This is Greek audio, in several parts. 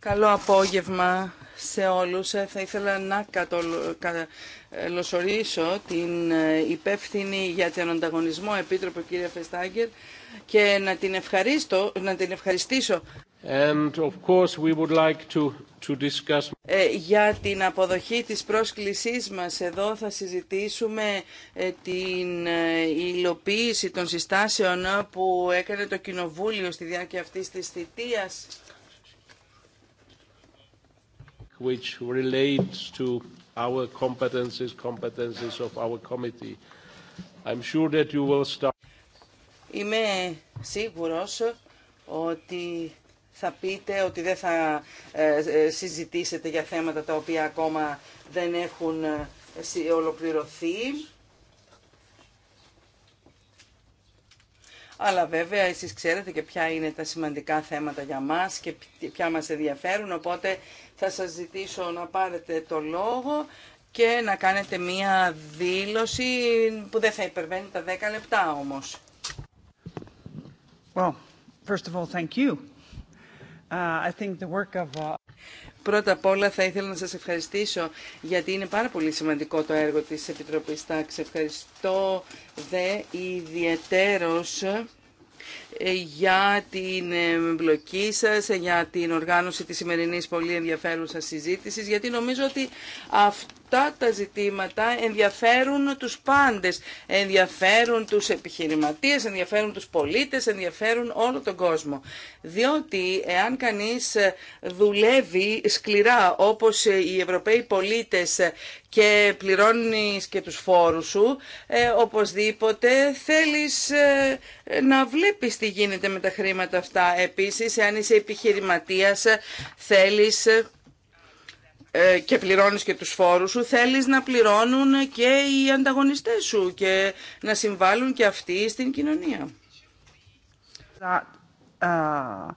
Καλό απόγευμα σε όλους. Ε, θα ήθελα να καλωσορίσω την ε, υπεύθυνη για τον ανταγωνισμό Επίτροπο κυρία Φεστάγκερ και να την ευχαριστήσω για την αποδοχή της πρόσκλησής μας εδώ θα συζητήσουμε ε, την ε, υλοποίηση των συστάσεων που έκανε το Κοινοβούλιο στη διάρκεια αυτής της θητείας. Which Είμαι σίγουρος ότι θα πείτε ότι δεν θα ε, ε, συζητήσετε για θέματα τα οποία ακόμα δεν έχουν ε, ολοκληρωθεί. Αλλά βέβαια εσείς ξέρετε και ποια είναι τα σημαντικά θέματα για μας και ποια μας ενδιαφέρουν, οπότε θα σας ζητήσω να πάρετε το λόγο και να κάνετε μία δήλωση που δεν θα υπερβαίνει τα 10 λεπτά όμως. Well, first of all, thank Uh, uh, Πρώτα απ' όλα θα ήθελα να σας ευχαριστήσω γιατί είναι πάρα πολύ σημαντικό το έργο της Επιτροπής Τάξη. Ευχαριστώ δε ιδιαιτέρως ε, για την εμπλοκή σας, ε, για την οργάνωση της σημερινής πολύ ενδιαφέρουσας συζήτησης, γιατί νομίζω ότι αυτό αυτά τα ζητήματα ενδιαφέρουν τους πάντες, ενδιαφέρουν τους επιχειρηματίες, ενδιαφέρουν τους πολίτες, ενδιαφέρουν όλο τον κόσμο. Διότι εάν κανείς δουλεύει σκληρά όπως οι Ευρωπαίοι πολίτες και πληρώνεις και τους φόρους σου, ε, οπωσδήποτε θέλεις ε, να βλέπεις τι γίνεται με τα χρήματα αυτά. Επίσης, εάν είσαι επιχειρηματίας, ε, θέλεις ε, ε, και πληρώνεις και τους φόρους σου, θέλεις να πληρώνουν και οι ανταγωνιστές σου και να συμβάλλουν και αυτοί στην κοινωνία. That, uh,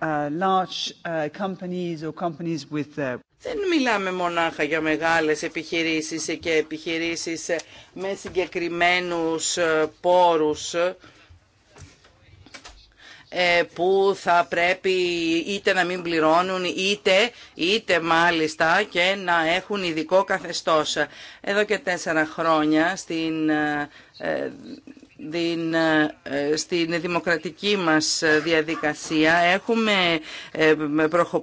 uh, large, uh, companies Δεν μιλάμε μονάχα για μεγάλες επιχειρήσεις και επιχειρήσεις με συγκεκριμένους ε, πόρους ε, που θα πρέπει είτε να μην πληρώνουν είτε, είτε μάλιστα και να έχουν ειδικό καθεστώς. Εδώ και τέσσερα χρόνια στην ε, ε, στην δημοκρατική μας διαδικασία έχουμε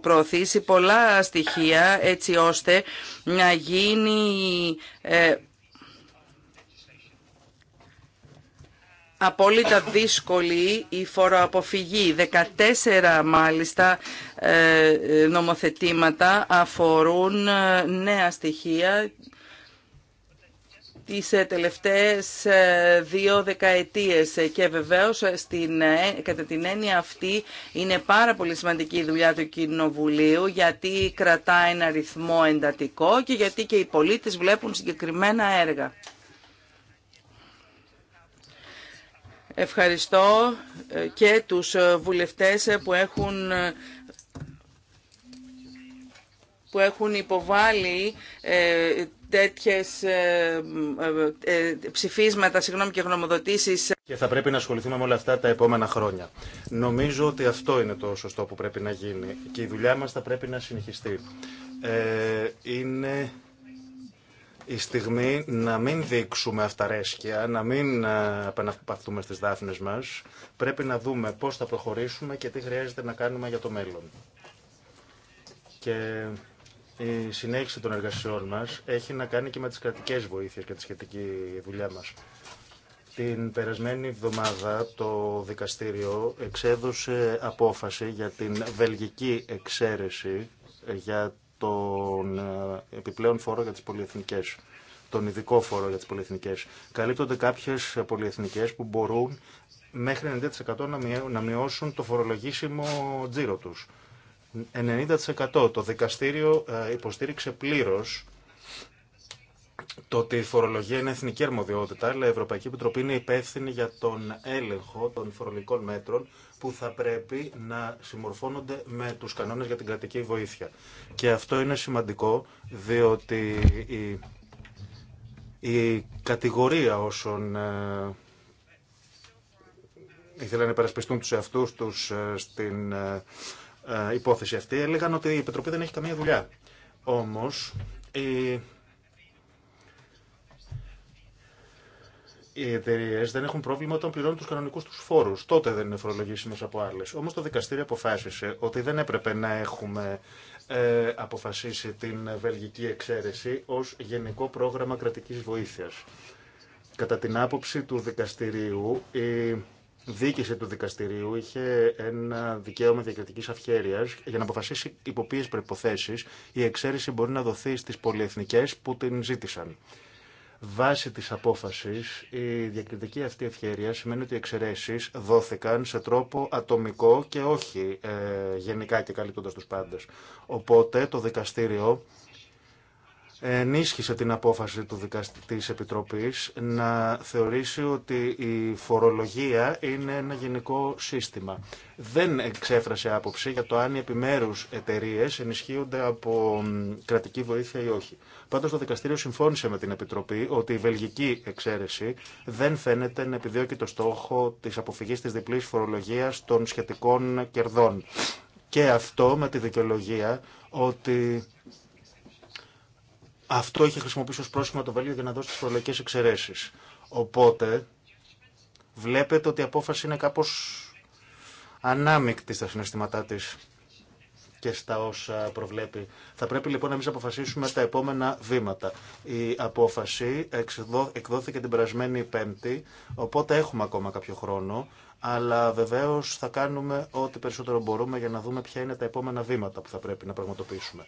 προωθήσει πολλά στοιχεία έτσι ώστε να γίνει απόλυτα δύσκολη η φοροαποφυγή. 14 μάλιστα ε, νομοθετήματα αφορούν ε, νέα στοιχεία τις ε, τελευταίες δύο δεκαετίες και βεβαίως κατά την έννοια αυτή είναι πάρα πολύ σημαντική η δουλειά του Κοινοβουλίου γιατί κρατάει ένα ρυθμό εντατικό και γιατί και οι πολίτες βλέπουν συγκεκριμένα έργα. Ευχαριστώ ε, και τους ε, βουλευτές ε, που έχουν που έχουν υποβάλει τέτοιες ψηφίσματα συγγνώμη, και γνωμοδοτήσεις. Και θα πρέπει να ασχοληθούμε με όλα αυτά τα επόμενα χρόνια. Νομίζω ότι αυτό είναι το σωστό που πρέπει να γίνει και η δουλειά μας θα πρέπει να συνεχιστεί. είναι η στιγμή να μην δείξουμε αυταρέσκεια, να μην ε, επαναπαυτούμε στις δάφνες μας. Πρέπει να δούμε πώς θα προχωρήσουμε και τι χρειάζεται να κάνουμε για το μέλλον. Και η συνέχιση των εργασιών μας έχει να κάνει και με τις κρατικές βοήθειες και τη σχετική δουλειά μας. Την περασμένη εβδομάδα το δικαστήριο εξέδωσε απόφαση για την βελγική εξαίρεση για τον ε, επιπλέον φόρο για τις πολυεθνικές, τον ειδικό φόρο για τις πολυεθνικές. Καλύπτονται κάποιες πολυεθνικές που μπορούν μέχρι 90% να μειώσουν το φορολογήσιμο τζίρο τους. 90% το δικαστήριο ε, υποστήριξε πλήρως το ότι η φορολογία είναι εθνική αρμοδιότητα, αλλά η Ευρωπαϊκή Επιτροπή είναι υπεύθυνη για τον έλεγχο των φορολογικών μέτρων που θα πρέπει να συμμορφώνονται με τους κανόνες για την κρατική βοήθεια. Και αυτό είναι σημαντικό διότι η, κατηγορία όσων ε, ήθελαν να υπερασπιστούν τους εαυτούς τους ε, στην ε, ε, υπόθεση αυτή έλεγαν ότι η Επιτροπή δεν έχει καμία δουλειά. Όμως η οι εταιρείε δεν έχουν πρόβλημα όταν πληρώνουν του κανονικού του φόρου. Τότε δεν είναι φορολογήσιμε από άλλε. Όμω το δικαστήριο αποφάσισε ότι δεν έπρεπε να έχουμε ε, αποφασίσει την βελγική εξαίρεση ω γενικό πρόγραμμα κρατική βοήθεια. Κατά την άποψη του δικαστηρίου, η δίκηση του δικαστηρίου είχε ένα δικαίωμα διακριτική αυχέρεια για να αποφασίσει υπό ποιε προποθέσει η εξαίρεση μπορεί να δοθεί στι πολυεθνικέ που την ζήτησαν. Βάσει της απόφασης, η διακριτική αυτή ευκαιρία σημαίνει ότι οι εξαιρέσεις δόθηκαν σε τρόπο ατομικό και όχι ε, γενικά και καλύπτοντας τους πάντες. Οπότε το δικαστήριο ενίσχυσε την απόφαση του δικαστή της Επιτροπής να θεωρήσει ότι η φορολογία είναι ένα γενικό σύστημα. Δεν εξέφρασε άποψη για το αν οι επιμέρους εταιρείε ενισχύονται από κρατική βοήθεια ή όχι. Πάντως το δικαστήριο συμφώνησε με την Επιτροπή ότι η βελγική εξαίρεση δεν φαίνεται να επιδιώκει το στόχο της αποφυγής της διπλής φορολογίας των σχετικών κερδών. Και αυτό με τη δικαιολογία ότι αυτό είχε χρησιμοποιήσει ως πρόσχημα το Βέλγιο για να δώσει τις προλογικές εξαιρέσεις. Οπότε βλέπετε ότι η απόφαση είναι κάπως ανάμεικτη στα συναισθήματά της και στα όσα προβλέπει. Θα πρέπει λοιπόν εμείς αποφασίσουμε τα επόμενα βήματα. Η απόφαση εκδόθηκε την περασμένη Πέμπτη, οπότε έχουμε ακόμα κάποιο χρόνο, αλλά βεβαίως θα κάνουμε ό,τι περισσότερο μπορούμε για να δούμε ποια είναι τα επόμενα βήματα που θα πρέπει να πραγματοποιήσουμε.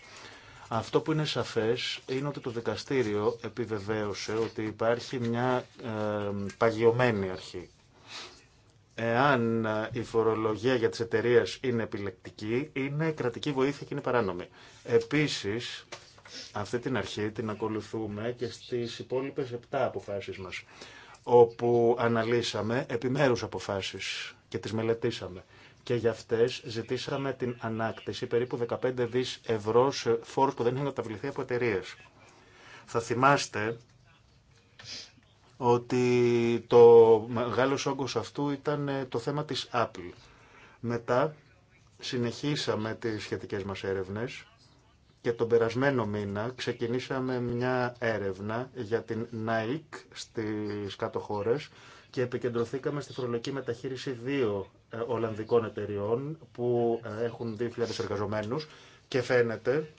Αυτό που είναι σαφές είναι ότι το δικαστήριο επιβεβαίωσε ότι υπάρχει μια παγιωμένη αρχή. Εάν ε, η φορολογία για τις εταιρείε είναι επιλεκτική, είναι κρατική βοήθεια και είναι παράνομη. Επίσης, αυτή την αρχή την ακολουθούμε και στις υπόλοιπες 7 αποφάσεις μας, όπου αναλύσαμε επιμέρους αποφάσεις και τις μελετήσαμε και για αυτές ζητήσαμε την ανάκτηση περίπου 15 δις ευρώ σε που δεν είχαν καταβληθεί από εταιρείε. Θα θυμάστε ότι το μεγάλο όγκος αυτού ήταν ε, το θέμα της Apple. Μετά συνεχίσαμε τις σχετικές μας έρευνες και τον περασμένο μήνα ξεκινήσαμε μια έρευνα για την Nike στις κάτω χώρες και επικεντρωθήκαμε στη φορολογική μεταχείριση δύο ε, Ολλανδικών εταιριών που ε, έχουν 2.000 εργαζομένους και φαίνεται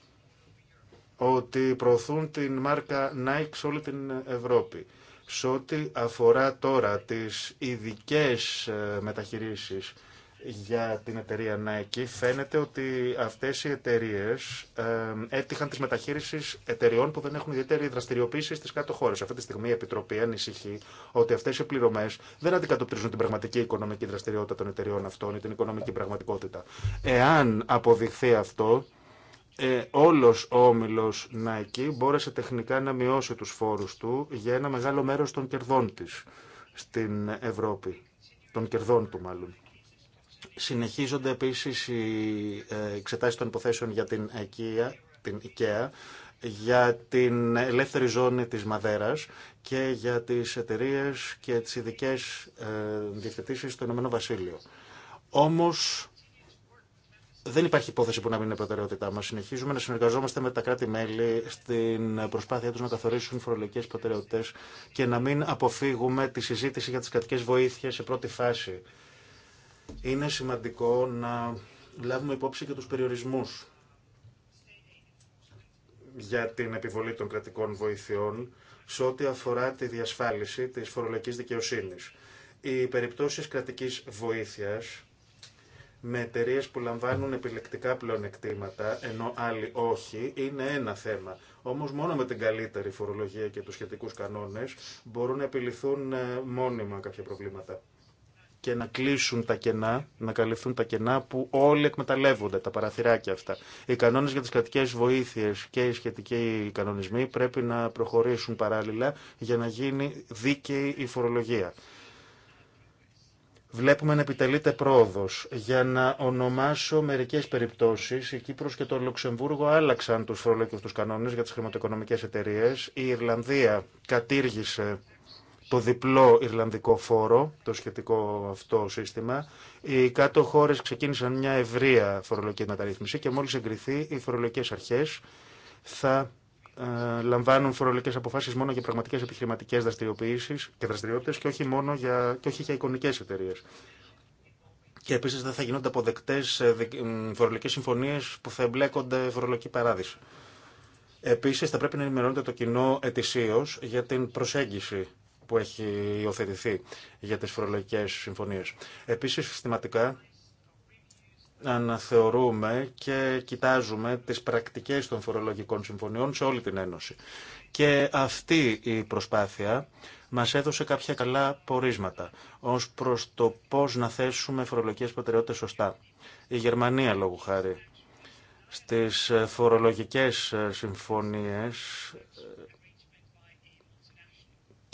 ότι προωθούν την μάρκα Nike σε όλη την Ευρώπη. Σε ό,τι αφορά τώρα τις ειδικέ ε, μεταχειρήσεις για την εταιρεία Nike, φαίνεται ότι αυτές οι εταιρείε έτυχαν τη μεταχείρισης εταιρεών που δεν έχουν ιδιαίτερη δραστηριοποίηση στις κάτω χώρες. Αυτή τη στιγμή η Επιτροπή ανησυχεί ότι αυτές οι πληρωμές δεν αντικατοπτρίζουν την πραγματική οικονομική δραστηριότητα των εταιρεών αυτών ή την οικονομική πραγματικότητα. Εάν αποδειχθεί αυτό, ε, όλος ο όμιλος Nike μπόρεσε τεχνικά να μειώσει τους φόρους του για ένα μεγάλο μέρος των κερδών της στην Ευρώπη, των κερδών του μάλλον. Συνεχίζονται επίσης οι ε, εξετάσεις των υποθέσεων για την IKEA, την IKEA για την ελεύθερη ζώνη της Μαδέρας και για τις εταιρείε και τις ειδικέ ε, διευθετήσεις στο Ηνωμένο Βασίλειο. Όμως δεν υπάρχει υπόθεση που να μην είναι προτεραιότητά μα. Συνεχίζουμε να συνεργαζόμαστε με τα κράτη-μέλη στην προσπάθειά του να καθορίσουν φορολογικές προτεραιότητε και να μην αποφύγουμε τη συζήτηση για τις κρατικές βοήθειες σε πρώτη φάση είναι σημαντικό να λάβουμε υπόψη και τους περιορισμούς για την επιβολή των κρατικών βοηθειών σε ό,τι αφορά τη διασφάλιση της φορολογικής δικαιοσύνης. Οι περιπτώσεις κρατικής βοήθειας με εταιρείε που λαμβάνουν επιλεκτικά πλεονεκτήματα, ενώ άλλοι όχι, είναι ένα θέμα. Όμως μόνο με την καλύτερη φορολογία και τους σχετικούς κανόνες μπορούν να επιληθούν ε, μόνιμα κάποια προβλήματα και να κλείσουν τα κενά, να καλυφθούν τα κενά που όλοι εκμεταλλεύονται, τα παραθυράκια αυτά. Οι κανόνε για τι κρατικέ βοήθειε και οι σχετικοί κανονισμοί πρέπει να προχωρήσουν παράλληλα για να γίνει δίκαιη η φορολογία. Βλέπουμε να επιτελείται πρόοδο. Για να ονομάσω μερικές περιπτώσεις... η Κύπρος και το Λουξεμβούργο άλλαξαν τους φορολογικού του κανόνε για τις χρηματοοικονομικές εταιρείε. Η Ιρλανδία κατήργησε το διπλό Ιρλανδικό φόρο, το σχετικό αυτό σύστημα. Οι κάτω χώρες ξεκίνησαν μια ευρεία φορολογική μεταρρύθμιση και μόλις εγκριθεί οι φορολογικές αρχές θα ε, λαμβάνουν φορολογικέ αποφάσει μόνο για πραγματικέ επιχειρηματικέ δραστηριοποιήσει και δραστηριότητε και όχι μόνο για, και όχι για εικονικέ εταιρείε. Και επίση δεν θα γίνονται αποδεκτέ ε, φορολογικέ συμφωνίε που θα εμπλέκονται φορολογική παράδειση. Επίση θα πρέπει να ενημερώνεται το κοινό ετησίω για την προσέγγιση που έχει υιοθετηθεί για τις φορολογικές συμφωνίες. Επίσης, συστηματικά αναθεωρούμε και κοιτάζουμε τις πρακτικές των φορολογικών συμφωνιών σε όλη την Ένωση. Και αυτή η προσπάθεια μας έδωσε κάποια καλά πορίσματα ως προς το πώς να θέσουμε φορολογικές προτεραιότητες σωστά. Η Γερμανία, λόγου χάρη, στις φορολογικές συμφωνίες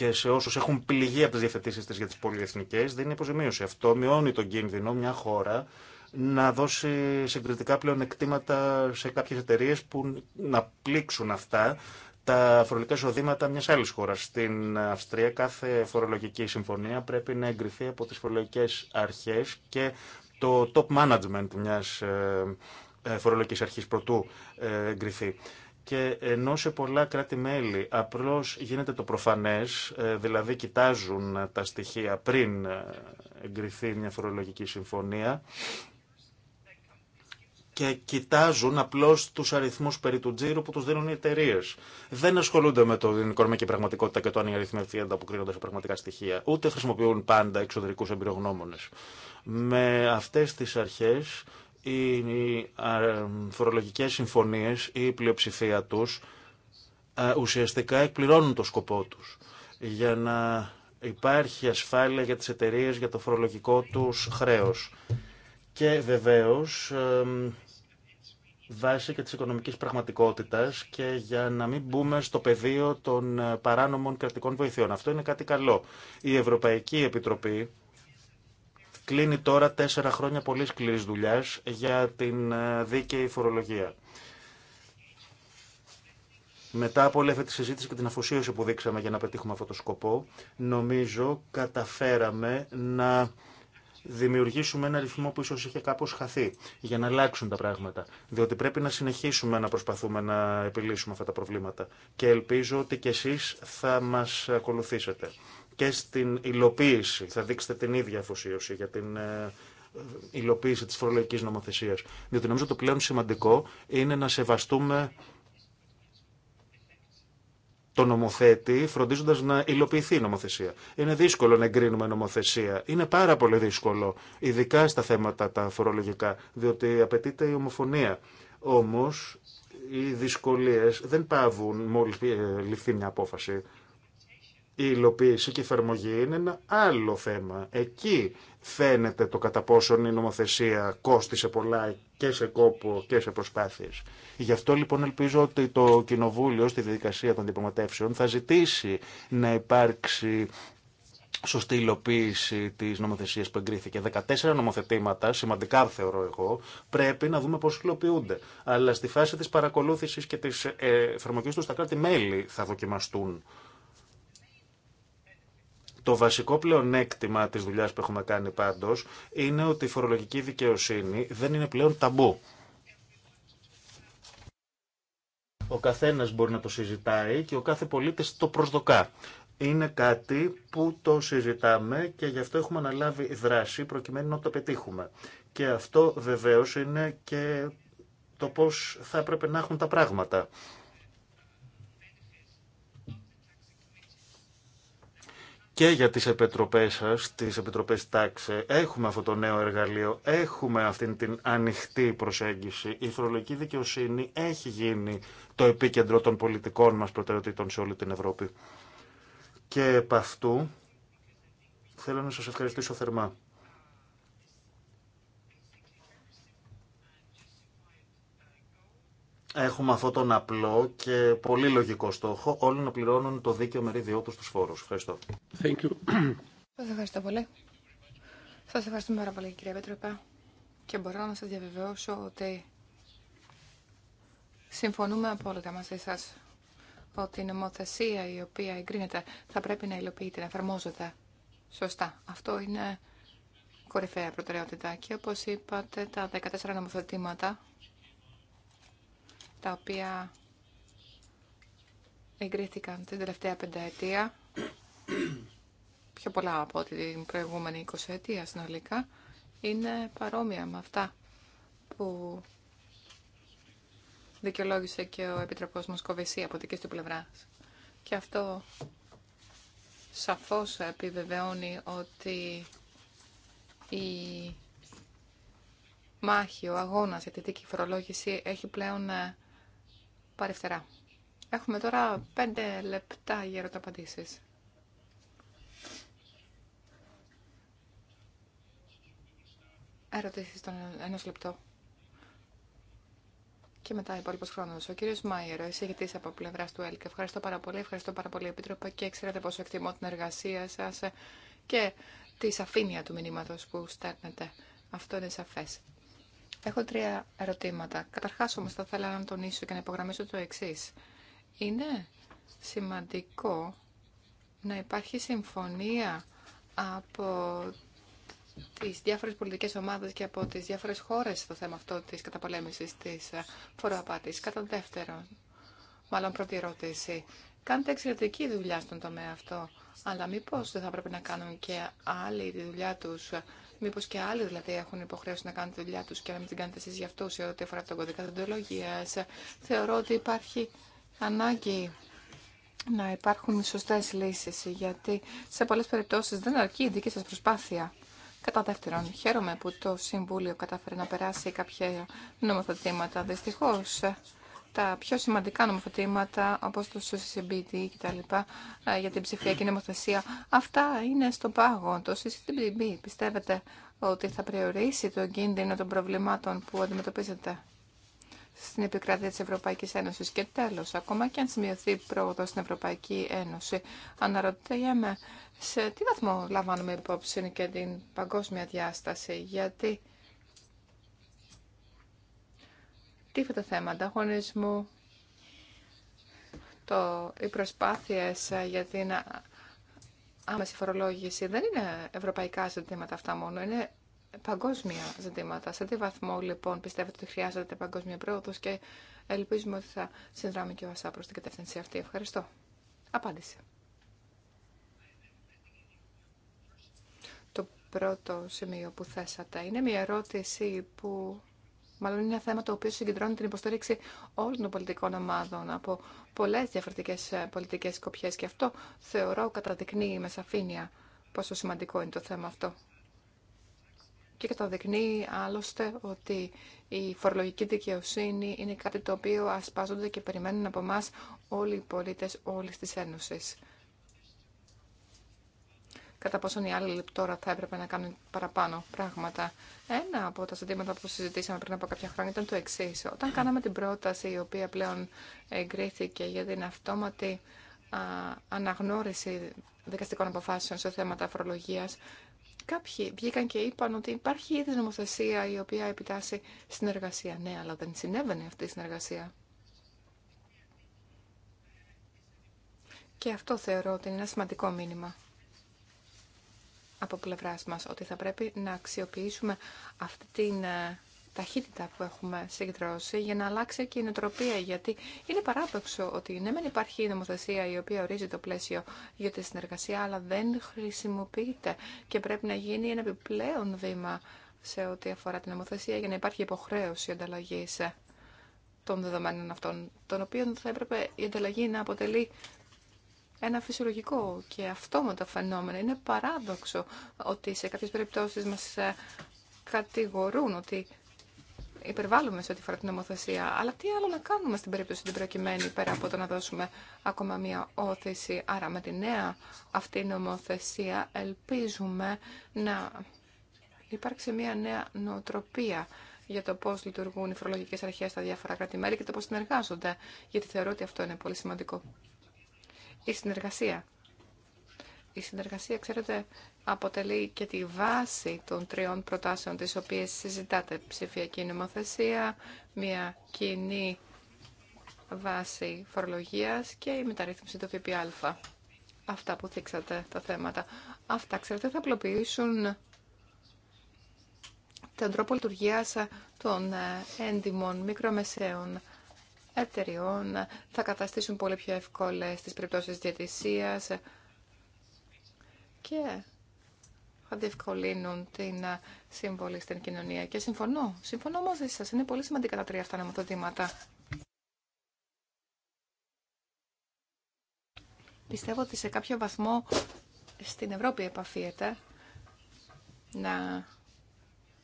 και σε όσου έχουν πληγεί από τι διευθετήσει τη για τι πολυεθνικέ δίνει υποζημίωση. Αυτό μειώνει τον κίνδυνο μια χώρα να δώσει συγκριτικά πλεονεκτήματα σε κάποιε εταιρείε που να πλήξουν αυτά τα φορολογικά εισοδήματα μια άλλη χώρα. Στην Αυστρία κάθε φορολογική συμφωνία πρέπει να εγκριθεί από τι φορολογικέ αρχέ και το top management μια ε, ε, φορολογική αρχή πρωτού ε, εγκριθεί. Και ενώ σε πολλά κράτη-μέλη απλώς γίνεται το προφανές, ε, δηλαδή κοιτάζουν ε, τα στοιχεία πριν ε, εγκριθεί μια φορολογική συμφωνία, και κοιτάζουν απλώς τους αριθμούς περί του τζίρου που τους δίνουν οι εταιρείε. Δεν ασχολούνται με την οικονομική πραγματικότητα και το αν οι αριθμοί αυτοί ανταποκρίνονται σε πραγματικά στοιχεία. Ούτε χρησιμοποιούν πάντα εξωτερικού εμπειρογνώμονε. Με αυτέ τι αρχέ οι ε, φορολογικές συμφωνίες ή η πλειοψηφία τους ε, ουσιαστικά εκπληρώνουν το σκοπό τους για να υπάρχει ασφάλεια για τις εταιρείες για το φορολογικό τους χρέος. Και βεβαίως ε, βάσει και της οικονομικής πραγματικότητας και για να μην μπούμε στο πεδίο των παράνομων κρατικών βοηθειών. Αυτό είναι κάτι καλό. Η Ευρωπαϊκή Επιτροπή Κλείνει τώρα τέσσερα χρόνια πολύ σκληρής δουλειάς για την ε, δίκαιη φορολογία. Μετά από όλη αυτή τη συζήτηση και την αφοσίωση που δείξαμε για να πετύχουμε αυτό το σκοπό, νομίζω καταφέραμε να δημιουργήσουμε ένα ρυθμό που ίσως είχε κάπως χαθεί για να αλλάξουν τα πράγματα. Διότι πρέπει να συνεχίσουμε να προσπαθούμε να επιλύσουμε αυτά τα προβλήματα. Και ελπίζω ότι κι εσείς θα μας ακολουθήσετε και στην υλοποίηση. Θα δείξετε την ίδια αφοσίωση για την ε, υλοποίηση της φορολογικής νομοθεσίας. Διότι νομίζω το πλέον σημαντικό είναι να σεβαστούμε το νομοθέτη φροντίζοντα να υλοποιηθεί η νομοθεσία. Είναι δύσκολο να εγκρίνουμε νομοθεσία. Είναι πάρα πολύ δύσκολο, ειδικά στα θέματα τα φορολογικά, διότι απαιτείται η ομοφωνία. Όμω οι δυσκολίε δεν πάβουν μόλι ε, ληφθεί μια απόφαση. Η υλοποίηση και η εφαρμογή είναι ένα άλλο θέμα. Εκεί φαίνεται το κατά πόσον η νομοθεσία κόστησε πολλά και σε κόπο και σε προσπάθειες. Γι' αυτό λοιπόν ελπίζω ότι το Κοινοβούλιο στη διαδικασία των διαπραγματεύσεων θα ζητήσει να υπάρξει σωστή υλοποίηση τη νομοθεσία που εγκρίθηκε. 14 νομοθετήματα, σημαντικά θεωρώ εγώ, πρέπει να δούμε πώ υλοποιούνται. Αλλά στη φάση τη παρακολούθηση και τη ε, εφαρμογή του, στα κράτη-μέλη θα δοκιμαστούν το βασικό πλεονέκτημα της δουλειάς που έχουμε κάνει πάντως είναι ότι η φορολογική δικαιοσύνη δεν είναι πλέον ταμπού. Ο καθένας μπορεί να το συζητάει και ο κάθε πολίτης το προσδοκά. Είναι κάτι που το συζητάμε και γι' αυτό έχουμε αναλάβει δράση προκειμένου να το πετύχουμε. Και αυτό βεβαίως είναι και το πώς θα έπρεπε να έχουν τα πράγματα. και για τις επιτροπές σας, τις επιτροπές τάξε, έχουμε αυτό το νέο εργαλείο, έχουμε αυτήν την ανοιχτή προσέγγιση. Η φορολογική δικαιοσύνη έχει γίνει το επίκεντρο των πολιτικών μας προτεραιοτήτων σε όλη την Ευρώπη. Και επ' αυτού θέλω να σας ευχαριστήσω θερμά έχουμε αυτόν τον απλό και πολύ λογικό στόχο όλοι να πληρώνουν το δίκαιο μερίδιό τους στους φόρους. Ευχαριστώ. Thank you. ευχαριστώ πολύ. Σας ευχαριστούμε πάρα πολύ κυρία Πέτροπα και μπορώ να σας διαβεβαιώσω ότι συμφωνούμε απόλυτα μαζί σας ότι η νομοθεσία η οποία εγκρίνεται θα πρέπει να υλοποιείται, να εφαρμόζεται σωστά. Αυτό είναι κορυφαία προτεραιότητα και όπως είπατε τα 14 νομοθετήματα τα οποία εγκρίθηκαν την τελευταία πενταετία, πιο πολλά από την προηγούμενη 20 ετία συνολικά, είναι παρόμοια με αυτά που δικαιολόγησε και ο Επιτροπός Μοσκοβεσία από δική του πλευρά. Και αυτό σαφώς επιβεβαιώνει ότι η μάχη, ο αγώνας για τη δίκη φορολόγηση έχει πλέον Έχουμε τώρα πέντε λεπτά για ερωταπαντήσεις. Ερωτήσεις στον ενός λεπτό. Και μετά υπόλοιπο χρόνο. Ο κύριο Μάιερο, εισηγητή από πλευρά του ΕΛΚ. Ευχαριστώ πάρα πολύ. Ευχαριστώ πάρα πολύ, Επίτροπε. Και ξέρετε πόσο εκτιμώ την εργασία σα και τη σαφήνεια του μηνύματο που στέλνετε. Αυτό είναι σαφέ. Έχω τρία ερωτήματα. Καταρχάς όμως θα ήθελα να τονίσω και να υπογραμμίσω το εξή. Είναι σημαντικό να υπάρχει συμφωνία από τις διάφορες πολιτικές ομάδες και από τις διάφορες χώρες στο θέμα αυτό της καταπολέμησης της ε, φοροαπάτης. Κατά δεύτερον, μάλλον πρώτη ερώτηση, κάνετε εξαιρετική δουλειά στον τομέα αυτό, αλλά μήπως δεν θα πρέπει να κάνουν και άλλοι τη δουλειά τους ε, Μήπω και άλλοι δηλαδή έχουν υποχρέωση να κάνουν τη δουλειά τους και να μην την κάνετε εσεί γι' αυτό σε ό,τι αφορά τον κωδικά δοντολογία. Θεωρώ ότι υπάρχει ανάγκη να υπάρχουν σωστε λύσεις, γιατί σε πολλε περιπτώσεις δεν αρκεί η δική σα προσπάθεια. Κατά δεύτερον, χαίρομαι που το Συμβούλιο κατάφερε να περάσει κάποια νομοθετήματα. Δυστυχώ, τα πιο σημαντικά νομοθετήματα όπως το και τα λοιπά, ε, για την ψηφιακή νομοθεσία. Αυτά είναι στο πάγο. Το CCBD πιστεύετε ότι θα προορίσει τον κίνδυνο των προβλημάτων που αντιμετωπίζετε στην επικράτεια της Ευρωπαϊκής Ένωσης. Και τέλος, ακόμα και αν σημειωθεί πρόοδο στην Ευρωπαϊκή Ένωση, αναρωτιέμαι σε τι βαθμό λαμβάνουμε υπόψη και την παγκόσμια διάσταση, γιατί τίθεται θέμα ανταγωνισμού, το, οι προσπάθειες ε, για την άμεση φορολόγηση δεν είναι ευρωπαϊκά ζητήματα αυτά μόνο, είναι παγκόσμια ζητήματα. Σε τι βαθμό λοιπόν πιστεύετε ότι χρειάζεται παγκόσμια πρόοδος και ελπίζουμε ότι θα συνδράμει και ο ΑΣΑ προς την κατεύθυνση αυτή. Ευχαριστώ. Απάντηση. Το πρώτο σημείο που θέσατε είναι μια ερώτηση που Μάλλον είναι ένα θέμα το οποίο συγκεντρώνει την υποστήριξη όλων των πολιτικών ομάδων από πολλέ διαφορετικέ ε, πολιτικέ σκοπιέ. Και αυτό θεωρώ καταδεικνύει με σαφήνεια πόσο σημαντικό είναι το θέμα αυτό. Και καταδεικνύει άλλωστε ότι η φορολογική δικαιοσύνη είναι κάτι το οποίο ασπάζονται και περιμένουν από εμά όλοι οι πολίτε όλη τη Ένωση κατά πόσον οι άλλοι τώρα θα έπρεπε να κάνουν παραπάνω πράγματα. Ένα από τα ζητήματα που συζητήσαμε πριν από κάποια χρόνια ήταν το εξή. Όταν κάναμε την πρόταση, η οποία πλέον εγκρίθηκε για την αυτόματη αναγνώριση δικαστικών αποφάσεων σε θέματα αφορολογία, κάποιοι βγήκαν και είπαν ότι υπάρχει ήδη νομοθεσία η οποία επιτάσσει συνεργασία. Ναι, αλλά δεν συνέβαινε αυτή η συνεργασία. Και αυτό θεωρώ ότι είναι ένα σημαντικό μήνυμα από πλευρά μα ότι θα πρέπει να αξιοποιήσουμε αυτή την ε, ταχύτητα που έχουμε συγκεντρώσει για να αλλάξει και η νοοτροπία. Γιατί είναι παράδοξο ότι ναι, δεν υπάρχει νομοθεσία η οποία ορίζει το πλαίσιο για τη συνεργασία, αλλά δεν χρησιμοποιείται και πρέπει να γίνει ένα επιπλέον βήμα σε ό,τι αφορά την νομοθεσία για να υπάρχει υποχρέωση ανταλλαγή των δεδομένων αυτών, των οποίων θα έπρεπε η ανταλλαγή να αποτελεί ένα φυσιολογικό και αυτόματο φαινόμενο. Είναι παράδοξο ότι σε κάποιες περιπτώσεις μας ε, κατηγορούν ότι υπερβάλλουμε σε ό,τι φορά την νομοθεσία. Αλλά τι άλλο να κάνουμε στην περίπτωση την προκειμένη, πέρα από το να δώσουμε ακόμα μία όθηση. Άρα με τη νέα αυτή νομοθεσία ελπίζουμε να υπάρξει μία νέα νοοτροπία για το πώ λειτουργούν οι φορολογικέ αρχέ στα διάφορα και το πώ συνεργάζονται. Γιατί θεωρώ ότι αυτό είναι πολύ σημαντικό η συνεργασία. Η συνεργασία, ξέρετε, αποτελεί και τη βάση των τριών προτάσεων τις οποίες συζητάτε. Ψηφιακή νομοθεσία, μια κοινή βάση φορολογίας και η μεταρρύθμιση του ΦΠΑ. Αυτά που θίξατε τα θέματα. Αυτά, ξέρετε, θα απλοποιήσουν τον τρόπο λειτουργία των ε, έντιμων μικρομεσαίων εταιριών θα καταστήσουν πολύ πιο εύκολες τις περιπτώσεις διατησίας και θα διευκολύνουν την σύμβολη στην κοινωνία. Και συμφωνώ, συμφωνώ μαζί σας. Είναι πολύ σημαντικά τα τρία αυτά νομοθετήματα. Πιστεύω ότι σε κάποιο βαθμό στην Ευρώπη επαφίεται να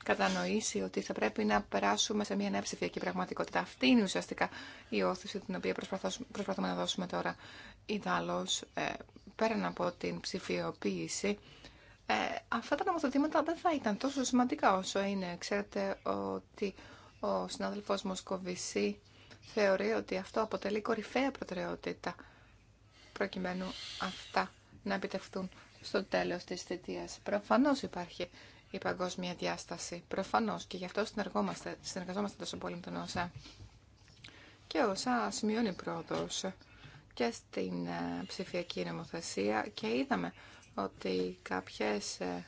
κατανοήσει ότι θα πρέπει να περάσουμε σε μια νέα ψηφιακή πραγματικότητα. Αυτή είναι ουσιαστικά η όθηση την οποία προσπαθούμε να δώσουμε τώρα. Ιδάλλως, ε, πέραν από την ψηφιοποίηση, ε, αυτά τα νομοθετήματα δεν θα ήταν τόσο σημαντικά όσο είναι. Ξέρετε ότι ο συνάδελφος Μοσκοβισή θεωρεί ότι αυτό αποτελεί κορυφαία προτεραιότητα προκειμένου αυτά να επιτευχθούν στο τέλος της θητείας. Προφανώς υπάρχει η παγκόσμια διάσταση. Προφανώς και γι' αυτό συνεργόμαστε, συνεργαζόμαστε τόσο πολύ με τον ΩΣΑ. Και ο ΩΣΑ σημειώνει πρόοδος και στην ε, ψηφιακή νομοθεσία και είδαμε ότι κάποιες ε,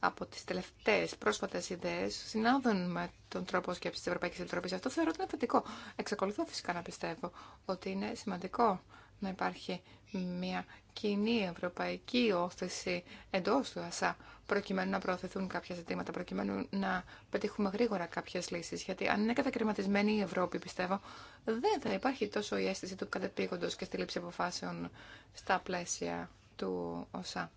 από τις τελευταίες πρόσφατες ιδέες συνάδουν με τον τρόπο σκέψης της Ευρωπαϊκής Επιτροπής. Αυτό θεωρώ ότι είναι θετικό. Εξακολουθώ φυσικά να πιστεύω ότι είναι σημαντικό να υπάρχει μια κοινή ευρωπαϊκή όθηση εντό του ΑΣΑ προκειμένου να προωθηθούν κάποια ζητήματα, προκειμένου να πετύχουμε γρήγορα κάποιες λύσεις. Γιατί αν είναι κατακριματισμένη η Ευρώπη, πιστεύω, δεν θα υπάρχει τόσο η αίσθηση του κατεπήγοντος και στη λήψη αποφάσεων στα πλαίσια του ΟΣΑ.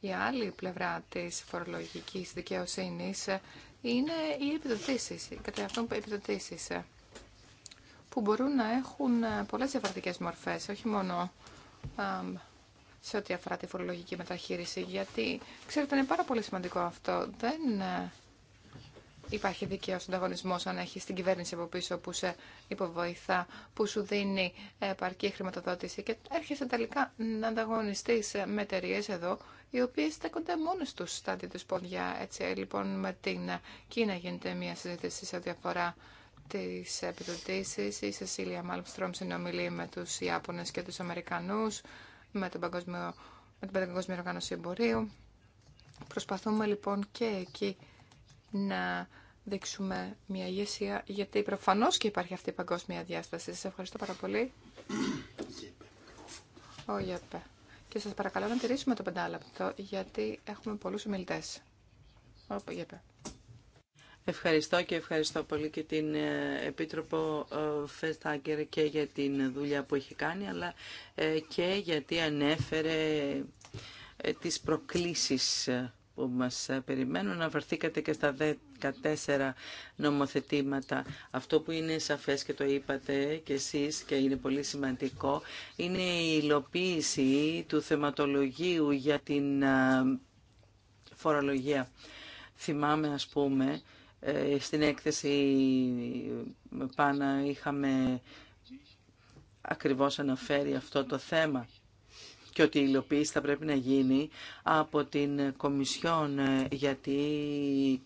Η άλλη πλευρά της φορολογικής δικαιοσύνης είναι οι επιδοτήσεις, κατά αυτόν επιδοτήσεις που μπορούν να έχουν ε, πολλές διαφορετικές μορφές, όχι μόνο σε ό,τι αφορά τη φορολογική μεταχείριση, γιατί ξέρετε είναι πάρα πολύ σημαντικό αυτό. Δεν ε, υπάρχει στον ανταγωνισμό αν έχει την κυβέρνηση από πίσω που σε υποβοηθά, που σου δίνει επαρκή χρηματοδότηση και έρχεσαι τελικά να ανταγωνιστείς με εταιρείε εδώ, οι οποίες στέκονται μόνε του στα πόδια. Έτσι λοιπόν με την Κίνα γίνεται μια συζήτηση σε διαφορά τις επιδοτήσεις. Η Σεσίλια Μάλμστρομ συνομιλεί με τους Ιάπωνες και τους Αμερικανούς, με, τον Παγκόσμιο, με την παγκόσμιο Οργάνωση Εμπορίου. Προσπαθούμε λοιπόν και εκεί να δείξουμε μια ηγεσία, γιατί προφανώς και υπάρχει αυτή η παγκόσμια διάσταση. Σας ευχαριστώ πάρα πολύ. Ο Γεπέ. Και σας παρακαλώ να τηρήσουμε το πεντάλεπτο, γιατί έχουμε πολλούς ομιλητές. Ο Ευχαριστώ και ευχαριστώ πολύ και την ε, Επίτροπο ε, Φεστάγκερ και για την δουλειά που έχει κάνει, αλλά ε, και γιατί ανέφερε τις προκλήσεις που μας περιμένουν. Αναφερθήκατε και στα 14 νομοθετήματα. Αυτό που είναι σαφές και το είπατε και εσείς και είναι πολύ σημαντικό, είναι η υλοποίηση του θεματολογίου για την φορολογία. Θυμάμαι, ας πούμε, ε, στην έκθεση πάνω είχαμε ακριβώς αναφέρει αυτό το θέμα και ότι η υλοποίηση θα πρέπει να γίνει από την Κομισιόν γιατί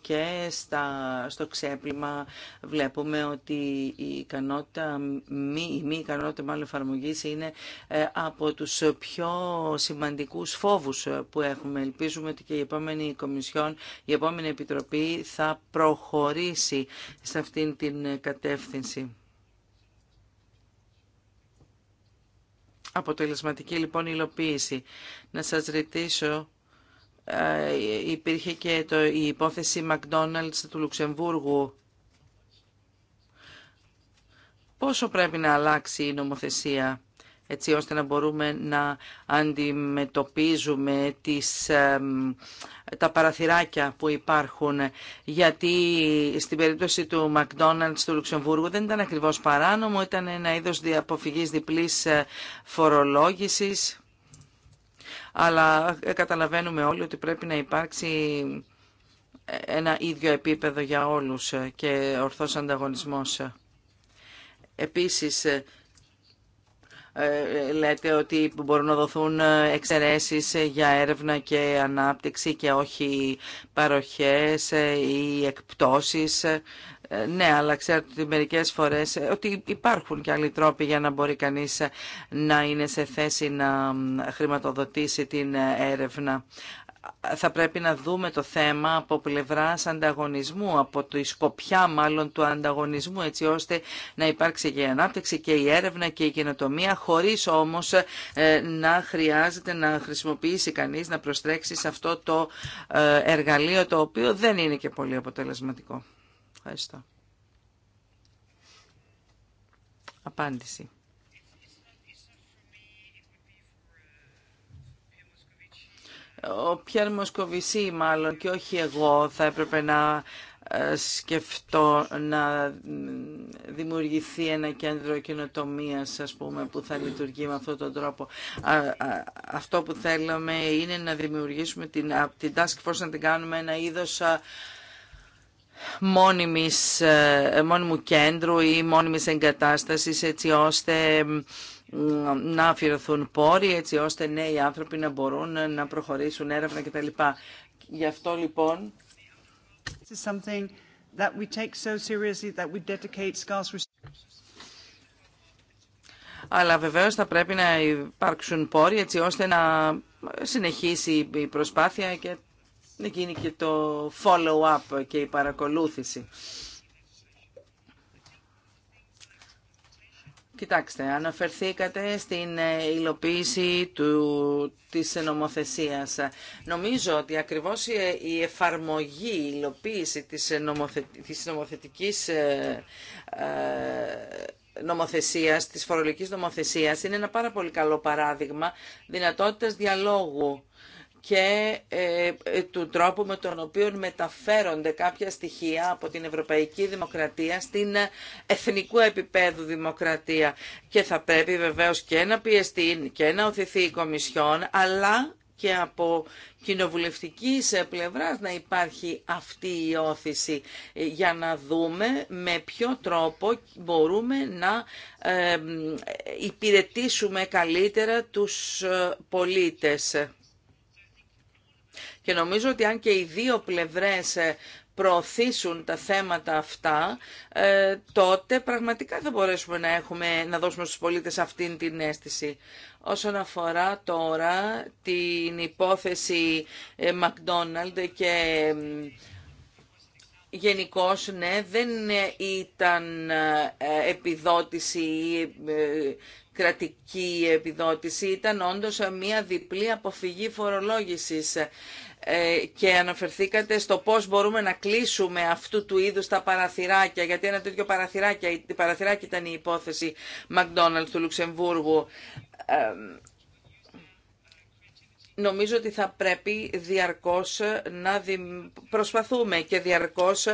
και στα, στο ξέπλυμα βλέπουμε ότι η ικανότητα, μη, η μη ικανότητα μάλλον εφαρμογή είναι ε, από τους πιο σημαντικούς φόβους που έχουμε. Ελπίζουμε ότι και η επόμενη Κομισιόν, η επόμενη Επιτροπή θα προχωρήσει σε αυτήν την κατεύθυνση. αποτελεσματική λοιπόν υλοποίηση. Να σας ρωτήσω, ε, υπήρχε και το, η υπόθεση McDonald's του Λουξεμβούργου. Πόσο πρέπει να αλλάξει η νομοθεσία έτσι ώστε να μπορούμε να αντιμετωπίζουμε τις, τα παραθυράκια που υπάρχουν. Γιατί στην περίπτωση του McDonald's του Λουξεμβούργου δεν ήταν ακριβώς παράνομο, ήταν ένα είδος αποφυγής διπλής ε, φορολόγησης. Αλλά ε, καταλαβαίνουμε όλοι ότι πρέπει να υπάρξει ε, ένα ίδιο επίπεδο για όλους και ορθός ανταγωνισμός. Επίσης, ε, λέτε ότι μπορούν να δοθούν ε, εξαιρέσεις ε, για έρευνα και ανάπτυξη και όχι παροχές ή εκπτώσεις. Ναι, αλλά ξέρετε ότι μερικές φορές ότι υπάρχουν και άλλοι τρόποι για να μπορεί κανείς να είναι σε θέση να χρηματοδοτήσει την έρευνα θα πρέπει να δούμε το θέμα από πλευράς ανταγωνισμού, από τη σκοπιά μάλλον του ανταγωνισμού, έτσι ώστε να υπάρξει και η ανάπτυξη και η έρευνα και η καινοτομία, χωρίς όμως ε, να χρειάζεται να χρησιμοποιήσει κανείς, να προστρέξει σε αυτό το ε, εργαλείο, το οποίο δεν είναι και πολύ αποτελεσματικό. Ευχαριστώ. Απάντηση. Ο Πιέρ Μοσκοβισή μάλλον και όχι εγώ θα έπρεπε να ε, σκεφτώ να δημιουργηθεί ένα κέντρο καινοτομία, ας πούμε, που θα λειτουργεί με αυτόν τον τρόπο. Αυτό που θέλαμε είναι να δημιουργήσουμε την, την Task Force, να την κάνουμε ένα είδος μόνιμης, ε, μόνιμου κέντρου ή μόνιμης εγκατάστασης, έτσι ώστε να αφιερωθούν πόροι έτσι ώστε νέοι άνθρωποι να μπορούν να προχωρήσουν έρευνα κτλ. Γι' αυτό λοιπόν... Αλλά βεβαίω θα πρέπει να υπάρξουν πόροι έτσι ώστε να συνεχίσει η προσπάθεια και να γίνει και το follow-up και η παρακολούθηση. Κοιτάξτε, αναφερθήκατε στην ε, υλοποίηση του, της νομοθεσίας. Νομίζω ότι ακριβώς ε, η εφαρμογή, η υλοποίηση της, ε, νομοθε, της νομοθετικής ε, νομοθεσίας, της φορολογικής νομοθεσίας είναι ένα πάρα πολύ καλό παράδειγμα δυνατότητας διαλόγου και ε, ε, του τρόπου με τον οποίο μεταφέρονται κάποια στοιχεία από την ευρωπαϊκή δημοκρατία στην ε, εθνικού επίπεδου δημοκρατία. Και θα πρέπει βεβαίως και να πιεστεί και να οθηθεί η Κομισιόν, αλλά και από κοινοβουλευτικής πλευράς να υπάρχει αυτή η όθηση για να δούμε με ποιο τρόπο μπορούμε να υπηρετήσουμε καλύτερα τους πολίτες. Και νομίζω ότι αν και οι δύο πλευρές ε, προωθήσουν τα θέματα αυτά, ε, τότε πραγματικά θα μπορέσουμε να, έχουμε, να δώσουμε στους πολίτες αυτήν την αίσθηση. Όσον αφορά τώρα την υπόθεση ε, McDonald και Γενικώ, ναι, δεν ήταν επιδότηση κρατική επιδότηση, ήταν όντως μια διπλή αποφυγή φορολόγησης. Ε, και αναφερθήκατε στο πώς μπορούμε να κλείσουμε αυτού του είδους τα παραθυράκια, γιατί ένα τέτοιο παραθυράκι, παραθυράκι ήταν η υπόθεση McDonald's του Λουξεμβούργου. Ε, νομίζω ότι θα πρέπει διαρκώς να προσπαθούμε και διαρκώς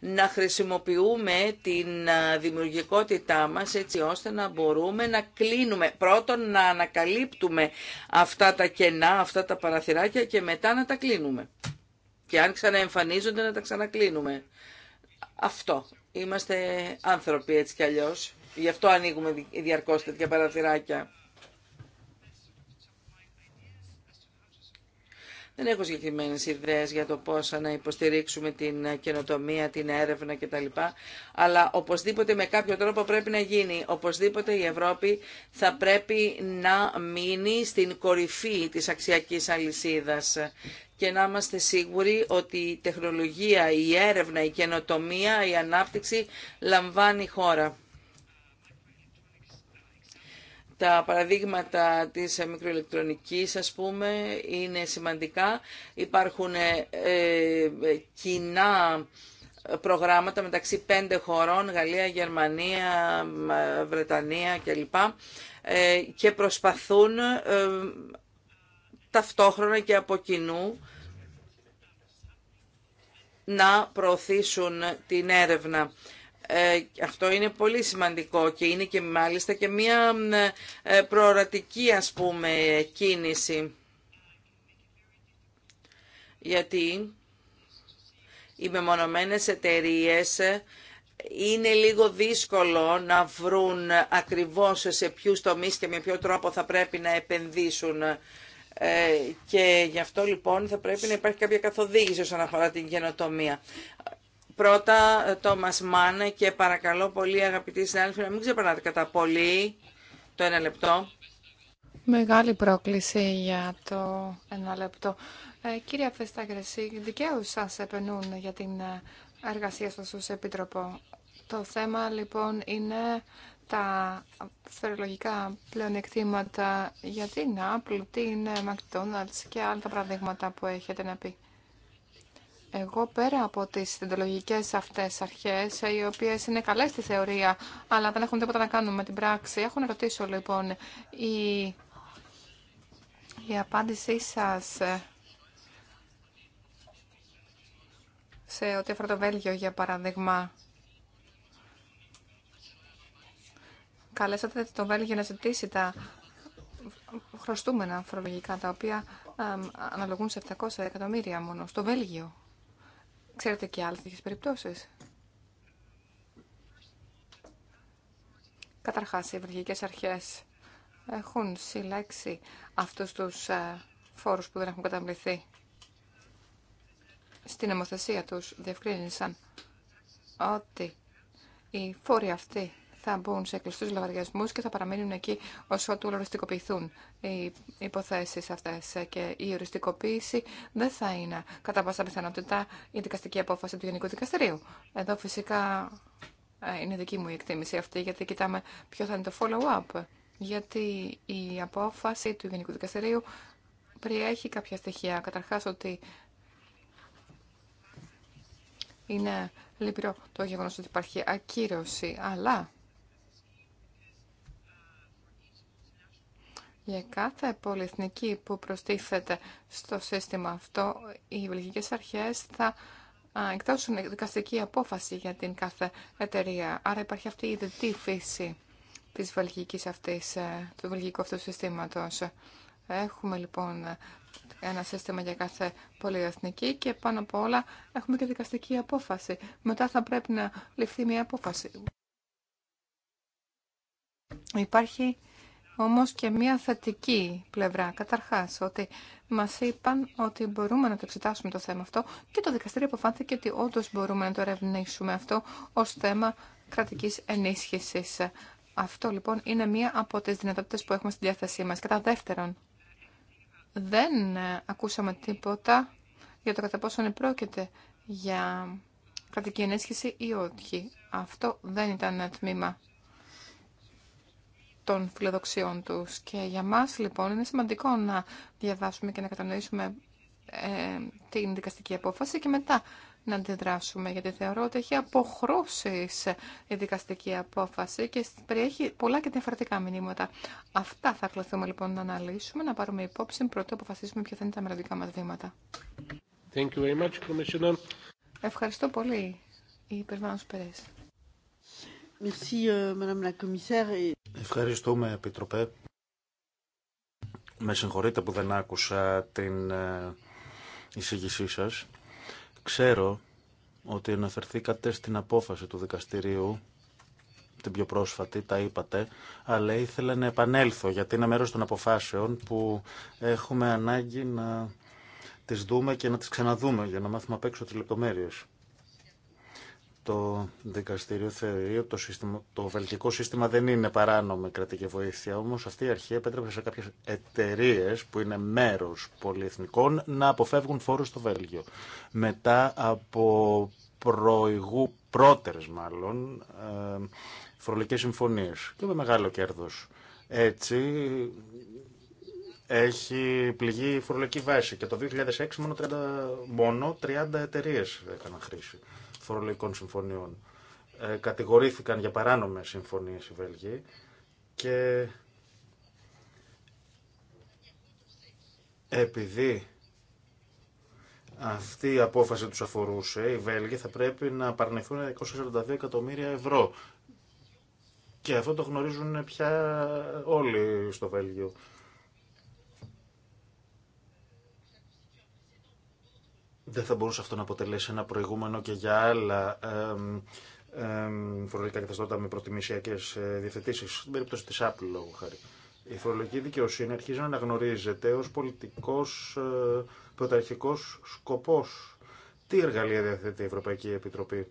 να χρησιμοποιούμε την δημιουργικότητά μας έτσι ώστε να μπορούμε να κλείνουμε πρώτον να ανακαλύπτουμε αυτά τα κενά, αυτά τα παραθυράκια και μετά να τα κλείνουμε. Και αν ξαναεμφανίζονται να τα ξανακλείνουμε. Αυτό. Είμαστε άνθρωποι έτσι κι αλλιώς. Γι' αυτό ανοίγουμε διαρκώς τέτοια παραθυράκια. Δεν έχω συγκεκριμένε ιδέες για το πώς να υποστηρίξουμε την καινοτομία, την έρευνα κτλ. Αλλά οπωσδήποτε με κάποιο τρόπο πρέπει να γίνει. Οπωσδήποτε η Ευρώπη θα πρέπει να μείνει στην κορυφή της αξιακής αλυσίδας και να είμαστε σίγουροι ότι η τεχνολογία, η έρευνα, η καινοτομία, η ανάπτυξη λαμβάνει χώρα τα παραδείγματα της ε, μικροηλεκτρονικής, ας πούμε, είναι σημαντικά. Υπάρχουν ε, ε, κοινά προγράμματα μεταξύ πέντε χωρών, Γαλλία, Γερμανία, ε, Βρετανία κλπ. Ε, και προσπαθούν ταυτόχρονα και από κοινού να προωθήσουν την έρευνα. Ε, αυτό είναι πολύ σημαντικό και είναι και μάλιστα και μια ε, προορατική ας πούμε κίνηση. Γιατί οι μεμονωμένες εταιρείες είναι λίγο δύσκολο να βρουν ακριβώς σε ποιους τομείς και με ποιο τρόπο θα πρέπει να επενδύσουν. Ε, και γι' αυτό λοιπόν θα πρέπει να υπάρχει κάποια καθοδήγηση όσον αφορά την καινοτομία. Πρώτα, ε, Τόμας Μάν και παρακαλώ πολύ αγαπητοί συνάδελφοι να μην ξεπερνάτε κατά πολύ το ένα λεπτό. Μεγάλη πρόκληση για το ένα λεπτό. Ε, κύριε Φεστάγκρεση, δικαίω σας επενούν για την ε, εργασία σας ως Επίτροπο. Το θέμα λοιπόν είναι τα φορολογικά πλεονεκτήματα για την Apple, την McDonald's και άλλα παραδείγματα που έχετε να πει. Εγώ πέρα από τις συντολογικές αυτές αρχές, οι οποίες είναι καλές στη θεωρία, αλλά δεν έχουν τίποτα να κάνουν με την πράξη, έχω να ρωτήσω λοιπόν, η, η απάντησή σας σε ό,τι αφορά το Βέλγιο, για παράδειγμα. Καλέσατε το Βέλγιο να ζητήσει τα χρωστούμενα φορολογικά, τα οποία α, αναλογούν σε 700 εκατομμύρια μόνο, στο Βέλγιο. Ξέρετε και άλλες τέτοιες περιπτώσεις. Καταρχάς, οι ευρυγικές αρχές έχουν συλλέξει αυτούς τους ε, φόρους που δεν έχουν καταβληθεί στην νομοθεσία τους διευκρίνησαν ότι οι φόροι αυτοί θα μπουν σε κλειστούς λογαριασμού και θα παραμείνουν εκεί όσο του οριστικοποιηθούν οι υποθέσεις αυτές και η οριστικοποίηση δεν θα είναι κατά πάσα πιθανότητα η δικαστική απόφαση του Γενικού Δικαστηρίου. Εδώ φυσικά ε, είναι δική μου η εκτίμηση αυτή γιατί κοιτάμε ποιο θα είναι το follow-up γιατί η απόφαση του Γενικού Δικαστηρίου περιέχει κάποια στοιχεία. Καταρχάς ότι είναι λυπηρό το γεγονός ότι υπάρχει ακύρωση, αλλά Για κάθε πολυεθνική που προστίθεται στο σύστημα αυτό, οι βελγικές αρχές θα εκδώσουν δικαστική απόφαση για την κάθε εταιρεία. Άρα υπάρχει αυτή η ιδιωτική φύση της βελγικής αυτής, ε, του βελγικού αυτού συστήματος. Έχουμε λοιπόν ένα σύστημα για κάθε πολυεθνική και πάνω απ' όλα έχουμε και δικαστική απόφαση. Μετά θα πρέπει να ληφθεί μια απόφαση. Υπάρχει όμως και μια θετική πλευρά. Καταρχάς, ότι μας είπαν ότι μπορούμε να το εξετάσουμε το θέμα αυτό και το δικαστήριο αποφάνθηκε ότι όντω μπορούμε να το ερευνήσουμε αυτό ως θέμα κρατικής ενίσχυσης. Αυτό λοιπόν είναι μία από τις δυνατότητες που έχουμε στη διάθεσή μας. Κατά δεύτερον, δεν ε, ακούσαμε τίποτα για το κατά πόσο πρόκειται για κρατική ενίσχυση ή όχι. Αυτό δεν ήταν τμήμα των φιλοδοξιών τους. Και για μας λοιπόν είναι σημαντικό να διαβάσουμε και να κατανοήσουμε ε, την δικαστική απόφαση και μετά να αντιδράσουμε, γιατί θεωρώ ότι έχει αποχρώσεις η δικαστική απόφαση και περιέχει πολλά και διαφορετικά μηνύματα. Αυτά θα κληθούμε λοιπόν να αναλύσουμε, να πάρουμε υπόψη πρώτα αποφασίσουμε ποια θα είναι τα μελλοντικά μας βήματα. Thank you very much, Ευχαριστώ πολύ, η Περβάνος Euh, Ευχαριστούμε, Επιτροπέ. Με συγχωρείτε που δεν άκουσα την ε, εισήγησή σας. Ξέρω ότι αναφερθήκατε στην απόφαση του δικαστηρίου, την πιο πρόσφατη, τα είπατε, αλλά ήθελα να επανέλθω, γιατί είναι μέρος των αποφάσεων που έχουμε ανάγκη να τις δούμε και να τις ξαναδούμε για να μάθουμε απ' έξω τις λεπτομέρειες το δικαστήριο θεωρεί ότι το, σύστημα, το βελγικό σύστημα δεν είναι παράνομη κρατική βοήθεια, όμως αυτή η αρχή επέτρεψε σε κάποιες εταιρείε που είναι μέρος πολυεθνικών να αποφεύγουν φόρους στο Βέλγιο. Μετά από προηγού, πρώτερες μάλλον, ε, φορολογικές συμφωνίες και με μεγάλο κέρδος. Έτσι, έχει πληγεί η φορολογική βάση και το 2006 μόνο 30, μόνο 30 εταιρείε έκαναν χρήση φορολογικών συμφωνιών. Ε, κατηγορήθηκαν για παράνομες συμφωνίες οι Βέλγοι και επειδή αυτή η απόφαση τους αφορούσε, οι Βέλγοι θα πρέπει να παρνηθούν 242 εκατομμύρια ευρώ. Και αυτό το γνωρίζουν πια όλοι στο Βέλγιο. δεν θα μπορούσε αυτό να αποτελέσει ένα προηγούμενο και για άλλα φορολογικά καθεστώτα με προτιμησιακέ ε, διευθετήσει. Στην περίπτωση τη Apple, λόγω χάρη. Η φορολογική δικαιοσύνη αρχίζει να αναγνωρίζεται ω πολιτικό ε, πρωταρχικό σκοπό. Τι εργαλεία διαθέτει η Ευρωπαϊκή Επιτροπή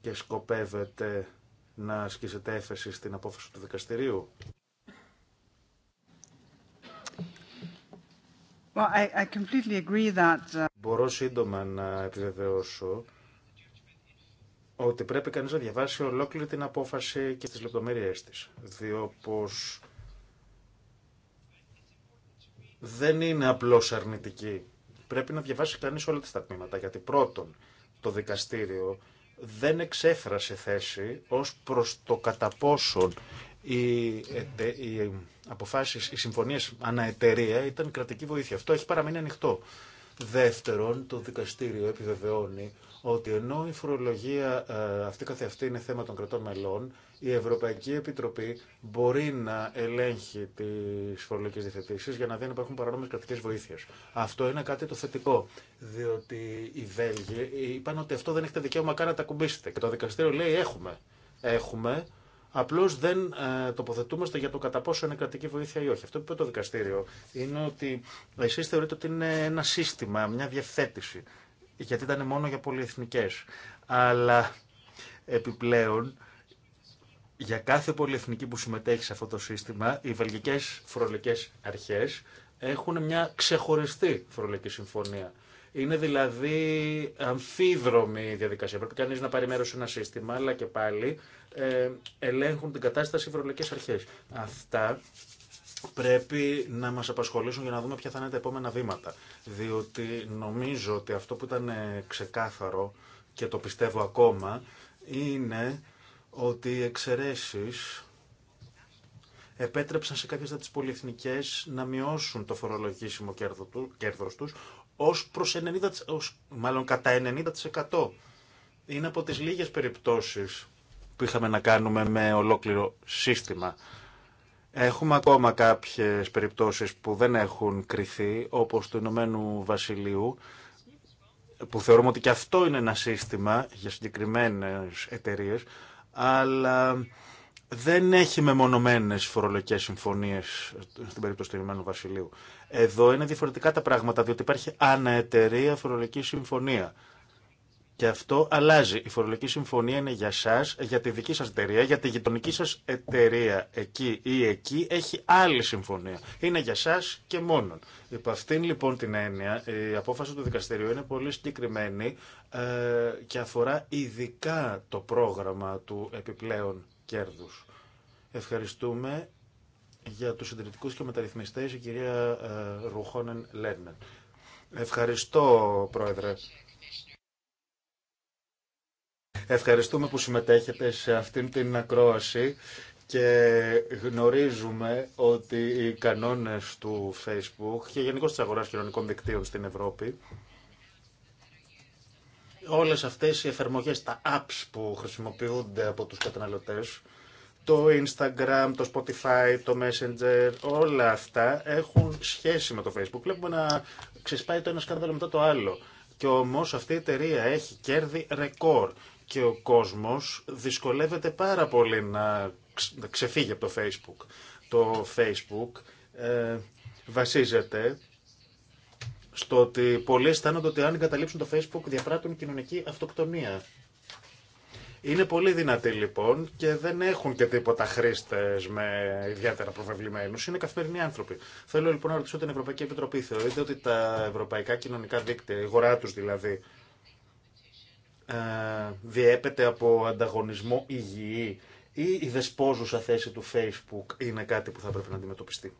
και σκοπεύεται να ασκήσετε έφεση στην απόφαση του δικαστηρίου. Uh, Μπορώ σύντομα να επιβεβαιώσω ότι πρέπει κανείς να διαβάσει ολόκληρη την απόφαση και τις λεπτομέρειές της. Διότι δεν είναι απλώς αρνητική. Πρέπει να διαβάσει κανείς όλα τα τμήματα, γιατί πρώτον το δικαστήριο δεν εξέφρασε θέση ως προς το κατά πόσον οι, εται, οι αποφάσεις, οι συμφωνίες αναεταιρεία ήταν κρατική βοήθεια. Αυτό έχει παραμείνει ανοιχτό. Δεύτερον, το δικαστήριο επιβεβαιώνει ότι ενώ η φορολογία ε, αυτή καθεαυτή είναι θέμα των κρατών μελών, η Ευρωπαϊκή Επιτροπή μπορεί να ελέγχει τι φορολογικέ διαθετήσει για να δει αν υπάρχουν παράνομε κρατικέ βοήθειε. Αυτό είναι κάτι το θετικό. Διότι οι Βέλγοι είπαν ότι αυτό δεν έχετε δικαίωμα καν να τα κουμπίσετε. Και το δικαστήριο λέει έχουμε. Έχουμε Απλώ δεν ε, τοποθετούμαστε για το κατά πόσο είναι κρατική βοήθεια ή όχι. Αυτό που είπε το δικαστήριο είναι ότι εσεί θεωρείτε ότι είναι ένα σύστημα, μια διευθέτηση. Γιατί ήταν μόνο για πολυεθνικέ. Αλλά επιπλέον για κάθε πολυεθνική που συμμετέχει σε αυτό το σύστημα, οι βελγικές φορολογικές αρχές έχουν μια ξεχωριστή φορολογική συμφωνία. Είναι δηλαδή αμφίδρομη η διαδικασία. Πρέπει κανείς να πάρει μέρος σε αυτο το συστημα οι βελγικες φορολογικέ αρχέ εχουν μια σύστημα, κανεί να παρει μέρο σε ενα συστημα αλλα και πάλι ε, ελέγχουν την κατάσταση οι φορολογικές αρχέ. Αυτά πρέπει να μας απασχολήσουν για να δούμε ποια θα είναι τα επόμενα βήματα. Διότι νομίζω ότι αυτό που ήταν ε, ξεκάθαρο και το πιστεύω ακόμα είναι ότι οι εξαιρέσεις επέτρεψαν σε κάποιες από τις πολυεθνικές να μειώσουν το φορολογήσιμο κέρδος τους ως προς 90, ως, μάλλον κατά 90%. Είναι από τις λίγες περιπτώσεις που είχαμε να κάνουμε με ολόκληρο σύστημα. Έχουμε ακόμα κάποιες περιπτώσεις που δεν έχουν κριθεί, όπως του Ηνωμένου Βασιλείου, που θεωρούμε ότι και αυτό είναι ένα σύστημα για συγκεκριμένες εταιρείες, αλλά δεν έχει μεμονωμένες φορολογικές συμφωνίες στην περίπτωση του Ηνωμένου Βασιλείου. Εδώ είναι διαφορετικά τα πράγματα, διότι υπάρχει αναεταιρεία φορολογική συμφωνία. Και αυτό αλλάζει. Η φορολογική συμφωνία είναι για εσά, για τη δική σα εταιρεία, για τη γειτονική σα εταιρεία εκεί ή εκεί έχει άλλη συμφωνία. Είναι για εσά και μόνον. Υπό αυτήν λοιπόν την έννοια, η απόφαση του δικαστηρίου είναι πολύ συγκεκριμένη ε, και αφορά ειδικά το πρόγραμμα του επιπλέον κέρδου. Ευχαριστούμε για του συντηρητικού και μεταρρυθμιστέ, η κυρία ε, Ρουχόνεν Λέρνερ. Ευχαριστώ, Πρόεδρε. Ευχαριστούμε που συμμετέχετε σε αυτήν την ακρόαση και γνωρίζουμε ότι οι κανόνες του Facebook και γενικώ της αγοράς κοινωνικών δικτύων στην Ευρώπη όλες αυτές οι εφαρμογές, τα apps που χρησιμοποιούνται από τους καταναλωτές το Instagram, το Spotify, το Messenger, όλα αυτά έχουν σχέση με το Facebook. Βλέπουμε να ξεσπάει το ένα σκάνδαλο μετά το άλλο. Και όμως αυτή η εταιρεία έχει κέρδη ρεκόρ και ο κόσμος δυσκολεύεται πάρα πολύ να ξεφύγει από το Facebook. Το Facebook ε, βασίζεται στο ότι πολλοί αισθάνονται ότι αν εγκαταλείψουν το Facebook διαπράττουν κοινωνική αυτοκτονία. Είναι πολύ δυνατοί λοιπόν και δεν έχουν και τίποτα χρήστε με ιδιαίτερα προβεβλημένου. Είναι καθημερινοί άνθρωποι. Θέλω λοιπόν να ρωτήσω την Ευρωπαϊκή Επιτροπή. Θεωρείτε ότι τα ευρωπαϊκά κοινωνικά δίκτυα, η αγορά του δηλαδή, ε, διέπεται από ανταγωνισμό υγιή ή η δεσπόζουσα θέση του Facebook είναι κάτι που θα πρέπει να αντιμετωπιστεί.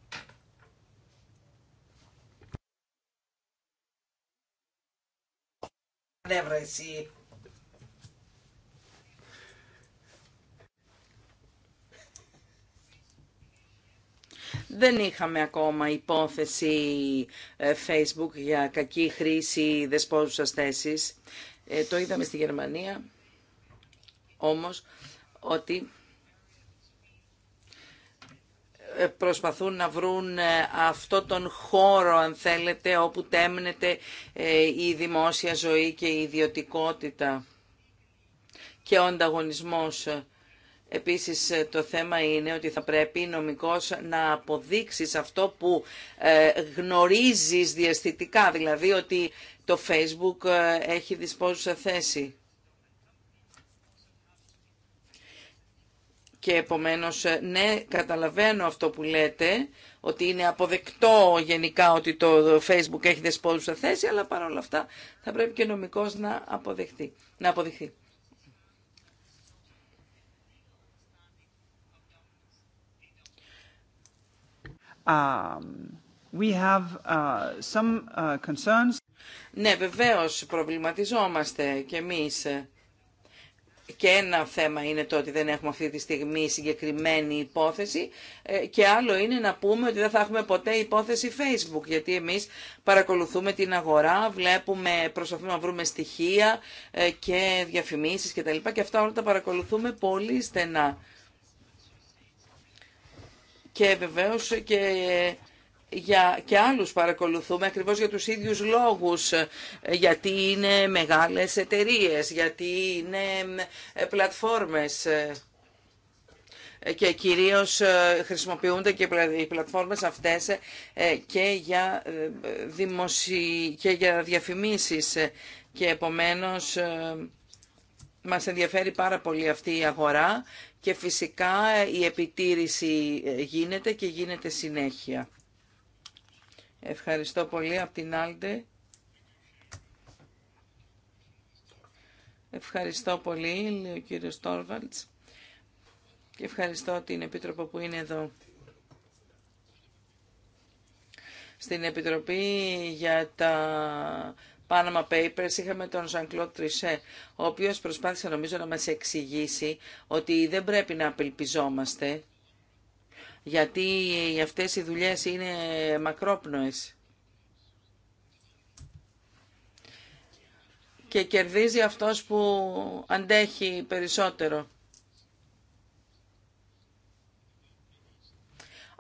Δεν είχαμε ακόμα υπόθεση ε, Facebook για κακή χρήση δεσπόζουσας θέσης. Ε, το είδαμε στη Γερμανία όμως ότι ε, προσπαθούν να βρουν ε, αυτό τον χώρο, αν θέλετε, όπου τέμνεται ε, η δημόσια ζωή και η ιδιωτικότητα και ο ανταγωνισμός. Επίσης το θέμα είναι ότι θα πρέπει νομικός να αποδείξεις αυτό που γνωρίζεις διαστητικά, δηλαδή ότι το Facebook ε, έχει δυσπόζουσα θέση. Και επομένως, ε, ναι, καταλαβαίνω αυτό που λέτε, ότι είναι αποδεκτό γενικά ότι το Facebook έχει δεσπόζουσα θέση, αλλά παρόλα αυτά θα πρέπει και νομικός να αποδεχτεί. Να Uh, uh, ναι, βεβαίως προβληματιζόμαστε και εμείς. Και ένα θέμα είναι το ότι δεν έχουμε αυτή τη στιγμή συγκεκριμένη υπόθεση ε, και άλλο είναι να πούμε ότι δεν θα έχουμε ποτέ υπόθεση Facebook γιατί εμείς παρακολουθούμε την αγορά, βλέπουμε, προσπαθούμε να βρούμε στοιχεία ε, και διαφημίσεις κτλ. Και, τα λοιπά, και αυτά όλα τα παρακολουθούμε πολύ στενά. Και βεβαίως και για, και άλλους παρακολουθούμε ακριβώς για τους ίδιους λόγους, ε, γιατί είναι μεγάλες εταιρείες, γιατί είναι ε, πλατφόρμες ε, και κυρίως χρησιμοποιούνται και οι πλατφόρμες αυτές και για, δημοσι... και για διαφημίσεις και επομένως μας ενδιαφέρει πάρα πολύ αυτή η αγορά και φυσικά η επιτήρηση γίνεται και γίνεται συνέχεια. Ευχαριστώ πολύ από την Άλντε. Ευχαριστώ πολύ, λέει ο κύριος Τόρβαλτς. Και ευχαριστώ την Επίτροπο που είναι εδώ. Στην Επιτροπή για τα Panama Papers είχαμε τον Jean-Claude ο οποίος προσπάθησε νομίζω να μας εξηγήσει ότι δεν πρέπει να απελπιζόμαστε γιατί αυτές οι δουλειές είναι μακρόπνοες. Και κερδίζει αυτός που αντέχει περισσότερο.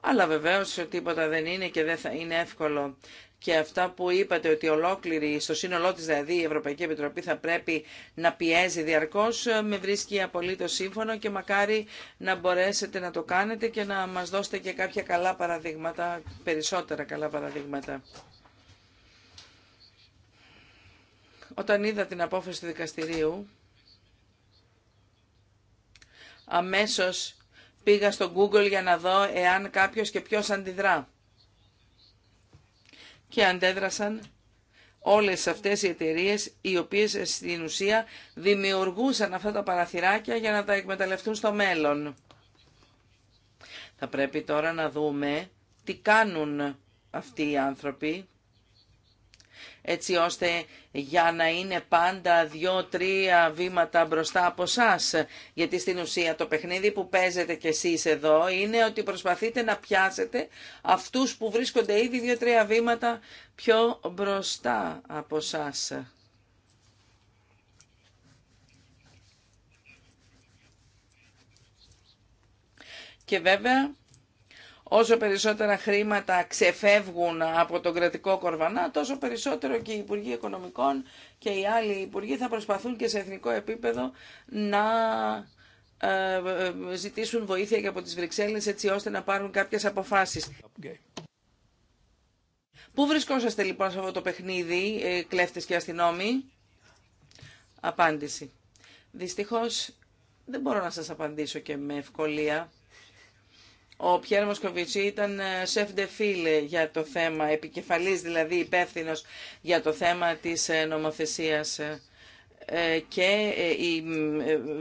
Αλλά βεβαίως τίποτα δεν είναι και δεν θα είναι εύκολο και αυτά που είπατε ότι ολόκληρη, στο σύνολό της δηλαδή η Ευρωπαϊκή Επιτροπή θα πρέπει να πιέζει διαρκώς, ε, με βρίσκει απολύτως σύμφωνο και μακάρι να μπορέσετε να το κάνετε και να μας δώσετε και κάποια καλά παραδείγματα, περισσότερα καλά παραδείγματα. Όταν είδα την απόφαση του δικαστηρίου, αμέσως πήγα στο Google για να δω εάν κάποιος και ποιος αντιδρά και αντέδρασαν όλες αυτές οι εταιρείες οι οποίες στην ουσία δημιουργούσαν αυτά τα παραθυράκια για να τα εκμεταλλευτούν στο μέλλον. Θα πρέπει τώρα να δούμε τι κάνουν αυτοί οι άνθρωποι έτσι ώστε για να είναι πάντα δύο-τρία βήματα μπροστά από εσά. Γιατί στην ουσία το παιχνίδι που παίζετε κι εσείς εδώ είναι ότι προσπαθείτε να πιάσετε αυτούς που βρίσκονται ήδη δύο-τρία βήματα πιο μπροστά από εσά. Και βέβαια Όσο περισσότερα χρήματα ξεφεύγουν από τον κρατικό κορβανά, τόσο περισσότερο και οι Υπουργοί Οικονομικών και οι άλλοι Υπουργοί θα προσπαθούν και σε εθνικό επίπεδο να ε, ε, ζητήσουν βοήθεια και από τις Βρυξέλλες έτσι ώστε να πάρουν κάποιες αποφάσεις. Πού βρισκόσαστε λοιπόν σε αυτό το παιχνίδι, ε, κλέφτες και αστυνόμοι? Απάντηση. Δυστυχώς δεν μπορώ να σας απαντήσω και με ευκολία. Ο Πιέρ Μοσκοβιτσί ήταν σεφ για το θέμα, επικεφαλής δηλαδή υπεύθυνο για το θέμα της ε, νομοθεσίας ε, ε, και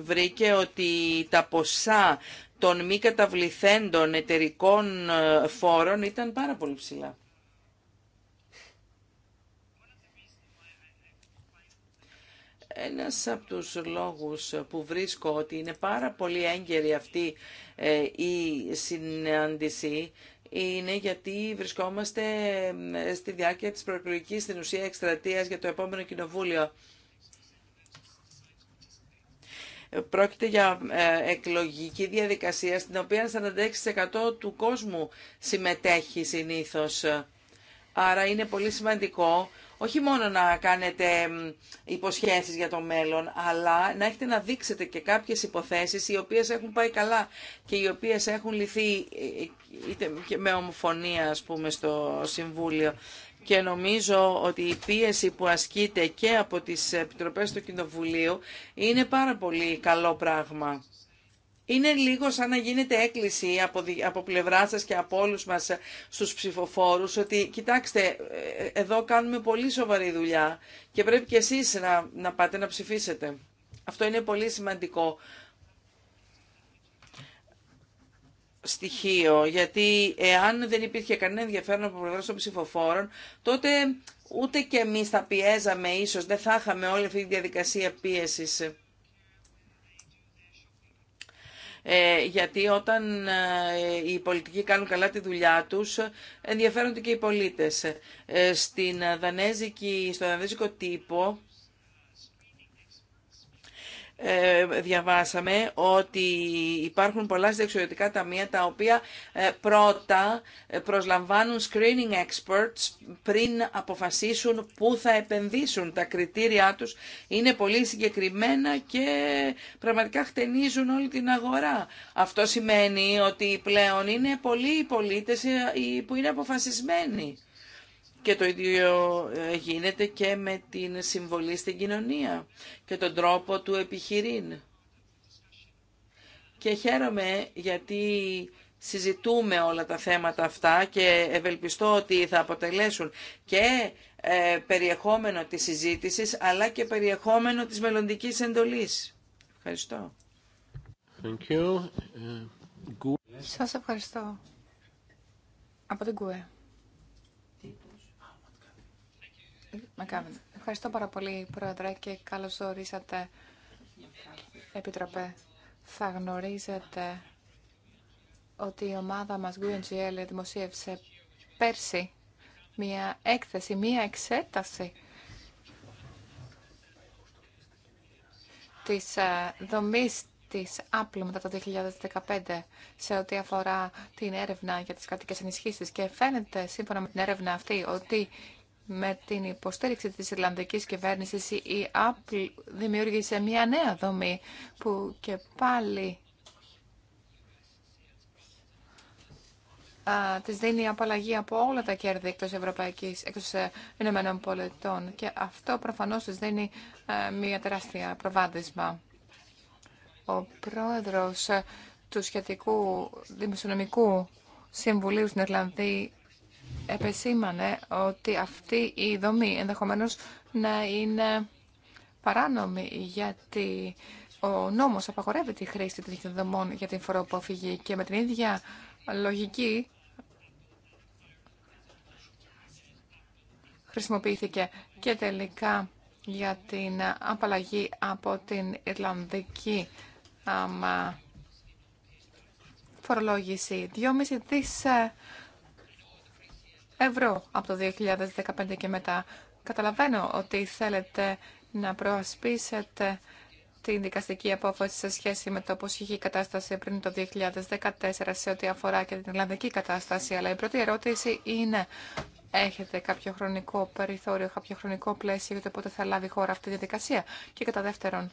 βρήκε ότι τα ποσά των μη καταβληθέντων εταιρικών φόρων ήταν πάρα πολύ ψηλά. Ένας από τους λόγους που βρίσκω ότι είναι πάρα πολύ έγκαιρη αυτή ε, η συνάντηση είναι γιατί βρισκόμαστε ε, στη διάρκεια της προεκλογικής στην ουσία εκστρατείας για το επόμενο κοινοβούλιο. Πρόκειται για ε, εκλογική διαδικασία στην οποία 46% του κόσμου συμμετέχει συνήθως. Άρα είναι πολύ σημαντικό όχι μόνο να κάνετε υποσχέσεις για το μέλλον, αλλά να έχετε να δείξετε και κάποιες υποθέσεις οι οποίες έχουν πάει καλά και οι οποίες έχουν λυθεί ε, ε, είτε με ομοφωνία πούμε στο Συμβούλιο. Και νομίζω ότι η πίεση που ασκείται και από τις επιτροπές του Κοινοβουλίου είναι πάρα πολύ καλό πράγμα. Είναι λίγο σαν να γίνεται έκκληση από, από πλευρά σας και από όλους μας ε, στους ψηφοφόρους ότι κοιτάξτε ε, εδώ κάνουμε πολύ σοβαρή δουλειά και πρέπει και εσείς να, να πάτε να ψηφίσετε. Αυτό είναι πολύ σημαντικό στοιχείο, γιατί εάν δεν υπήρχε κανένα ενδιαφέρον από πλευρά των ψηφοφόρων, τότε ούτε και εμείς θα πιέζαμε ίσως, δεν θα είχαμε όλη αυτή τη διαδικασία πίεσης. Ε, γιατί όταν ε, οι πολιτικοί κάνουν καλά τη δουλειά τους, ενδιαφέρονται και οι πολίτες. Ε, στην Δανέζικη, στο δανέζικο τύπο, ε, διαβάσαμε ότι υπάρχουν πολλά συνταξιδιωτικά ταμεία τα οποία ε, πρώτα ε, προσλαμβάνουν screening experts πριν αποφασίσουν πού θα επενδύσουν. Τα κριτήρια τους είναι πολύ συγκεκριμένα και πραγματικά χτενίζουν όλη την αγορά. Αυτό σημαίνει ότι πλέον είναι πολλοί οι πολίτες που είναι αποφασισμένοι. Και το ίδιο ε, γίνεται και με την συμβολή στην κοινωνία και τον τρόπο του επιχειρήν. Και χαίρομαι γιατί συζητούμε όλα τα θέματα αυτά και ευελπιστώ ότι θα αποτελέσουν και ε, περιεχόμενο της συζήτησης αλλά και περιεχόμενο της μελλοντικής εντολής. Ευχαριστώ. Thank ε, Σας ευχαριστώ. Από την ΚΟΕ. Ευχαριστώ πάρα πολύ, Πρόεδρε, και καλώς ορίσατε, Επιτροπέ. Θα γνωρίζετε ότι η ομάδα μας GUNGL δημοσίευσε πέρσι μία έκθεση, μία εξέταση Τη ε, δομής της Apple μετά το 2015 σε ό,τι αφορά την έρευνα για τις κρατικές ενισχύσεις και φαίνεται σύμφωνα με την έρευνα αυτή ότι με την υποστήριξη της Ιρλανδικής κυβέρνησης η Apple δημιούργησε μια νέα δομή που και πάλι α, της δίνει απαλλαγή από όλα τα κέρδη εκτός, Ευρωπαϊκής, εκτός ε, Ηνωμένων Πολιτών και αυτό προφανώς της δίνει ε, μια τεράστια προβάδισμα. Ο πρόεδρος ε, του σχετικού δημοσιονομικού συμβουλίου στην Ιρλανδία επεσήμανε ότι αυτή η δομή ενδεχομένως να είναι παράνομη γιατί ο νόμος απαγορεύει τη χρήση των δομών για την φοροποφυγή και με την ίδια λογική χρησιμοποιήθηκε και τελικά για την απαλλαγή από την Ιρλανδική αμα, φορολόγηση. 2,5 ευρώ από το 2015 και μετά. Καταλαβαίνω ότι θέλετε να προασπίσετε την δικαστική απόφαση σε σχέση με το πώς είχε η κατάσταση πριν το 2014 σε ό,τι αφορά και την ελληνική κατάσταση. Αλλά η πρώτη ερώτηση είναι, έχετε κάποιο χρονικό περιθώριο, κάποιο χρονικό πλαίσιο για το πότε θα λάβει η χώρα αυτή τη διαδικασία. Και κατά δεύτερον,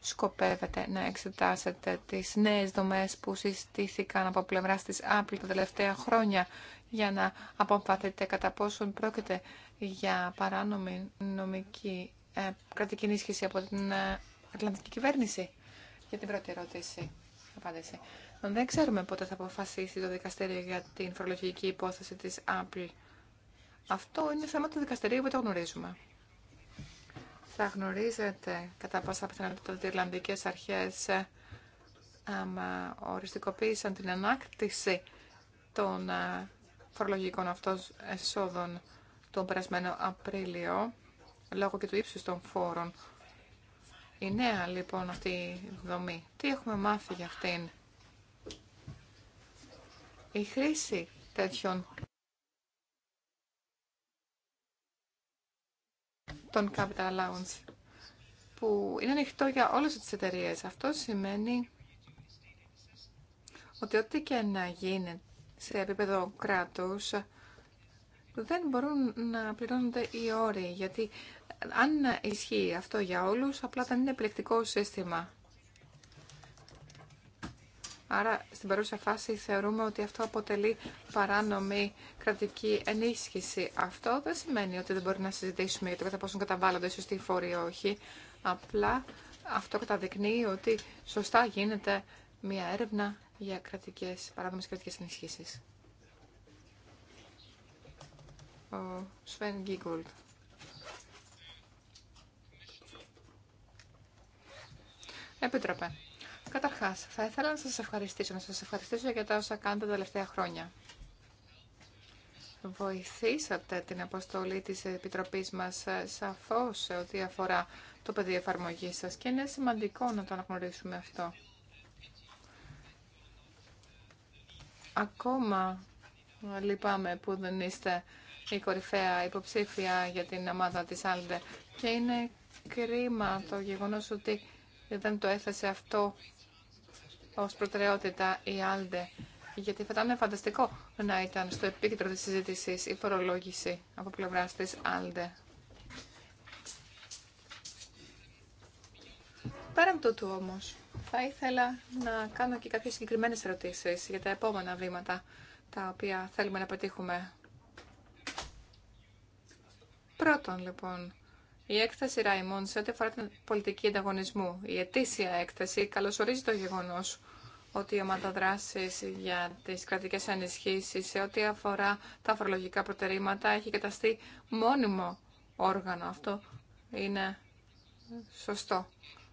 σκοπεύετε να εξετάσετε τις νέες δομές που συστήθηκαν από πλευρά της Apple τα τελευταία χρόνια για να αποφαθείτε κατά πόσον πρόκειται για παράνομη νομική ε, κρατική ενίσχυση από την ε, Ατλαντική κυβέρνηση. Για την πρώτη ερώτηση, απάντηση. Δεν ξέρουμε πότε θα αποφασίσει το δικαστήριο για την φορολογική υπόθεση της Apple. Αυτό είναι θέμα του δικαστηρίου που το γνωρίζουμε θα γνωρίζετε κατά πάσα πιθανότητα ότι οι Ιρλανδικές αρχές ε, ε, οριστικοποίησαν την ανάκτηση των ε, φορολογικών αυτών εσόδων τον περασμένο Απρίλιο λόγω και του ύψους των φόρων. Η νέα λοιπόν αυτή η δομή. Τι έχουμε μάθει για αυτήν. Η χρήση τέτοιων τον Capital Allowance που είναι ανοιχτό για όλες τις εταιρείε. Αυτό σημαίνει ότι ό,τι και να γίνει σε επίπεδο κράτους δεν μπορούν να πληρώνονται οι όροι γιατί αν ισχύει αυτό για όλους απλά δεν είναι επιλεκτικό σύστημα. Άρα στην παρούσα φάση θεωρούμε ότι αυτό αποτελεί παράνομη κρατική ενίσχυση. Αυτό δεν σημαίνει ότι δεν μπορεί να συζητήσουμε για το κατά πόσο καταβάλλονται σωστοί φόροι ή όχι. Απλά αυτό καταδεικνύει ότι σωστά γίνεται μια έρευνα για κρατικές, παράνομες κρατικές ενισχύσεις. Ο Σβέν Γκίγκολτ. Επίτροπε. Καταρχά. θα ήθελα να σας ευχαριστήσω, να σας ευχαριστήσω για τα όσα κάνετε τα τελευταία χρόνια. Βοηθήσατε την αποστολή τη επιτροπή μας ε, σαφώς σε ό,τι αφορά το πεδίο εφαρμογή σας και είναι σημαντικό να το αναγνωρίσουμε αυτό. Ακόμα λυπάμαι που δεν είστε η κορυφαία υποψήφια για την ομάδα της Άλντε και είναι κρίμα το γεγονός ότι δεν το έθεσε αυτό ως προτεραιότητα η Άλντε, γιατί θα ήταν φανταστικό να ήταν στο επίκεντρο της συζήτησης η φορολόγηση από πλευράς της Άλντε. Πέραν τούτου όμως, θα ήθελα να κάνω και κάποιες συγκεκριμένες ερωτήσεις για τα επόμενα βήματα τα οποία θέλουμε να πετύχουμε. Πρώτον, λοιπόν, η έκθεση Ραϊμόν σε ό,τι αφορά την πολιτική ανταγωνισμού, η ετήσια έκθεση, καλωσορίζει το γεγονό ότι η ομάδα για τι κρατικέ ενισχύσει σε ό,τι αφορά τα φορολογικά προτερήματα έχει καταστεί μόνιμο όργανο. Αυτό είναι σωστό.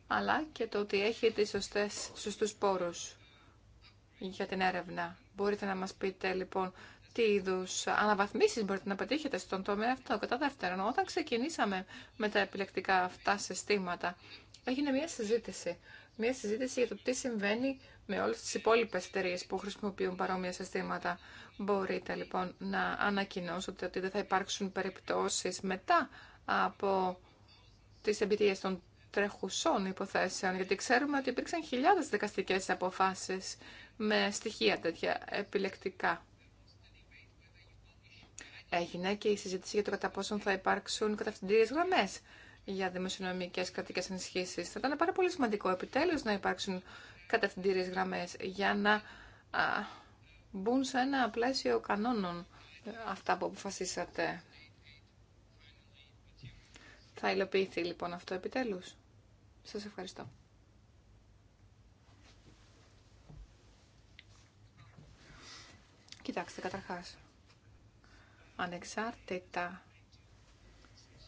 Αλλά και το ότι έχει τις σωστές, σωστούς πόρους για την έρευνα. Μπορείτε να μας πείτε λοιπόν τι είδου αναβαθμίσει μπορείτε να πετύχετε στον τομέα αυτό. Κατά δεύτερον, όταν ξεκινήσαμε με τα επιλεκτικά αυτά συστήματα, έγινε μια συζήτηση. Μια συζήτηση για το τι συμβαίνει με όλε τι υπόλοιπε εταιρείε που χρησιμοποιούν παρόμοια συστήματα. Μπορείτε λοιπόν να ανακοινώσετε ότι δεν θα υπάρξουν περιπτώσει μετά από τι εμπειρίε των τρεχουσών υποθέσεων, γιατί ξέρουμε ότι υπήρξαν χιλιάδες δικαστικέ αποφάσεις με στοιχεία τέτοια επιλεκτικά. Έγινε και η συζήτηση για το κατά πόσον θα υπάρξουν κατευθυντήριε γραμμέ για δημοσιονομικέ κρατικέ ενισχύσει. Θα ήταν πάρα πολύ σημαντικό επιτέλου να υπάρξουν κατευθυντήριε γραμμέ για να α, μπουν σε ένα πλαίσιο κανόνων ε, αυτά που αποφασίσατε. Θα υλοποιηθεί λοιπόν αυτό επιτέλους. Σας ευχαριστώ. Κοιτάξτε, καταρχάς ανεξάρτητα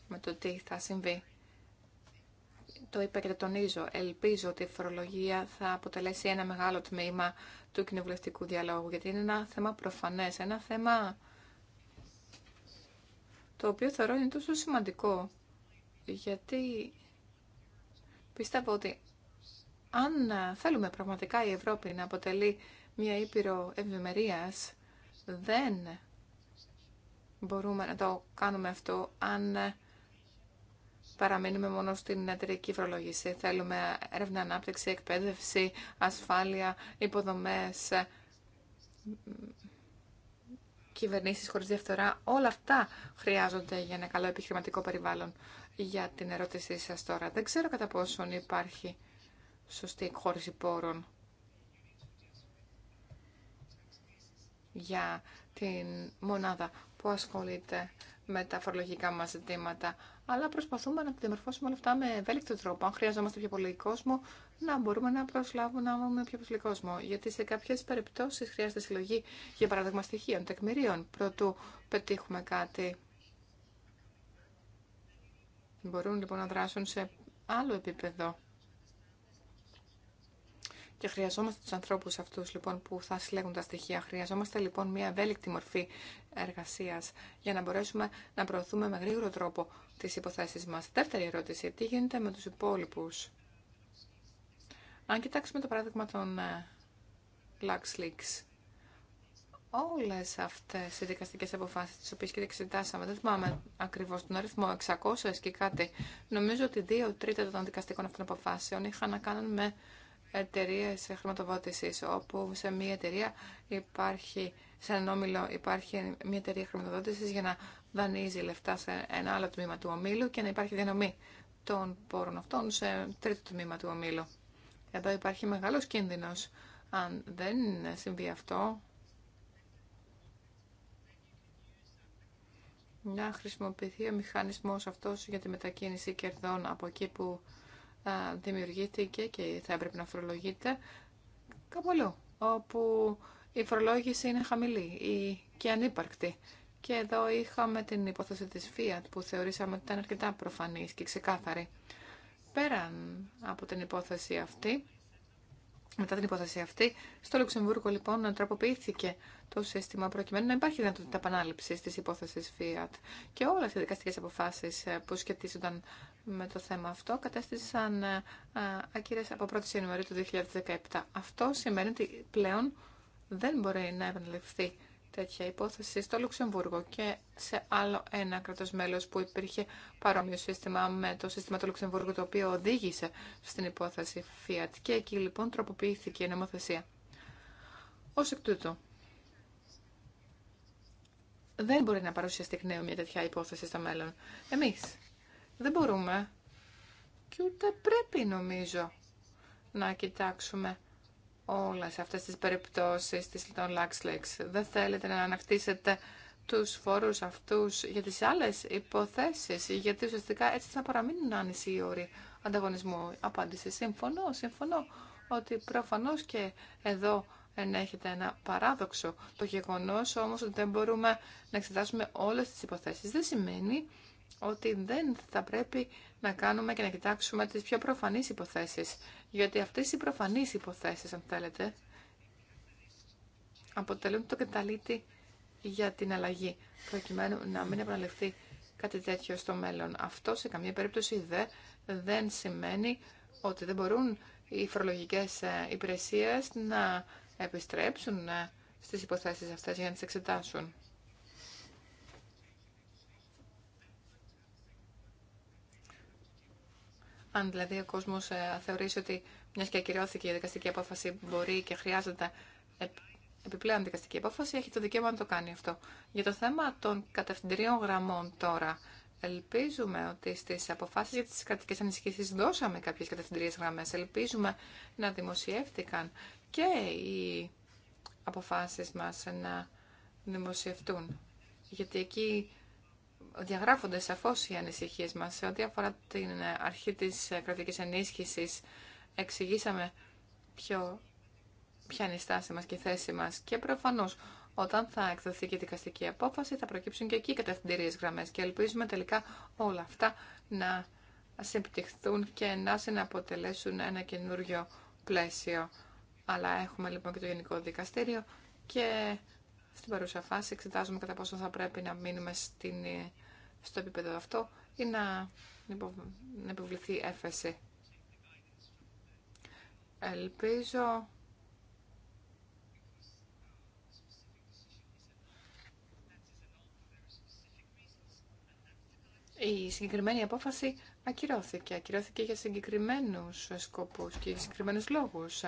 με το τι θα συμβεί. Το τονίζω. Ελπίζω ότι η φορολογία θα αποτελέσει ένα μεγάλο τμήμα του κοινοβουλευτικού διαλόγου, γιατί είναι ένα θέμα προφανές, ένα θέμα το οποίο θεωρώ είναι τόσο σημαντικό, γιατί πιστεύω ότι αν θέλουμε πραγματικά η Ευρώπη να αποτελεί μια ήπειρο ευημερίας, δεν μπορούμε να το κάνουμε αυτό αν παραμείνουμε μόνο στην εταιρική φορολόγηση. Θέλουμε έρευνα, ανάπτυξη, εκπαίδευση, ασφάλεια, υποδομές, κυβερνήσει χωρί διαφθορά. Όλα αυτά χρειάζονται για ένα καλό επιχειρηματικό περιβάλλον. Για την ερώτησή σα τώρα, δεν ξέρω κατά πόσον υπάρχει σωστή εκχώρηση πόρων για την μονάδα που ασχολείται με τα φορολογικά μα ζητήματα. Αλλά προσπαθούμε να διαμορφώσουμε όλα αυτά με ευέλικτο τρόπο. Αν χρειαζόμαστε πιο πολύ κόσμο, να μπορούμε να προσλάβουμε να πιο πολύ κόσμο. Γιατί σε κάποιε περιπτώσει χρειάζεται συλλογή, για παράδειγμα, στοιχείων, τεκμηρίων, προτού πετύχουμε κάτι. Μπορούν λοιπόν να δράσουν σε άλλο επίπεδο. Και χρειαζόμαστε του ανθρώπου αυτού λοιπόν που θα συλλέγουν τα στοιχεία. Χρειαζόμαστε λοιπόν μια ευέλικτη μορφή εργασία για να μπορέσουμε να προωθούμε με γρήγορο τρόπο τις υποθέσει μα. Δεύτερη ερώτηση, τι γίνεται με του υπόλοιπου, Αν κοιτάξουμε το παράδειγμα των ε, LuxLeaks, Όλε αυτέ οι δικαστικέ αποφάσει τι οποίε και εξετάσαμε, δεν θυμάμαι ακριβώ τον αριθμό, 600 και κάτι, νομίζω ότι δύο τρίτα των δικαστικών αυτών αποφάσεων είχαν να κάνουν με εταιρείε χρηματοδότηση, όπου σε μία εταιρεία υπάρχει, σε έναν όμιλο υπάρχει μία εταιρεία χρηματοδότηση για να δανείζει λεφτά σε ένα άλλο τμήμα του ομίλου και να υπάρχει διανομή των πόρων αυτών σε τρίτο τμήμα του ομίλου. Εδώ υπάρχει μεγάλος κίνδυνος. Αν δεν συμβεί αυτό, να χρησιμοποιηθεί ο μηχανισμός αυτός για τη μετακίνηση κερδών από εκεί που δημιουργήθηκε και θα έπρεπε να φορολογείται κάπου αλλού, όπου η φορολόγηση είναι χαμηλή και ανύπαρκτη. Και εδώ είχαμε την υπόθεση της Fiat που θεωρήσαμε ότι ήταν αρκετά προφανής και ξεκάθαρη. Πέραν από την υπόθεση αυτή, μετά την υπόθεση αυτή, στο Λουξεμβούργο λοιπόν τραποποιήθηκε το σύστημα προκειμένου να υπάρχει δυνατότητα επανάληψη τη υπόθεση Fiat. Και όλε οι δικαστικέ αποφάσει ε, που σχετίζονταν με το θέμα αυτό κατέστησαν ε, ε, ακύρε από 1η Ιανουαρίου του 2017. Αυτό σημαίνει ότι πλέον δεν μπορεί να επαναληφθεί τέτοια υπόθεση στο Λουξεμβούργο και σε άλλο ένα κρατό μέλο που υπήρχε παρόμοιο σύστημα με το σύστημα του Λουξεμβούργου το οποίο οδήγησε στην υπόθεση Fiat και εκεί λοιπόν τροποποιήθηκε η νομοθεσία. Ως εκ τούτου, δεν μπορεί να παρουσιαστεί εκ νέου μια τέτοια υπόθεση στο μέλλον. Εμεί δεν μπορούμε και ούτε πρέπει νομίζω να κοιτάξουμε σε αυτές τις περιπτώσεις της λιτών λάξλεξ Δεν θέλετε να ανακτήσετε τους φόρους αυτούς για τις άλλες υποθέσεις, γιατί ουσιαστικά έτσι θα παραμείνουν άνηση οι όροι ανταγωνισμού. Απάντηση. Συμφωνώ, συμφωνώ ότι προφανώς και εδώ ενέχεται ένα παράδοξο. Το γεγονός όμως ότι δεν μπορούμε να εξετάσουμε όλες τις υποθέσεις δεν σημαίνει ότι δεν θα πρέπει να κάνουμε και να κοιτάξουμε τις πιο προφανείς υποθέσεις. Γιατί αυτές οι προφανείς υποθέσεις, αν θέλετε, αποτελούν το καταλήτη για την αλλαγή, προκειμένου να μην επαναληφθεί κάτι τέτοιο στο μέλλον. Αυτό σε καμία περίπτωση δε, δεν σημαίνει ότι δεν μπορούν οι φορολογικές ε, υπηρεσίες να επιστρέψουν ε, στις υποθέσεις αυτές για να τις εξετάσουν. Αν δηλαδή ο κόσμο ε, θεωρήσει ότι μια και ακυρώθηκε η δικαστική απόφαση μπορεί και χρειάζεται επιπλέον δικαστική απόφαση, έχει το δικαίωμα να το κάνει αυτό. Για το θέμα των κατευθυντηρίων γραμμών τώρα, ελπίζουμε ότι στι αποφάσει για τι κρατικέ ανισχύσει δώσαμε κάποιε κατευθυντηρίε γραμμέ. Ελπίζουμε να δημοσιεύτηκαν και οι αποφάσει μα να δημοσιευτούν. Γιατί εκεί διαγράφονται σαφώς οι ανησυχίες μας σε ό,τι αφορά την αρχή της κρατικής ενίσχυσης. Εξηγήσαμε ποιο, ποια είναι η στάση μας και η θέση μας και προφανώς όταν θα εκδοθεί και η δικαστική απόφαση θα προκύψουν και εκεί οι κατευθυντήριες γραμμές και ελπίζουμε τελικά όλα αυτά να συμπτυχθούν και να συναποτελέσουν ένα καινούριο πλαίσιο. Αλλά έχουμε λοιπόν και το Γενικό Δικαστήριο και στην παρούσα φάση εξετάζουμε κατά πόσο θα πρέπει να μείνουμε στην στο επίπεδο αυτό ή να, να επιβληθεί έφεση. Ελπίζω Η συγκεκριμένη απόφαση ακυρώθηκε. Ακυρώθηκε για συγκεκριμένους σκοπούς και για συγκεκριμένους λόγους.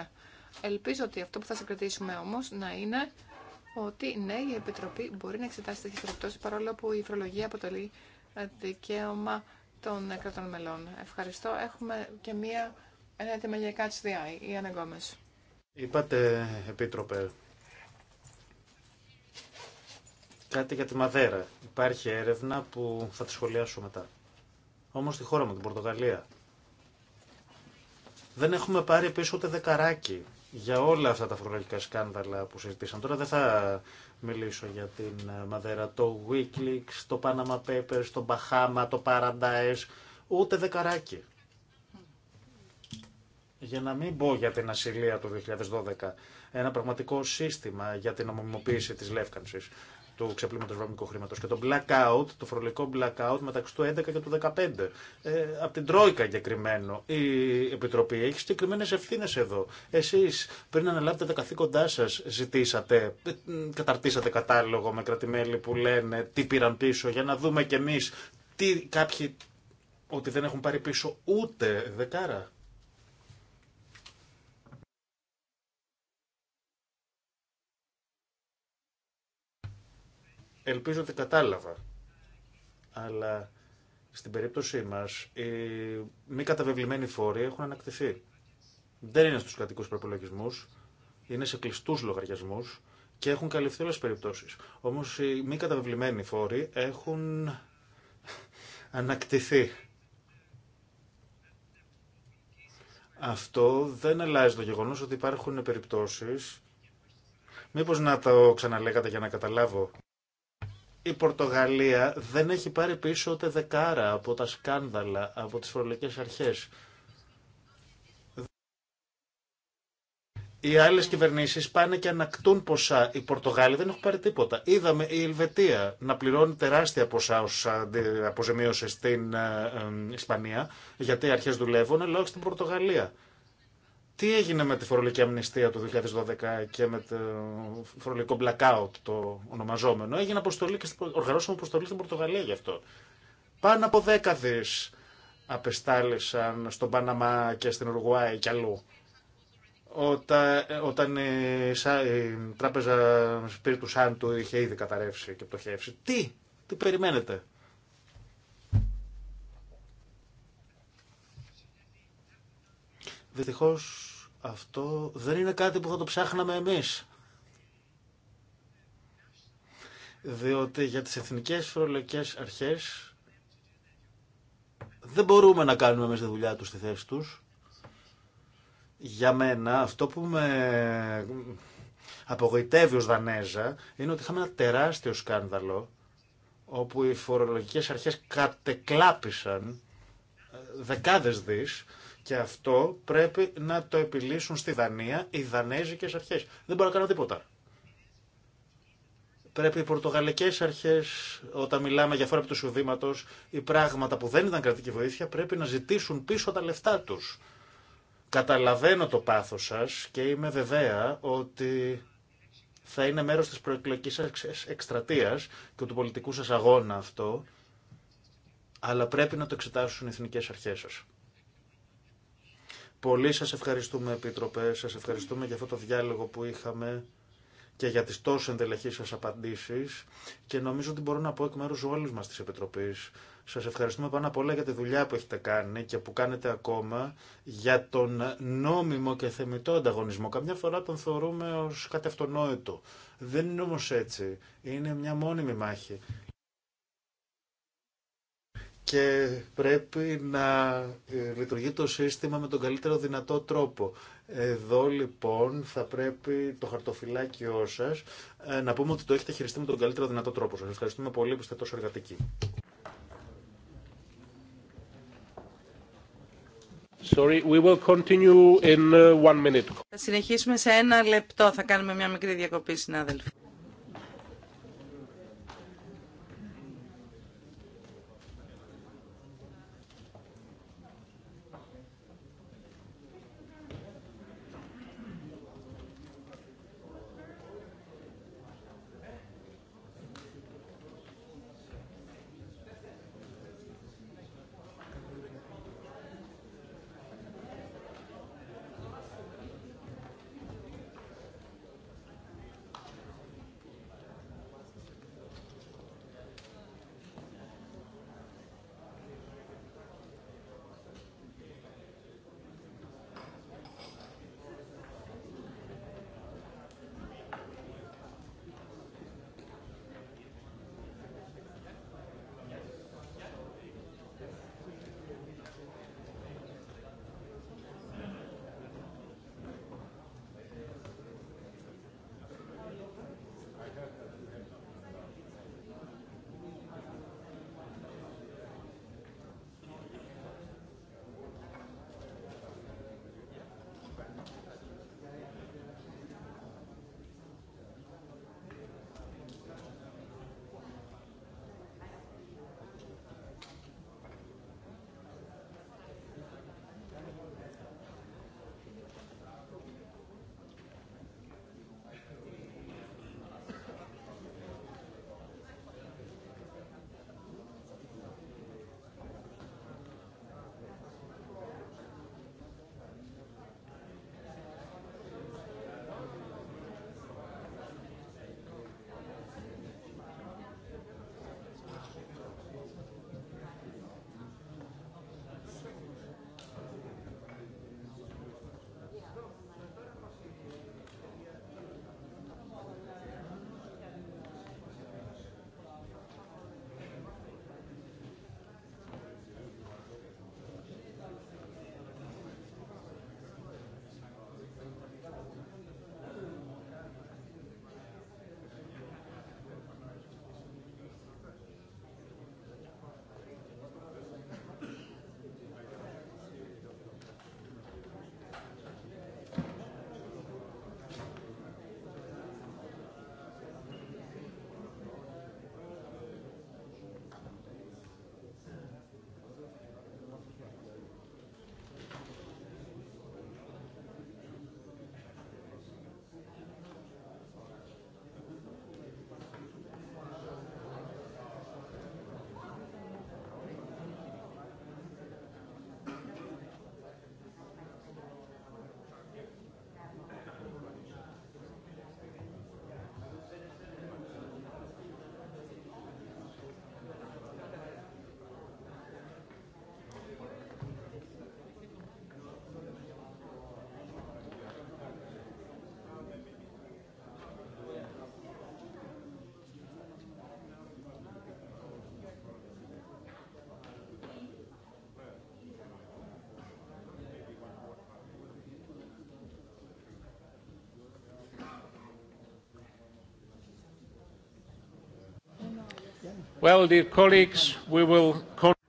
Ελπίζω ότι αυτό που θα συγκρατήσουμε όμως να είναι ότι ναι, η Επιτροπή μπορεί να εξετάσει τέτοιε περιπτώσει παρόλο που η φορολογία αποτελεί ε, δικαίωμα των ε, κρατών μελών. Ευχαριστώ. Έχουμε και μία, ένα έτοιμο για η Είπατε, Επίτροπε, κάτι για τη Μαδέρα. Υπάρχει έρευνα που θα τη σχολιάσω μετά. Όμως στη χώρα μου, την Πορτογαλία, δεν έχουμε πάρει πίσω ούτε δεκαράκι για όλα αυτά τα φορολογικά σκάνδαλα που συζητήσαν Τώρα δεν θα μιλήσω για την ε, Μαδέρα, το Wikileaks, το Panama Papers, το Bahama, το Paradise, ούτε δεκαράκι. Για να μην πω για την ασυλία του 2012, ένα πραγματικό σύστημα για την ομοιμοποίηση της λεύκανσης του ξεπλήματο βαμικού χρήματο και το blackout, το φορολογικό blackout μεταξύ του 11 και του 15. Ε, από την Τρόικα εγκεκριμένο. Η Επιτροπή έχει συγκεκριμένε ευθύνε εδώ. Εσεί πριν αναλάβετε τα καθήκοντά σα, ζητήσατε, καταρτήσατε κατάλογο με κρατημέλη που λένε τι πήραν πίσω για να δούμε κι εμεί τι κάποιοι ότι δεν έχουν πάρει πίσω ούτε δεκάρα. Ελπίζω ότι κατάλαβα. Αλλά στην περίπτωσή μας οι μη καταβεβλημένοι φόροι έχουν ανακτηθεί. Δεν είναι στους κατοικούς προπολογισμούς, είναι σε κλειστούς λογαριασμούς και έχουν καλυφθεί όλες τις περιπτώσεις. Όμως οι μη καταβεβλημένοι φόροι έχουν ανακτηθεί. Αυτό δεν αλλάζει το γεγονός ότι υπάρχουν περιπτώσεις. Μήπως να το ξαναλέγατε για να καταλάβω η Πορτογαλία δεν έχει πάρει πίσω ούτε δεκάρα από τα σκάνδαλα, από τις φορολογικές αρχές. Οι άλλες κυβερνήσεις πάνε και ανακτούν ποσά. Οι Πορτογάλοι δεν έχουν πάρει τίποτα. Είδαμε η Ελβετία να πληρώνει τεράστια ποσά ως αποζημίωση στην ε, ε, ε, Ισπανία, γιατί οι αρχές δουλεύουν, αλλά όχι στην Πορτογαλία. Τι έγινε με τη φορολογική αμνηστία του 2012 και με το φορολογικό blackout το ονομαζόμενο. Έγινε αποστολή και οργανώσαμε αποστολή στην Πορτογαλία γι' αυτό. Πάνω από δέκα δις απεστάλησαν στον Παναμά και στην Ουρουγουάη και αλλού. Όταν, όταν η, τράπεζα Σπίρτου Σάντου είχε ήδη καταρρεύσει και πτωχεύσει. Τι, τι περιμένετε. Δυστυχώς αυτό δεν είναι κάτι που θα το ψάχναμε εμείς. Διότι για τις εθνικές φορολογικές αρχές δεν μπορούμε να κάνουμε εμείς τη δουλειά τους στη θέση τους. Για μένα αυτό που με απογοητεύει ως Δανέζα είναι ότι είχαμε ένα τεράστιο σκάνδαλο όπου οι φορολογικές αρχές κατεκλάπησαν δεκάδες δις και αυτό πρέπει να το επιλύσουν στη Δανία οι δανέζικέ αρχέ. Δεν μπορώ να κάνω τίποτα. Πρέπει οι Πορτογαλικέ αρχέ, όταν μιλάμε για φόρμα του εισοδήματο, οι πράγματα που δεν ήταν κρατική βοήθεια, πρέπει να ζητήσουν πίσω τα λεφτά του. Καταλαβαίνω το πάθο σα και είμαι βεβαία ότι θα είναι μέρος της προεκλογικής εκστρατεία και του πολιτικού σας αγώνα αυτό, αλλά πρέπει να το εξετάσουν οι εθνικές αρχές σας. Πολύ σας ευχαριστούμε, Επίτροπε. Σας ευχαριστούμε για αυτό το διάλογο που είχαμε και για τις τόσο εντελεχείς σας απαντήσεις και νομίζω ότι μπορώ να πω εκ μέρους όλους μας της Επιτροπής. Σας ευχαριστούμε πάνω απ' όλα για τη δουλειά που έχετε κάνει και που κάνετε ακόμα για τον νόμιμο και θεμητό ανταγωνισμό. Καμιά φορά τον θεωρούμε ως κατευτονόητο. Δεν είναι όμως έτσι. Είναι μια μόνιμη μάχη και πρέπει να ε, λειτουργεί το σύστημα με τον καλύτερο δυνατό τρόπο. Εδώ λοιπόν θα πρέπει το χαρτοφυλάκιό σας ε, να πούμε ότι το έχετε χειριστεί με τον καλύτερο δυνατό τρόπο. Σα ευχαριστούμε πολύ που είστε τόσο εργατικοί. Sorry, we will continue in uh, one minute. Θα συνεχίσουμε σε ένα λεπτό. Θα κάνουμε μια μικρή διακοπή, συνάδελφοι.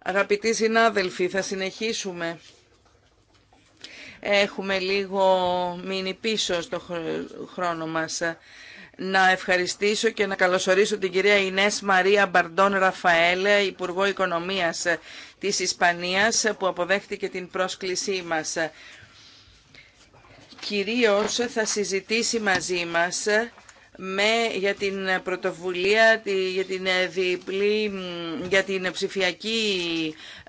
Αγαπητοί συνάδελφοι, θα συνεχίσουμε. Έχουμε λίγο μείνει πίσω στο χρόνο μας. Να ευχαριστήσω και να καλωσορίσω την κυρία Ινές Μαρία Μπαρντών Ραφαέλε, Υπουργό Οικονομίας της Ισπανίας, που αποδέχτηκε την πρόσκλησή μας. Κυρίως θα συζητήσει μαζί μας με, για την πρωτοβουλία, για την ε, διπλή, για την ψηφιακή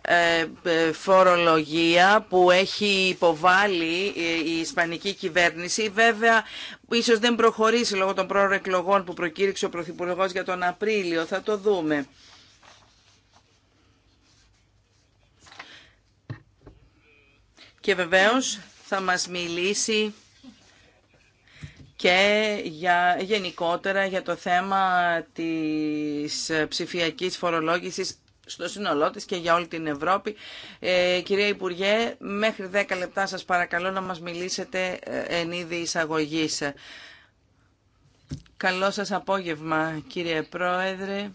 ε, ε, φορολογία που έχει υποβάλει η Ισπανική κυβέρνηση. Βέβαια, ίσως δεν προχωρήσει λόγω των πρόορων εκλογών που προκήρυξε ο Πρωθυπουργός για τον Απρίλιο. Θα το δούμε. Και βεβαίως θα μας μιλήσει και για, γενικότερα για το θέμα της ψηφιακής φορολόγησης στο σύνολό της και για όλη την Ευρώπη. Ε, κυρία Υπουργέ, μέχρι 10 λεπτά σας παρακαλώ να μας μιλήσετε ε, εν είδη εισαγωγής. Καλό σας απόγευμα, κύριε Πρόεδρε,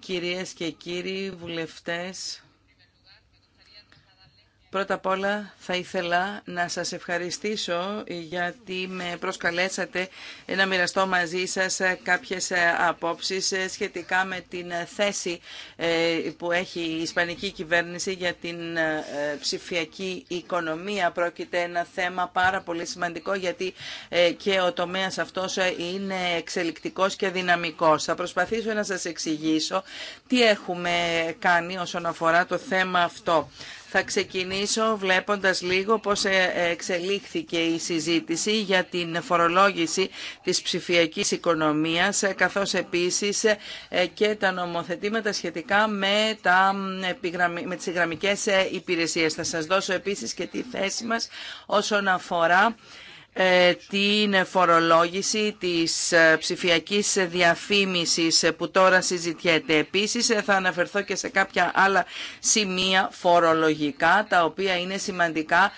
κυρίες και κύριοι βουλευτές. Πρώτα απ' όλα θα ήθελα να σας ευχαριστήσω γιατί με προσκαλέσατε να μοιραστώ μαζί σας κάποιες απόψεις σχετικά με την θέση ε, που έχει η Ισπανική κυβέρνηση για την ε, ψηφιακή οικονομία. Πρόκειται ένα θέμα πάρα πολύ σημαντικό γιατί ε, και ο τομέας αυτός είναι εξελικτικός και δυναμικός. Θα προσπαθήσω να σας εξηγήσω τι έχουμε κάνει όσον αφορά το θέμα αυτό. Θα ξεκινήσω βλέποντας λίγο πώς ε, εξελίχθηκε η συζήτηση για την φορολόγηση της ψηφιακής οικονομίας, ε, καθώς επίσης ε, και τα νομοθετήματα σχετικά με, τα, με τις γραμμικές υπηρεσίες. Θα σας δώσω επίσης και τη θέση μας όσον αφορά ε, την φορολόγηση της ε, ψηφιακής διαφήμισης που τώρα συζητιέται. Επίσης ε, θα αναφερθώ και σε κάποια άλλα σημεία φορολογικά τα οποία είναι σημαντικά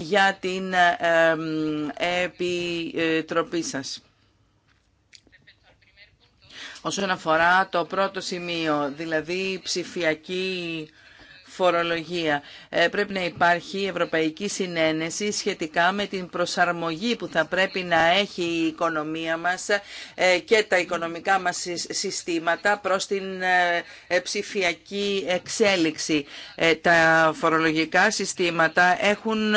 για την επιτροπή σας. Όσον αφορά το πρώτο σημείο, δηλαδή ψηφιακή φορολογία. Ε, πρέπει να υπάρχει ευρωπαϊκή συνένεση σχετικά με την προσαρμογή που θα πρέπει να έχει η οικονομία μας ε, και τα οικονομικά μας συστήματα προς την ε, ψηφιακή εξέλιξη. Τα φορολογικά συστήματα έχουν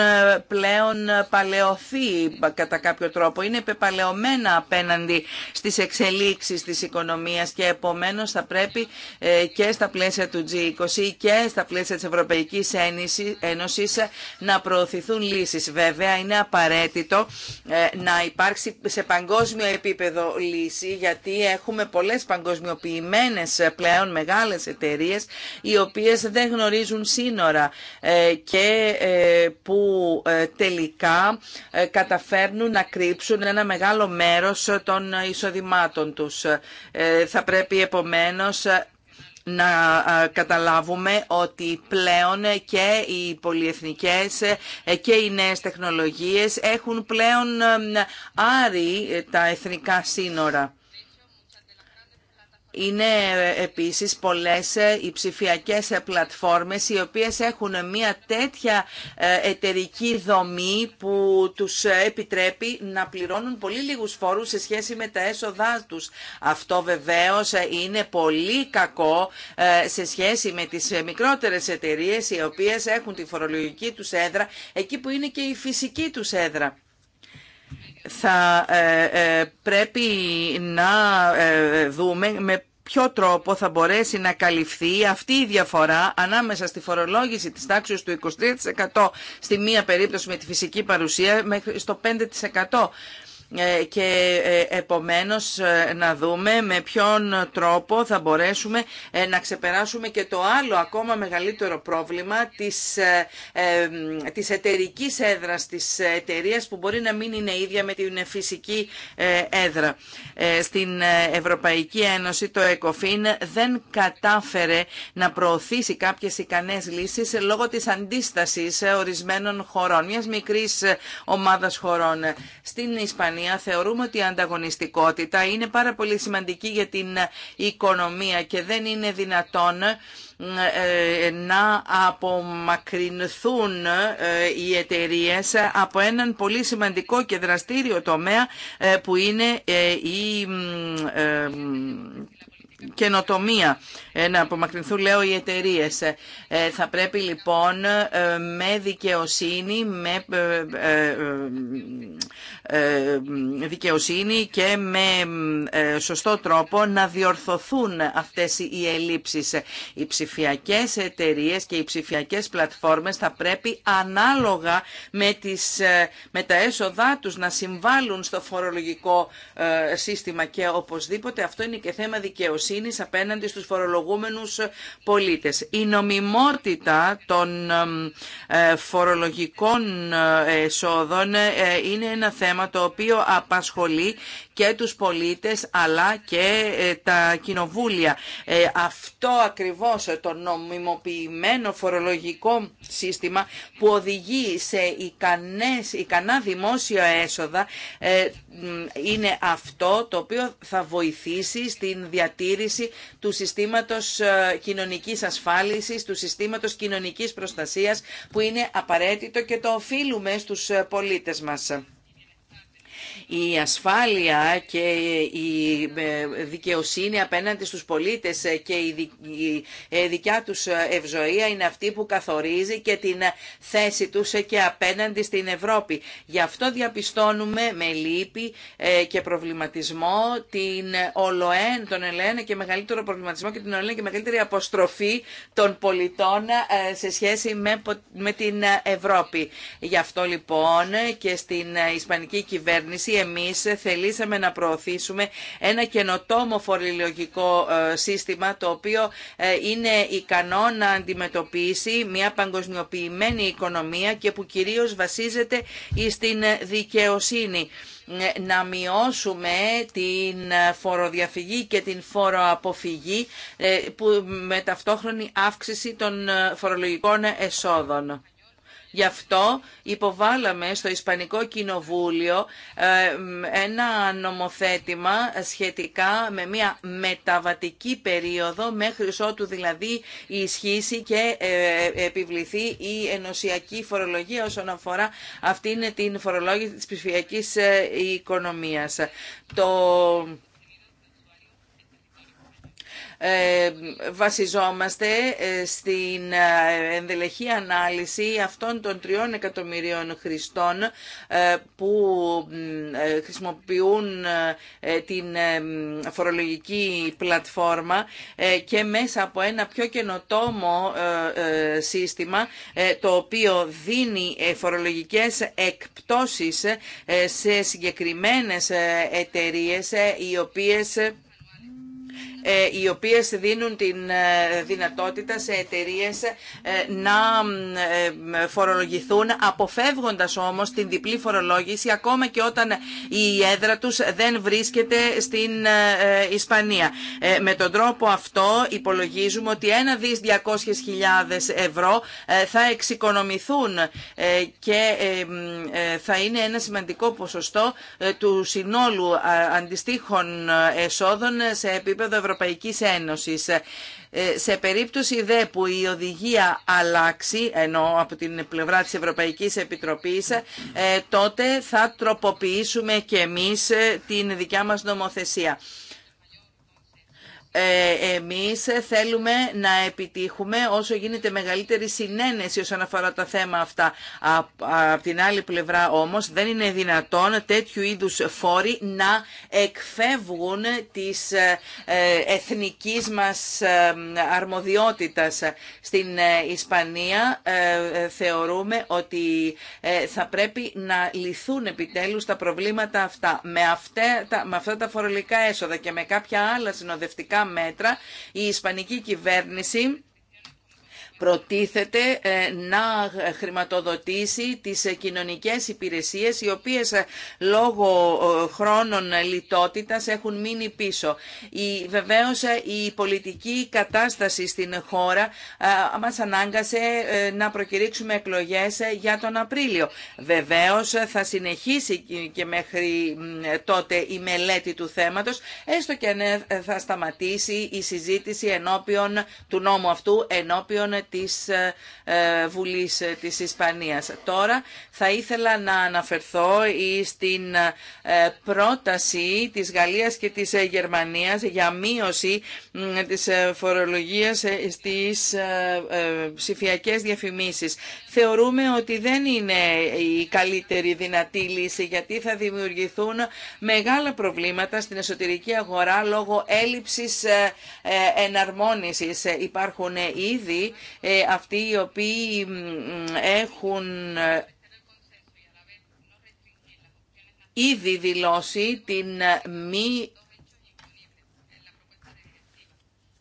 πλέον παλαιωθεί κατά κάποιο τρόπο. Είναι πεπαλαιωμένα απέναντι στις εξελίξεις της οικονομίας και επομένως θα πρέπει και στα πλαίσια του G20 και στα πλαίσια Τη της Ευρωπαϊκής Ένωσης να προωθηθούν λύσεις. Βέβαια είναι απαραίτητο ε, να υπάρξει σε παγκόσμιο επίπεδο λύση γιατί έχουμε πολλές παγκοσμιοποιημένες πλέον μεγάλες εταιρείες οι οποίες δεν γνωρίζουν σύνορα ε, και ε, που τελικά καταφέρνουν να κρύψουν ένα μεγάλο μέρος των εισοδημάτων τους. Θα πρέπει επομένως να καταλάβουμε ότι πλέον και οι πολυεθνικές ε, και οι νέες τεχνολογίες έχουν πλέον άρει τα εθνικά σύνορα. Είναι ε, επίσης πολλές ε, οι ψηφιακές ε, πλατφόρμες οι οποίες έχουν μια τέτοια εταιρική δομή που τους επιτρέπει να πληρώνουν πολύ λίγους φόρους σε σχέση με τα έσοδά τους. Αυτό βεβαίως είναι πολύ κακό σε σχέση με τις μικρότερες εταιρείες οι οποίες έχουν τη φορολογική τους έδρα εκεί που είναι και η φυσική τους έδρα θα ε, ε, πρέπει να ε, δούμε με ποιο τρόπο θα μπορέσει να καλυφθεί αυτή η διαφορά ανάμεσα στη φορολόγηση της τάξης του 23% στη μία περίπτωση με τη φυσική παρουσία μέχρι στο 5%. Ε, και ε, επομένως ε, να δούμε με ποιον τρόπο θα μπορέσουμε να ξεπεράσουμε και το άλλο ακόμα μεγαλύτερο πρόβλημα της, της εταιρικής έδρας της εταιρεία που μπορεί να μην είναι ίδια με την φυσική έδρα. Στην Ευρωπαϊκή Ένωση το ΕΚΟΦΗΝ δεν κατάφερε να προωθήσει κάποιες ικανές λύσεις λόγω της αντίστασης ορισμένων χωρών, μιας μικρής ομάδας χωρών. Στην Ισπανία θεωρούμε ότι η ανταγωνιστικότητα είναι πάρα πολύ σημαντική για την οικονομία και δεν είναι δυνατόν ε, να απομακρυνθούν ε, οι εταιρείε από έναν πολύ σημαντικό και δραστήριο τομέα ε, που είναι η καινοτομία. Ε, να απομακρυνθούν λέω οι εταιρείε. Ε, θα πρέπει λοιπόν ε, με δικαιοσύνη, με δικαιοσύνη και με σωστό τρόπο να διορθωθούν αυτές οι ελλείψεις. Οι ψηφιακές εταιρείε και οι ψηφιακές πλατφόρμες θα πρέπει ανάλογα με, τις, με τα έσοδά τους να συμβάλλουν στο φορολογικό σύστημα και οπωσδήποτε αυτό είναι και θέμα δικαιοσύνης απέναντι στους φορολογικούς φορολογούμενους πολίτες. Η νομιμότητα των ε, φορολογικών ε, εσόδων ε, είναι ένα θέμα το οποίο απασχολεί και τους πολίτες αλλά και ε, τα κοινοβούλια. Ε, αυτό ακριβώς ε, το νομιμοποιημένο φορολογικό σύστημα που οδηγεί σε ικανές, ικανά δημόσια έσοδα είναι αυτό το οποίο θα βοηθήσει στην διατήρηση του συστήματος κοινωνικής ασφάλισης, του συστήματος κοινωνικής προστασίας που είναι απαραίτητο και το οφείλουμε στους πολίτες μας η ασφάλεια και η ε, δικαιοσύνη απέναντι στους πολίτες ε, και η ε, δικιά τους ευζοία είναι αυτή που καθορίζει και την θέση τους και απέναντι στην Ευρώπη. Γι' αυτό διαπιστώνουμε με λύπη και προβληματισμό την ολοέν, τον ελένα και μεγαλύτερο προβληματισμό και την ολοέν και μεγαλύτερη αποστροφή των πολιτών σε σχέση με την Ευρώπη. Γι' αυτό λοιπόν και στην Ισπανική κυβέρνηση εμείς θελήσαμε να προωθήσουμε ένα καινοτόμο φορολογικό ε, σύστημα το οποίο ε, είναι ικανό να αντιμετωπίσει μια παγκοσμιοποιημένη οικονομία και που κυρίως βασίζεται στην δικαιοσύνη ε, να μειώσουμε την φοροδιαφυγή και την φοροαποφυγή που με ταυτόχρονη αύξηση των φορολογικών εσόδων. Γι' αυτό υποβάλαμε στο Ισπανικό Κοινοβούλιο ε, ένα νομοθέτημα σχετικά με μια μεταβατική περίοδο μέχρι ότου δηλαδή ισχύσει και ε, επιβληθεί η ενωσιακή φορολογία όσον αφορά αυτήν την φορολόγηση της ψηφιακής ε, οικονομίας. Το ε, βασιζόμαστε ε, στην ε, ενδελεχή ανάλυση αυτών των τριών εκατομμυρίων χρηστών που χρησιμοποιούν την φορολογική πλατφόρμα και μέσα από ένα πιο καινοτόμο σύστημα το οποίο δίνει φορολογικές εκπτώσεις σε συγκεκριμένες εταιρείες οι οποίες ε, οι οποίες δίνουν την ε, δυνατότητα σε εταιρείες ε, να φορολογηθούν, αποφεύγοντας όμως την διπλή φορολόγηση, ακόμα και όταν η έδρα τους δεν βρίσκεται στην Ισπανία. Με τον τρόπο αυτό υπολογίζουμε ότι ένα δις 200.000 ευρώ θα εξοικονομηθούν και θα είναι ένα σημαντικό ποσοστό του συνόλου αντιστοίχων εσόδων σε επίπεδο Ευρωπαϊκής Ένωσης. Ε, σε περίπτωση δε που η οδηγία αλλάξει, ενώ από την πλευρά της Ευρωπαϊκής Επιτροπής, ε, τότε θα τροποποιήσουμε και εμείς ε, την δικιά μας νομοθεσία. Ε, εμείς θέλουμε να επιτύχουμε όσο γίνεται μεγαλύτερη συνένεση όσον αφορά τα θέμα αυτά. Από την άλλη πλευρά όμως δεν είναι δυνατόν τέτοιου είδους φόροι να εκφεύγουν της ε, εθνικής μας ε, αρμοδιότητας. Στην Ισπανία θεωρούμε ότι θα πρέπει να λυθούν επιτέλους τα προβλήματα αυτά. Με αυτά τα φορολογικά έσοδα και με κάποια άλλα συνοδευτικά μέτρα η Ισπανική κυβέρνηση προτίθεται ε, να χρηματοδοτήσει τις κοινωνικές υπηρεσίες οι οποίες ε, λόγω χρόνων λιτότητας έχουν μείνει πίσω. Η, βεβαίως ε, η πολιτική κατάσταση στην χώρα μας ανάγκασε να προκηρύξουμε εκλογές για τον Απρίλιο. Βεβαίως θα συνεχίσει και μέχρι τότε η μελέτη του θέματος, έστω και αν θα σταματήσει η συζήτηση ενώπιον του νόμου αυτού, ενώπιον της ε, ε, Βουλής ε, της Ισπανίας. Τώρα θα ήθελα να αναφερθώ στην πρόταση της Γαλλίας και της Γερμανίας για μείωση της φορολογίας στις ψηφιακές διαφημίσεις. Θεωρούμε ότι δεν είναι η καλύτερη δυνατή λύση γιατί θα δημιουργηθούν μεγάλα προβλήματα στην εσωτερική αγορά λόγω έλλειψης εναρμόνισης. Υπάρχουν ήδη ε, αυτοί οι οποίοι έχουν ε, ήδη δηλώσει την ε, μη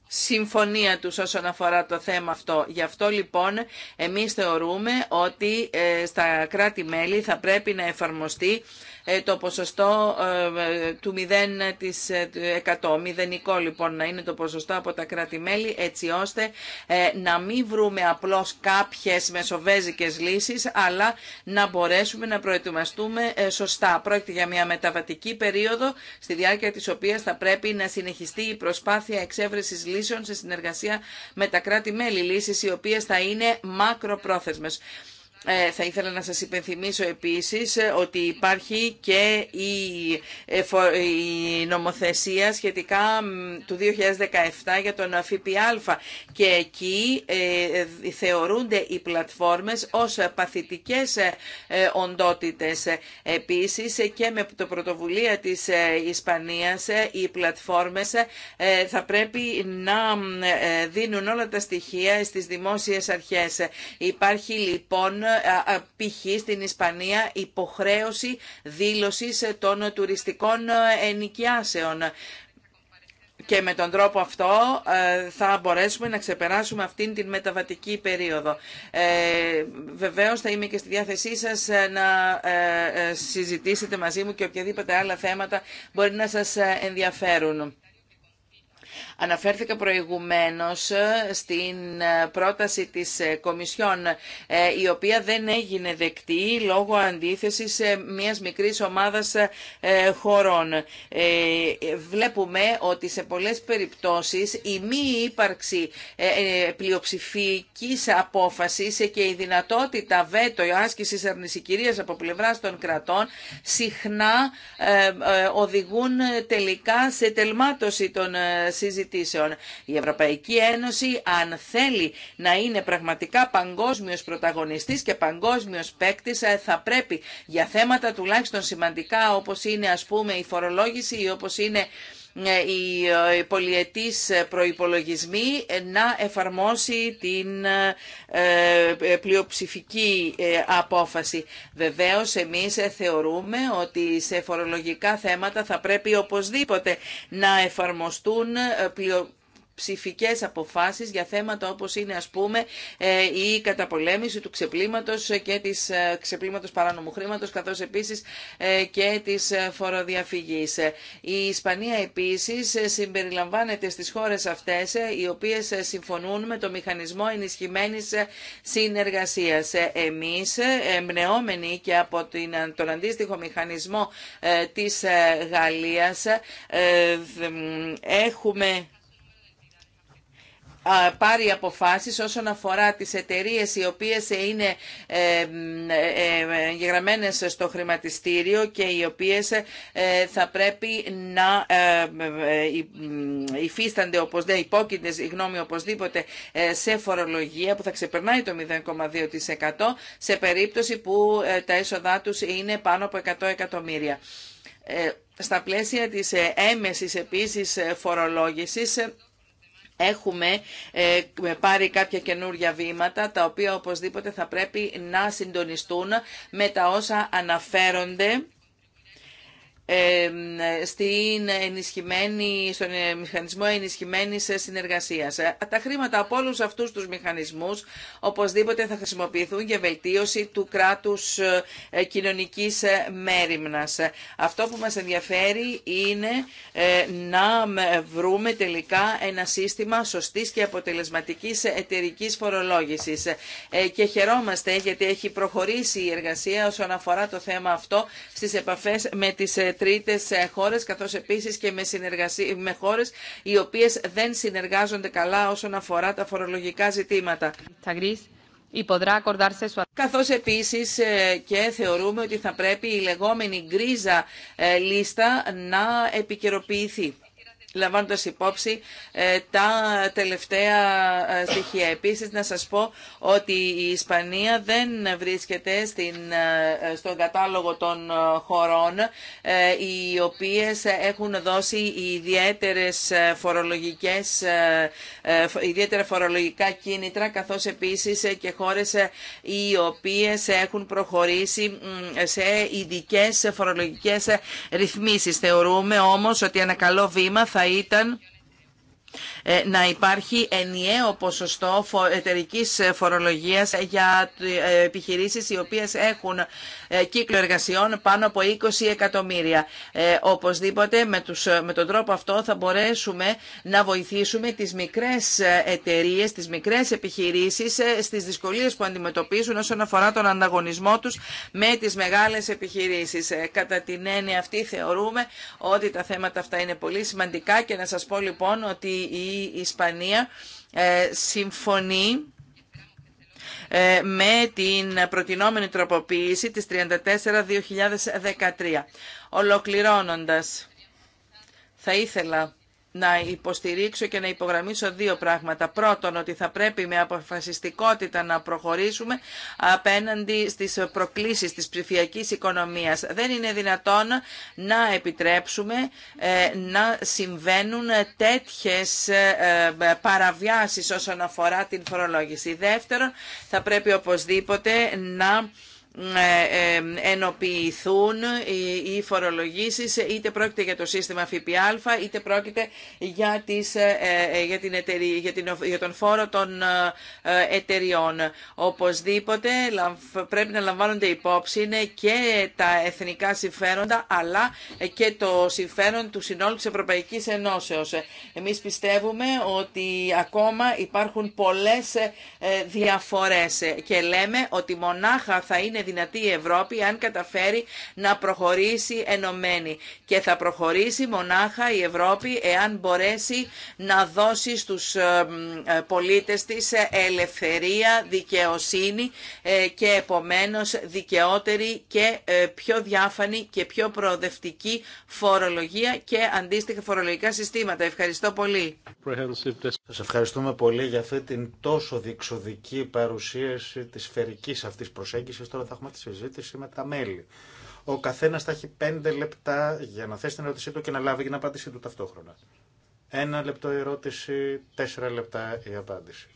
συμφωνία τους όσον αφορά το θέμα αυτό. Γι' αυτό λοιπόν εμείς θεωρούμε ότι στα κράτη-μέλη θα πρέπει να εφαρμοστεί ε, το ποσοστό ε, του 0%. Ε, Μηδενικό λοιπόν να είναι το ποσοστό από τα κράτη-μέλη έτσι ώστε να μην βρούμε απλώς κάποιες μεσοβέζικες λύσεις αλλά να μπορέσουμε να προετοιμαστούμε σωστά. Πρόκειται για μια μεταβατική περίοδο στη διάρκεια της οποίας θα πρέπει να συνεχιστεί η προσπάθεια εξέβρεσης λύσεων σε συνεργασία με τα κράτη-μέλη, λύσεις οι οποίες θα είναι μακροπρόθεσμες. Ε, θα ήθελα να σας υπενθυμίσω επίσης ε, ότι υπάρχει και η ε, νομοθεσία σχετικά του 2017 για τον ΦΠΑ και εκεί θεωρούνται οι πλατφόρμες ως παθητικές οντότητες. Επίσης και με το πρωτοβουλία της Ισπανίας οι πλατφόρμες θα πρέπει να δίνουν όλα τα στοιχεία στις δημόσιες αρχές. Υπάρχει λοιπόν ε, ε, ε, π.χ. στην Ισπανία υποχρέωση δήλωσης των τουριστικών ενοικιάσεων. Και με τον τρόπο αυτό θα μπορέσουμε να ξεπεράσουμε αυτήν την μεταβατική περίοδο. Ε, βεβαίως θα είμαι και στη διάθεσή σας να συζητήσετε μαζί μου και οποιαδήποτε άλλα θέματα μπορεί να σας ενδιαφέρουν. Αναφέρθηκα προηγουμένως ε, στην ε, πρόταση της ε, Κομισιόν η οποία δεν έγινε δεκτή λόγω αντίθεσης μιας μικρής ομάδας χωρών. Βλέπουμε ότι σε πολλές περιπτώσεις η μη ύπαρξη πλειοψηφικής απόφασης και η δυνατότητα βέτο ή άσκησης αρνησικυρίας από πλευράς των κρατών συχνά οδηγούν τελικά σε τελμάτωση των συζητήσεων η Ευρωπαϊκή Ένωση, αν θέλει να είναι πραγματικά παγκόσμιος πρωταγωνιστής και παγκόσμιος παίκτη, ε, θα πρέπει για θέματα τουλάχιστον σημαντικά όπως είναι ας πούμε η φορολόγηση ή όπως είναι ε, ε, οι πολιετής προϋπολογισμοί να εφαρμόσει την ε, πλειοψηφική απόφαση. Βεβαίως εμείς θεωρούμε ότι σε φορολογικά θέματα θα πρέπει οπωσδήποτε να εφαρμοστούν πλειο ψηφικές αποφάσεις για θέματα όπως είναι ας πούμε ε, η καταπολέμηση του ξεπλήματος και της ε, ξεπλήματος παράνομου χρήματος καθώς επίσης ε, και της φοροδιαφυγής. Η Ισπανία επίσης συμπεριλαμβάνεται στις χώρες αυτές οι οποίες συμφωνούν με το μηχανισμό ενισχυμένης συνεργασίας. Εμείς εμπνεόμενοι και από τον αντίστοιχο μηχανισμό της Γαλλίας έχουμε πάρει αποφάσεις όσον αφορά τις εταιρείες οι οποίες είναι ε, ε, ε, γεγραμμένες στο χρηματιστήριο και οι οποίες θα πρέπει να υφίστανται δεν υπόκεινται η γνώμη οπωσδήποτε σε φορολογία που θα ξεπερνάει το 0,2% σε περίπτωση που τα έσοδά τους είναι πάνω από 100 εκατομμύρια. Στα πλαίσια της έμεσης επίσης φορολόγησης έχουμε ε, πάρει κάποια καινούργια βήματα, τα οποία οπωσδήποτε θα πρέπει να συντονιστούν με τα όσα αναφέρονται στην ενισχυμένη, στον ε, μηχανισμό ενισχυμένη συνεργασία. Ε, τα χρήματα από όλους αυτούς τους μηχανισμούς οπωσδήποτε θα χρησιμοποιηθούν για βελτίωση του κράτους ε, κοινωνική μέρημνα. Αυτό που μας ενδιαφέρει είναι να βρούμε τελικά ένα σύστημα σωστής και αποτελεσματικής εταιρικής φορολόγησης. Και χαιρόμαστε γιατί έχει προχωρήσει η εργασία όσον αφορά το θέμα αυτό στι επαφέ με τις Τρίτε ε, χώρες καθώς επίσης και με, συνεργασί... με χώρες οι οποίες δεν συνεργάζονται καλά όσον αφορά τα φορολογικά ζητήματα. Καθώς επίσης ε, και θεωρούμε ότι θα πρέπει η λεγόμενη γκρίζα ε, λίστα να επικαιροποιηθεί. Λαμβάνοντα υπόψη ε, τα τελευταία ε, στοιχεία. Επίση να σας πω ότι η Ισπανία δεν βρίσκεται στην, ε, στον κατάλογο των χωρών οι οποίε έχουν δώσει ιδιαίτερες φορολογικές, ιδιαίτερα φορολογικά κίνητρα, καθώς επίσης και χώρες οι οποίε έχουν προχωρήσει σε ειδικέ φορολογικές ρυθμίσει. Θεωρούμε όμω ότι ένα καλό βήμα θα θα ήταν ε, να υπάρχει ενιαίο ποσοστό εταιρική φορολογίας για ε, επιχειρήσεις οι οποίες έχουν ε, κύκλο εργασιών πάνω από 20 εκατομμύρια. Οπωσδήποτε με, με τον τρόπο αυτό θα μπορέσουμε να βοηθήσουμε τις μικρές εταιρείε, τις μικρές επιχειρήσεις στις δυσκολίες που αντιμετωπίζουν όσον αφορά τον ανταγωνισμό τους με τις μεγάλες επιχειρήσεις. Κατά την έννοια αυτή θεωρούμε ότι τα θέματα αυτά είναι πολύ σημαντικά και να σας πω λοιπόν ότι η Ισπανία ε, συμφωνεί ε, με την προτινόμενη τροποποίηση της 34-2013. Ολοκληρώνοντας, θα ήθελα να υποστηρίξω και να υπογραμμίσω δύο πράγματα. Πρώτον, ότι θα πρέπει με αποφασιστικότητα να προχωρήσουμε απέναντι στις προκλήσεις της ψηφιακής οικονομίας. Δεν είναι δυνατόν να επιτρέψουμε ε, να συμβαίνουν τέτοιες ε, ε, παραβιάσεις όσον αφορά την φορολόγηση. Δεύτερον, θα πρέπει οπωσδήποτε να ε, ε, ενοποιηθούν οι φορολογήσεις είτε πρόκειται για το σύστημα ΦΠΑ είτε πρόκειται για, τις, ε, για, την για, τον φόρο των εταιριών. Οπωσδήποτε πρέπει να λαμβάνονται υπόψη είναι και τα εθνικά συμφέροντα αλλά και το συμφέρον του συνόλου της Ευρωπαϊκής Ενώσεως. Εμείς πιστεύουμε ότι ακόμα υπάρχουν πολλές διαφορές και λέμε ότι μονάχα θα είναι είναι δυνατή η Ευρώπη αν καταφέρει να προχωρήσει ενωμένη. Και θα προχωρήσει μονάχα η Ευρώπη εάν μπορέσει να δώσει στους ε, ε, πολίτες της ελευθερία, δικαιοσύνη ε, και επομένως δικαιότερη και πιο διάφανη και πιο προοδευτική φορολογία και αντίστοιχα φορολογικά συστήματα. Ευχαριστώ πολύ. Σας ευχαριστούμε πολύ για αυτή την τόσο διεξοδική παρουσίαση της σφαιρικής αυτής προσέγγισης. Τώρα θα έχουμε τη συζήτηση με τα μέλη. Ο καθένα θα έχει πέντε λεπτά για να θέσει την ερώτησή του και να λάβει την απάντησή του ταυτόχρονα. Ένα λεπτό η ερώτηση, τέσσερα λεπτά η απάντηση.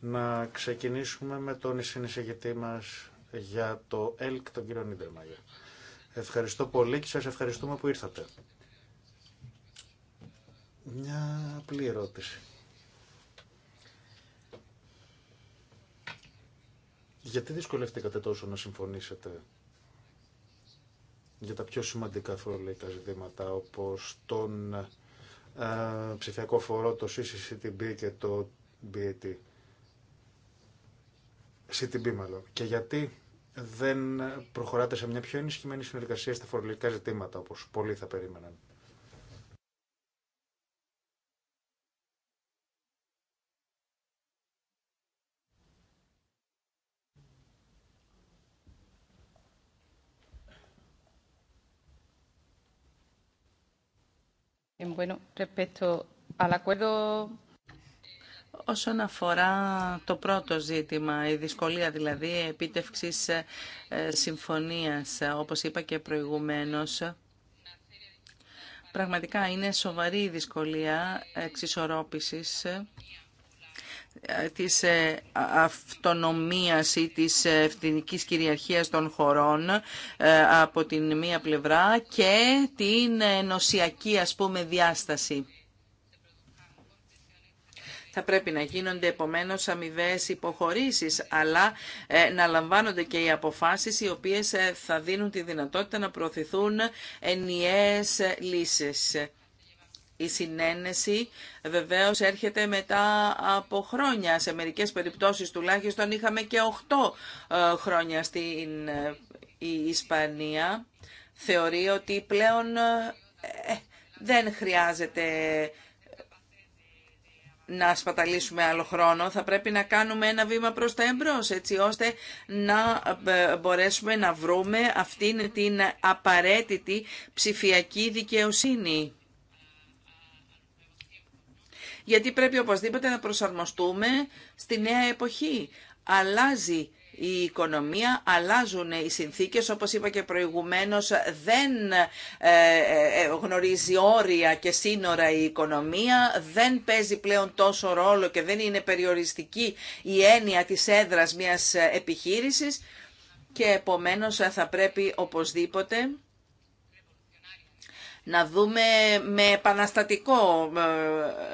Να ξεκινήσουμε με τον συνεισηγητή μας για το ΕΛΚ, τον κύριο Νίντερμαγερ. Ευχαριστώ πολύ και σας ευχαριστούμε που ήρθατε. Μια απλή ερώτηση. Γιατί δυσκολεύτηκατε τόσο να συμφωνήσετε για τα πιο σημαντικά φορολογικά ζητήματα, όπως τον ε, ψηφιακό φορό, το CCCTB και το BAT. CTB μάλλον. Και γιατί δεν προχωράτε σε μια πιο ενισχυμένη συνεργασία στα φορολογικά ζητήματα, όπως πολλοί θα περίμεναν. Bueno, respecto al acuerdo... Όσον αφορά το πρώτο ζήτημα, η δυσκολία δηλαδή επίτευξης ε, συμφωνίας, όπως είπα και προηγουμένως, πραγματικά είναι σοβαρή η δυσκολία εξισορρόπησης της ε, αυτονομίας ή της ευθυνικής κυριαρχίας των χωρών ε, από την μία πλευρά και την ενωσιακή ας πούμε διάσταση. Θα πρέπει να γίνονται επομένως, αμοιβέ υποχωρήσεις, αλλά ε, να λαμβάνονται και οι αποφάσεις οι οποίες θα δίνουν τη δυνατότητα να προωθηθούν ενιαίες λύσεις. Η συνένεση βεβαίως έρχεται μετά από χρόνια. Σε μερικές περιπτώσεις τουλάχιστον είχαμε και 8 ε, χρόνια στην ε, Ισπανία. Θεωρεί ότι πλέον ε, δεν χρειάζεται να σπαταλήσουμε άλλο χρόνο, θα πρέπει να κάνουμε ένα βήμα προς τα εμπρός, έτσι ώστε να μπορέσουμε να βρούμε αυτήν την απαραίτητη ψηφιακή δικαιοσύνη γιατί πρέπει οπωσδήποτε να προσαρμοστούμε στη νέα εποχή. Αλλάζει η οικονομία, αλλάζουν οι συνθήκες, όπως είπα και προηγουμένως, δεν ε, ε, γνωρίζει όρια και σύνορα η οικονομία, δεν παίζει πλέον τόσο ρόλο και δεν είναι περιοριστική η έννοια της έδρας μιας επιχείρησης και επομένως θα πρέπει οπωσδήποτε να δούμε με επαναστατικό,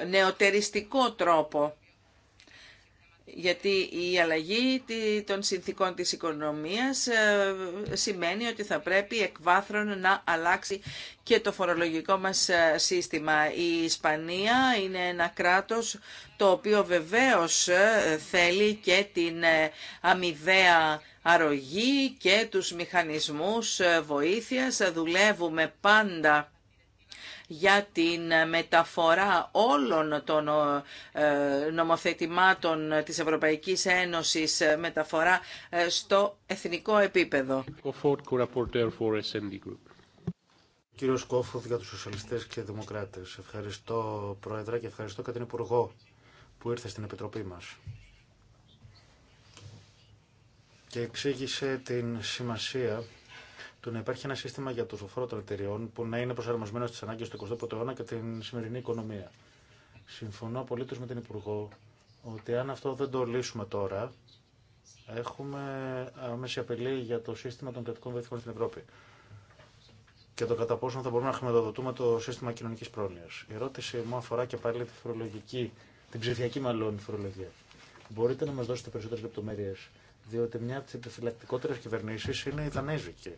νεοτεριστικό τρόπο. Γιατί η αλλαγή των συνθήκων της οικονομίας ε, σημαίνει ότι θα πρέπει βάθρων να αλλάξει και το φορολογικό μας ε, σύστημα. Η Ισπανία είναι ένα κράτος το οποίο βεβαίως ε, θέλει και την αμοιβαία αρρωγή και τους μηχανισμούς βοήθειας. Δουλεύουμε πάντα για την μεταφορά όλων των ε, νομοθετημάτων της Ευρωπαϊκής Ένωσης ε, μεταφορά ε, στο εθνικό επίπεδο. Κύριο Σκόφου για τους Σοσιαλιστές και Δημοκράτες. Ευχαριστώ Πρόεδρα και ευχαριστώ και την Υπουργό που ήρθε στην Επιτροπή μας και εξήγησε την σημασία το να υπάρχει ένα σύστημα για το σοφόρο των εταιριών που να είναι προσαρμοσμένο στι ανάγκε του 21ου αιώνα και την σημερινή οικονομία. Συμφωνώ απολύτω με την Υπουργό ότι αν αυτό δεν το λύσουμε τώρα, έχουμε άμεση απειλή για το σύστημα των κρατικών βοηθών στην Ευρώπη και το κατά πόσο θα μπορούμε να χρηματοδοτούμε το σύστημα κοινωνική πρόνοια. Η ερώτηση μου αφορά και πάλι τη φορολογική, την ψηφιακή μάλλον φορολογία. Μπορείτε να μα δώσετε περισσότερε λεπτομέρειε, διότι μια από τι επιφυλακτικότερε κυβερνήσει είναι η Δανέζικη.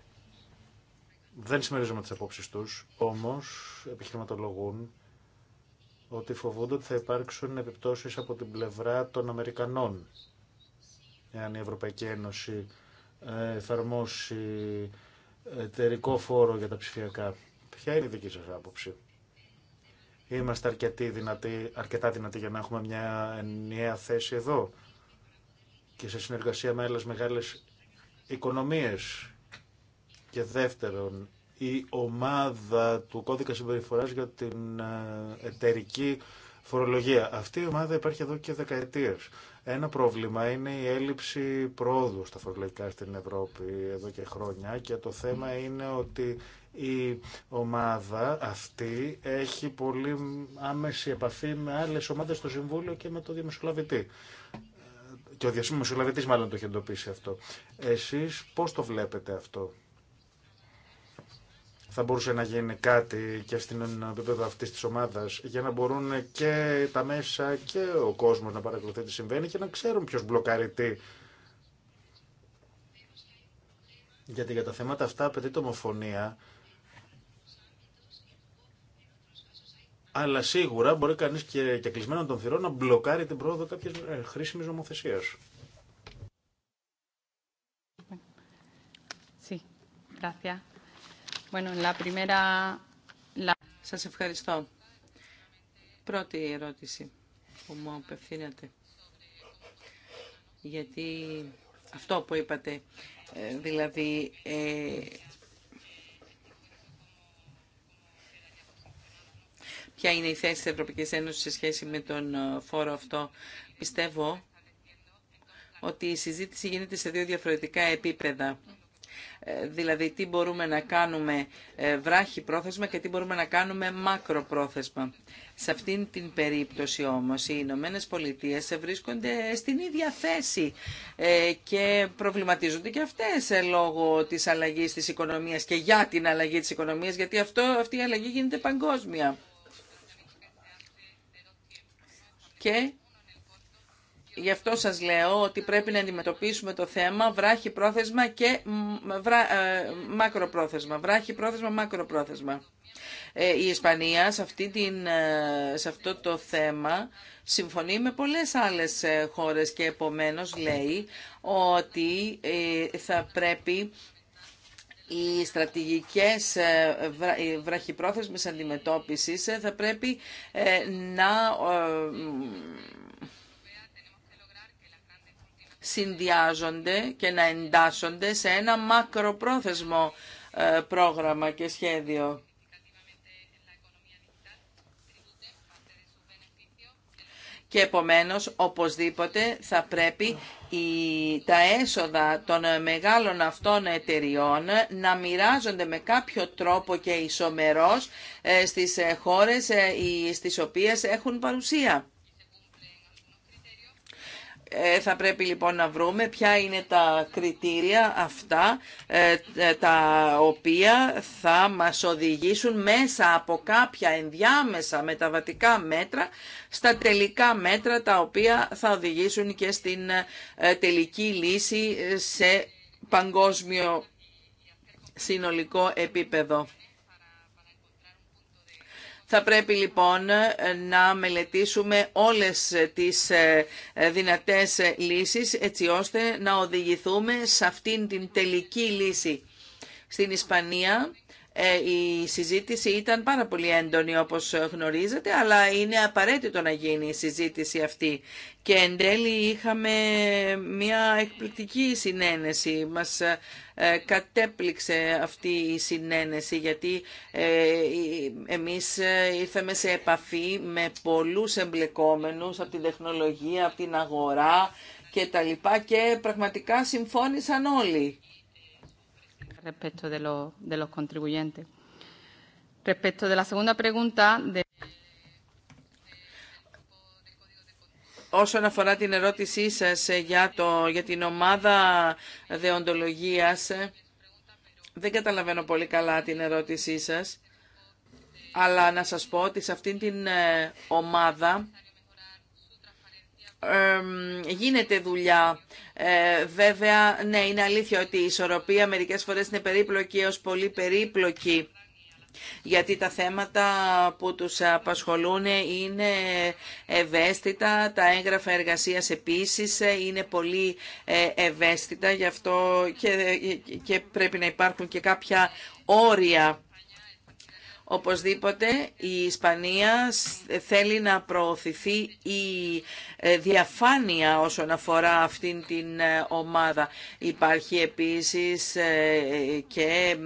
Δεν συμμερίζομαι τις απόψεις τους, όμως επιχειρηματολογούν ότι φοβούνται ότι θα υπάρξουν επιπτώσεις από την πλευρά των Αμερικανών εάν η Ευρωπαϊκή Ένωση ε, εφαρμόσει εταιρικό φόρο για τα ψηφιακά. Ποια είναι η δική σας άποψη. Είμαστε δυνατοί, αρκετά δυνατοί για να έχουμε μια ενιαία θέση εδώ και σε συνεργασία με άλλες μεγάλες οικονομίες και δεύτερον, η ομάδα του κώδικα συμπεριφοράς για την ε, εταιρική φορολογία. Αυτή η ομάδα υπάρχει εδώ και δεκαετίες. Ένα πρόβλημα είναι η έλλειψη πρόοδου στα φορολογικά στην Ευρώπη εδώ και χρόνια και το θέμα είναι ότι η ομάδα αυτή έχει πολύ άμεση επαφή με άλλες ομάδες στο Συμβούλιο και με το Διαμεσολαβητή. Ε, και ο Διαμεσολαβητής μάλλον το έχει εντοπίσει αυτό. Εσείς πώς το βλέπετε αυτό θα μπορούσε να γίνει κάτι και στην επίπεδο αυτή τη ομάδα για να μπορούν και τα μέσα και ο κόσμο να παρακολουθεί τι συμβαίνει και να ξέρουν ποιο μπλοκάρει τι. Γιατί για τα θέματα αυτά απαιτείται ομοφωνία. Αλλά σίγουρα μπορεί κανείς και, και κλεισμένο των θυρών να μπλοκάρει την πρόοδο κάποιες ε, χρήσιμης νομοθεσία. Sí, gracias. Bueno, Σας ευχαριστώ. Πρώτη ερώτηση που μου απευθύνετε Γιατί αυτό που είπατε, ε, δηλαδή... Ε, ποια είναι η θέση της Ευρωπαϊκής Ένωσης σε σχέση με τον ε, φόρο αυτό. Πιστεύω ότι η συζήτηση γίνεται σε δύο διαφορετικά επίπεδα. Ε, δηλαδή τι μπορούμε να κάνουμε ε, βράχη πρόθεσμα και τι μπορούμε να κάνουμε μακροπρόθεσμα Σε αυτήν την περίπτωση όμως οι Ηνωμένε Πολιτείες βρίσκονται στην ίδια θέση ε, και προβληματίζονται και αυτές λόγω της αλλαγής της οικονομίας και για την αλλαγή της οικονομίας γιατί αυτό, αυτή η αλλαγή γίνεται παγκόσμια. Και Γι' αυτό σας λέω ότι πρέπει να αντιμετωπίσουμε το θέμα βράχη πρόθεσμα και ε, μακροπρόθεσμα. Βράχη πρόθεσμα, μακροπρόθεσμα. Ε, η Ισπανία σε, αυτή την, ε, αυτό το θέμα συμφωνεί με πολλές άλλες χώρες και επομένως λέει ότι θα πρέπει οι στρατηγικές βραχυπρόθεσμες αντιμετώπισης θα πρέπει να συνδυάζονται και να εντάσσονται σε ένα μακροπρόθεσμο ε, πρόγραμμα και σχέδιο. Και επομένως, οπωσδήποτε, θα πρέπει η, τα έσοδα των μεγάλων αυτών εταιριών να μοιράζονται με κάποιο τρόπο και ισομερός ε, στις ε, χώρες στις οποίες έχουν παρουσία. Ε, θα πρέπει λοιπόν να βρούμε ποια είναι τα κριτήρια αυτά ε, ε, τα οποία θα μας οδηγήσουν μέσα από κάποια ενδιάμεσα μεταβατικά μέτρα στα τελικά μέτρα τα οποία θα οδηγήσουν και στην τελική λύση σε παγκόσμιο συνολικό επίπεδο. Θα πρέπει λοιπόν να μελετήσουμε όλες τις ε, δυνατές λύσεις έτσι ώστε να οδηγηθούμε σε αυτήν την τελική λύση. Στην Ισπανία ε, η συζήτηση ήταν πάρα πολύ έντονη όπως γνωρίζετε, αλλά είναι απαραίτητο να γίνει η συζήτηση αυτή. Και εν τέλει είχαμε μια εκπληκτική συνένεση. Μας ε, κατέπληξε αυτή η συνένεση γιατί ε, εμείς ήρθαμε σε επαφή με πολλούς εμπλεκόμενους από την τεχνολογία, από την αγορά και τα λοιπά και πραγματικά συμφώνησαν όλοι respecto de los, de los contribuyentes. Respecto de la segunda pregunta. De... Όσον αφορά την ερώτησή σας ε, για, το, για την ομάδα δεοντολογίας, ε, δεν καταλαβαίνω πολύ καλά την ερώτησή σας, αλλά να σας πω ότι σε αυτήν την ε, ομάδα γίνεται δουλειά. Ε, βέβαια, ναι, είναι αλήθεια ότι η ισορροπία μερικές φορές είναι περίπλοκη έως πολύ περίπλοκη γιατί τα θέματα που τους απασχολούν είναι ευαίσθητα, τα έγγραφα εργασίας επίσης είναι πολύ ε, ευαίσθητα, γι' αυτό και, και πρέπει να υπάρχουν και κάποια όρια Οπωσδήποτε η Ισπανία θέλει να προωθηθεί η ε, διαφάνεια όσον αφορά αυτήν την ε, ομάδα. Υπάρχει επίσης ε, και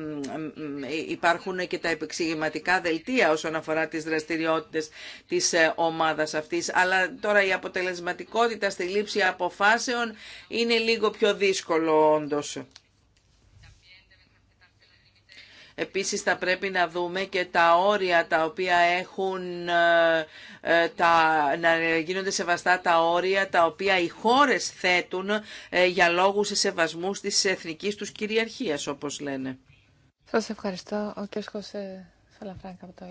υπάρχουν και τα επεξηγηματικά δελτία όσον αφορά τις δραστηριότητες της ομάδας αυτής. Αλλά τώρα η αποτελεσματικότητα στη λήψη αποφάσεων είναι λίγο πιο δύσκολο όντως. Επίσης θα πρέπει να δούμε και τα όρια τα οποία έχουν, ε, ε, τα, να γίνονται σεβαστά τα όρια τα οποία οι χώρες θέτουν ε, για λόγους σεβασμού της εθνικής τους κυριαρχίας όπως λένε. Σας ευχαριστώ. Ο κ. Χωσέ Σαλαφράγκα από το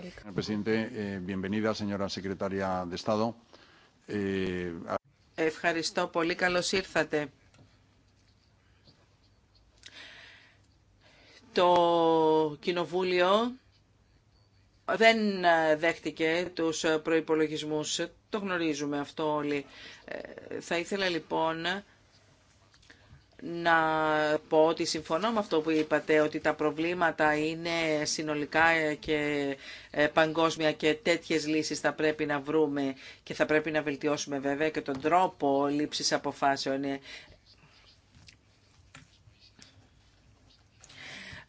ΕΛΚ. Ευχαριστώ πολύ. Καλώς ήρθατε. Το Κοινοβούλιο δεν δέχτηκε τους προϋπολογισμούς. Το γνωρίζουμε αυτό όλοι. Ε, θα ήθελα λοιπόν να πω ότι συμφωνώ με αυτό που είπατε, ότι τα προβλήματα είναι συνολικά και ε, παγκόσμια και τέτοιες λύσεις θα πρέπει να βρούμε και θα πρέπει να βελτιώσουμε βέβαια και τον τρόπο λήψης αποφάσεων. Ε,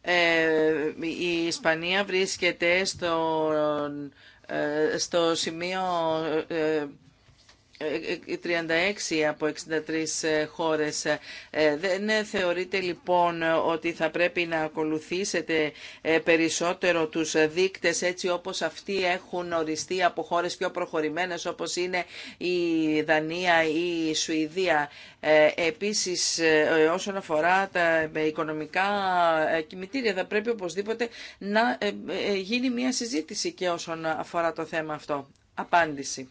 Ε, η Ισπανία βρίσκεται στο, ε, στο σημείο ε, 36 από 63 χώρες. Δεν θεωρείτε λοιπόν ότι θα πρέπει να ακολουθήσετε περισσότερο τους δείκτες έτσι όπως αυτοί έχουν οριστεί από χώρες πιο προχωρημένες όπως είναι η Δανία ή η Σουηδία. Επίσης όσον αφορά τα οικονομικά κημητήρια θα πρέπει οπωσδήποτε να γίνει μια συζήτηση και όσον αφορά το θέμα αυτό. Απάντηση.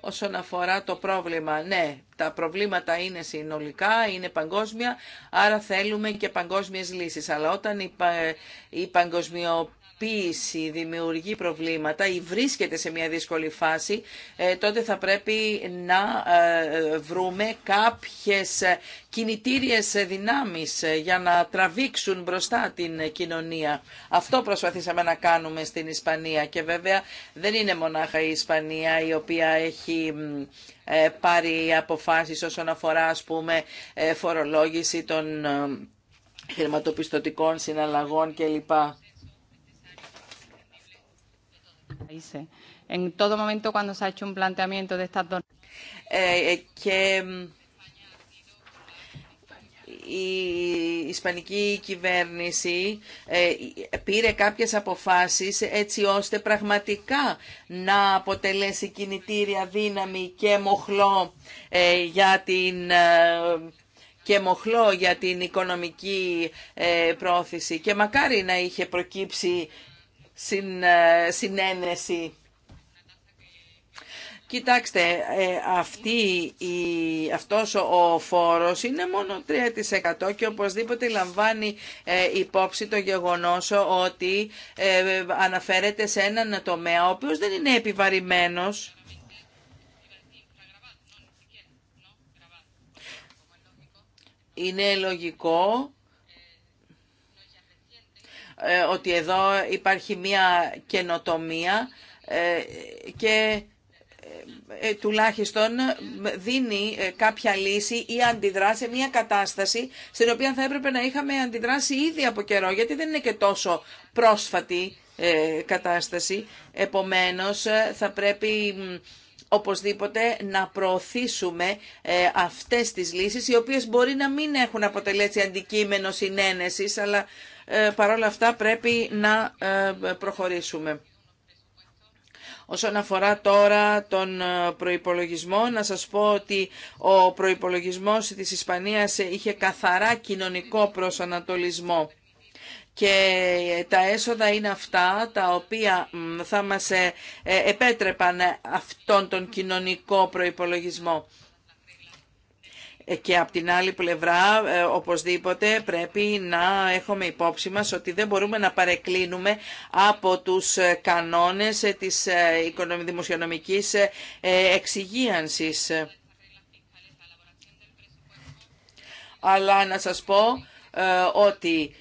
όσον αφορά το πρόβλημα. Ναι, τα προβλήματα είναι συνολικά, είναι παγκόσμια, άρα θέλουμε και παγκόσμιες λύσεις. Αλλά όταν η παγκοσμιοποίηση δημιουργεί προβλήματα ή βρίσκεται σε μια δύσκολη φάση, ε, τότε θα πρέπει να ε, βρούμε κάποιες ε, κινητήριες δυνάμεις για να τραβήξουν μπροστά την κοινωνία. Αυτό προσπαθήσαμε να κάνουμε στην Ισπανία και βέβαια δεν είναι μονάχα η Ισπανία η οποία έχει πάρει αποφάσεις όσον αφορά ας πούμε φορολόγηση των χρηματοπιστωτικών συναλλαγών κλπ. En todo momento cuando se ha hecho un planteamiento de estas dos... και η Ισπανική κυβέρνηση ε, πήρε κάποιες αποφάσεις έτσι ώστε πραγματικά να αποτελέσει κινητήρια δύναμη και μοχλό ε, για την ε, και μοχλό για την οικονομική πρόθεση. Και μακάρι να είχε προκύψει ε, συνένεση. Κοιτάξτε, ε, αυτή η, αυτός ο φόρος είναι μόνο 3% και οπωσδήποτε λαμβάνει ε, υπόψη το γεγονός ότι αναφέρεται σε έναν τομέα ο οποίος δεν είναι επιβαρημένος. Είναι λογικό ε, ότι εδώ υπάρχει μία καινοτομία ε, και ε, τουλάχιστον δίνει κάποια λύση ή αντιδρά σε μια κατάσταση στην οποία θα έπρεπε να είχαμε αντιδράσει ήδη από καιρό γιατί δεν είναι και τόσο πρόσφατη κατάσταση. Επομένως θα πρέπει οπωσδήποτε να προωθήσουμε αυτές τις λύσεις οι οποίες μπορεί να μην έχουν αποτελέσει αντικείμενο συνένεσης αλλά ε, παρόλα αυτά πρέπει να ε, προχωρήσουμε. Όσον αφορά τώρα τον ε, προϋπολογισμό, να σας πω ότι ο προϋπολογισμός της Ισπανίας είχε καθαρά κοινωνικό προσανατολισμό και τα έσοδα είναι αυτά τα οποία θα μας επέτρεπαν αυτόν τον κοινωνικό προϋπολογισμό. Ε, και από την άλλη πλευρά, ε, οπωσδήποτε, πρέπει να έχουμε υπόψη μας ότι δεν μπορούμε να παρεκκλίνουμε από τους ε, κανόνες της δημοσιονομικής εξυγίανσης. Αλλά να σας πω ότι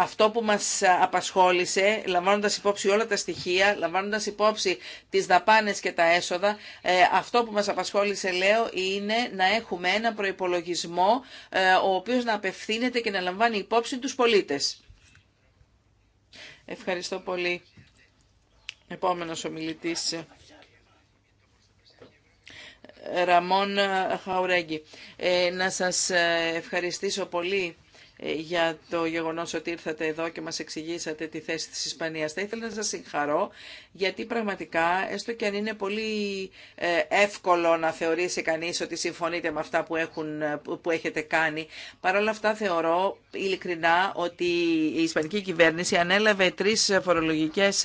αυτό που μας απασχόλησε, λαμβάνοντας υπόψη όλα τα στοιχεία, λαμβάνοντας υπόψη τις δαπάνες και τα έσοδα, ε, αυτό που μας απασχόλησε, λέω, είναι να έχουμε ένα προϋπολογισμό ε, ο οποίος να απευθύνεται και να λαμβάνει υπόψη τους πολίτες. Ευχαριστώ πολύ. Επόμενος ομιλητής. Ραμόν Χαουρέγγι. Ε, να σας ευχαριστήσω πολύ ε, για το γεγονός ότι ήρθατε εδώ και μας εξηγήσατε τη θέση της Ισπανίας. Θα ήθελα να σας συγχαρώ γιατί πραγματικά, έστω και αν είναι πολύ ε, εύκολο να θεωρήσει κανείς ότι συμφωνείτε με αυτά που, έχουν, ε, που έχετε κάνει, παρόλα αυτά θεωρώ ειλικρινά ότι η Ισπανική κυβέρνηση ανέλαβε τρεις φορολογικές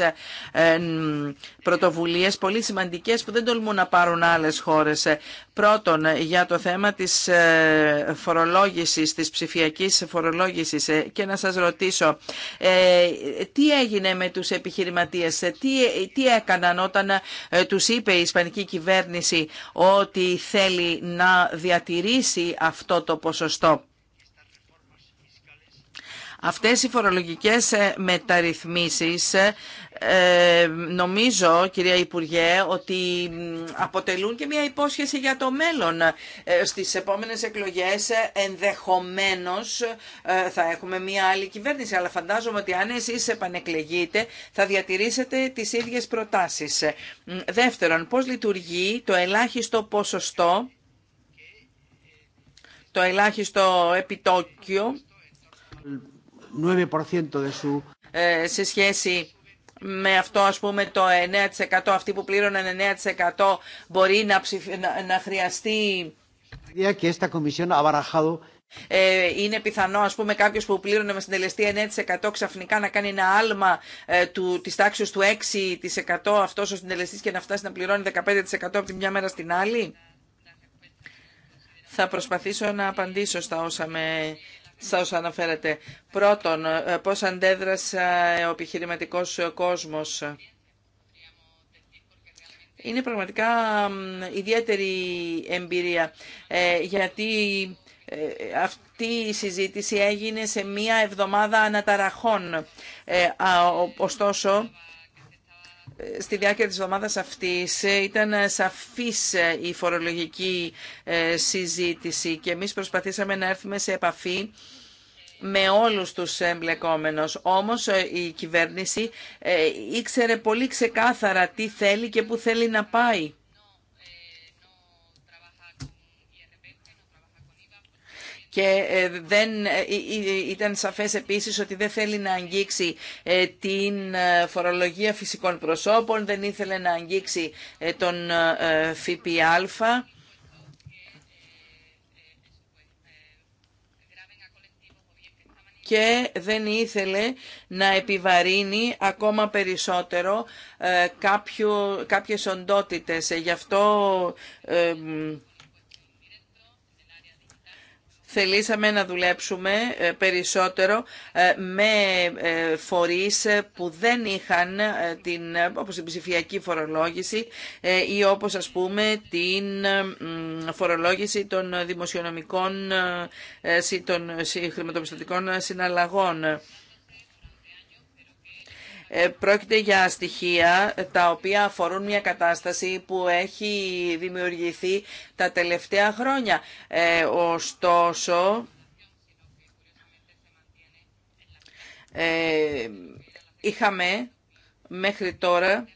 πρωτοβουλίες πολύ σημαντικές που δεν τολμούν να πάρουν άλλες χώρες Πρώτον, για το θέμα της ε, φορολόγησης, της ψηφιακής φορολόγησης ε, και να σας ρωτήσω ε, τι έγινε με τους επιχειρηματίες, τι, τι έκαναν όταν τους είπε η Ισπανική κυβέρνηση ότι θέλει να διατηρήσει αυτό το ποσοστό. Αυτές οι φορολογικές ε, μεταρρυθμίσεις ε, ε, νομίζω, κυρία Υπουργέ, ότι αποτελούν και μια υπόσχεση για το μέλλον. Στις επόμενες εκλογές ενδεχομένως θα έχουμε μια άλλη κυβέρνηση, αλλά φαντάζομαι ότι αν εσείς επανεκλεγείτε θα διατηρήσετε τις ίδιες προτάσεις. Δεύτερον, πώς λειτουργεί το ελάχιστο ποσοστό, το ελάχιστο επιτόκιο, ε, σε σχέση με αυτό ας πούμε το 9% αυτοί που πλήρωναν 9% μπορεί να, να, χρειαστεί ε, είναι πιθανό, ας πούμε, κάποιος που πλήρωνε με συντελεστή 9% ξαφνικά να κάνει ένα άλμα ε, του, της τάξης του 6% αυτός ο συντελεστής και να φτάσει να πληρώνει 15% από τη μια μέρα στην άλλη. Θα προσπαθήσω να απαντήσω στα όσα με όσα αναφέρατε. Πρώτον, ε, πώς αντέδρασε ο επιχειρηματικό κόσμος. Είναι πραγματικά ιδιαίτερη εμπειρία, ε, γιατί ε, αυτή η συζήτηση έγινε σε μία εβδομάδα αναταραχών. Ωστόσο, στη διάρκεια της εβδομάδας αυτής ήταν σαφής η φορολογική συζήτηση και εμείς προσπαθήσαμε να έρθουμε σε επαφή με όλους τους εμπλεκόμενους. Όμως ε, η κυβέρνηση ε, ήξερε πολύ ξεκάθαρα τι θέλει και που θέλει να πάει. και ε, δεν, ήταν σαφές επίσης ότι δεν θέλει να αγγίξει την φορολογία φυσικών προσώπων, δεν ήθελε να αγγίξει τον ΦΠΑ και δεν ήθελε να επιβαρύνει ακόμα περισσότερο ε, κάποιο, κάποιες οντότητες. Ε, γι' αυτό... Ε, θελήσαμε να δουλέψουμε ε, περισσότερο ε, με ε, φορείς που δεν είχαν την, όπως την ψηφιακή φορολόγηση ή όπως ας πούμε την φορολόγηση των δημοσιονομικών των χρηματοπιστωτικών συναλλαγών. Ε, πρόκειται για στοιχεία τα οποία αφορούν μια κατάσταση που έχει δημιουργηθεί τα τελευταία χρόνια. Ε, ωστόσο, ε, είχαμε μέχρι τώρα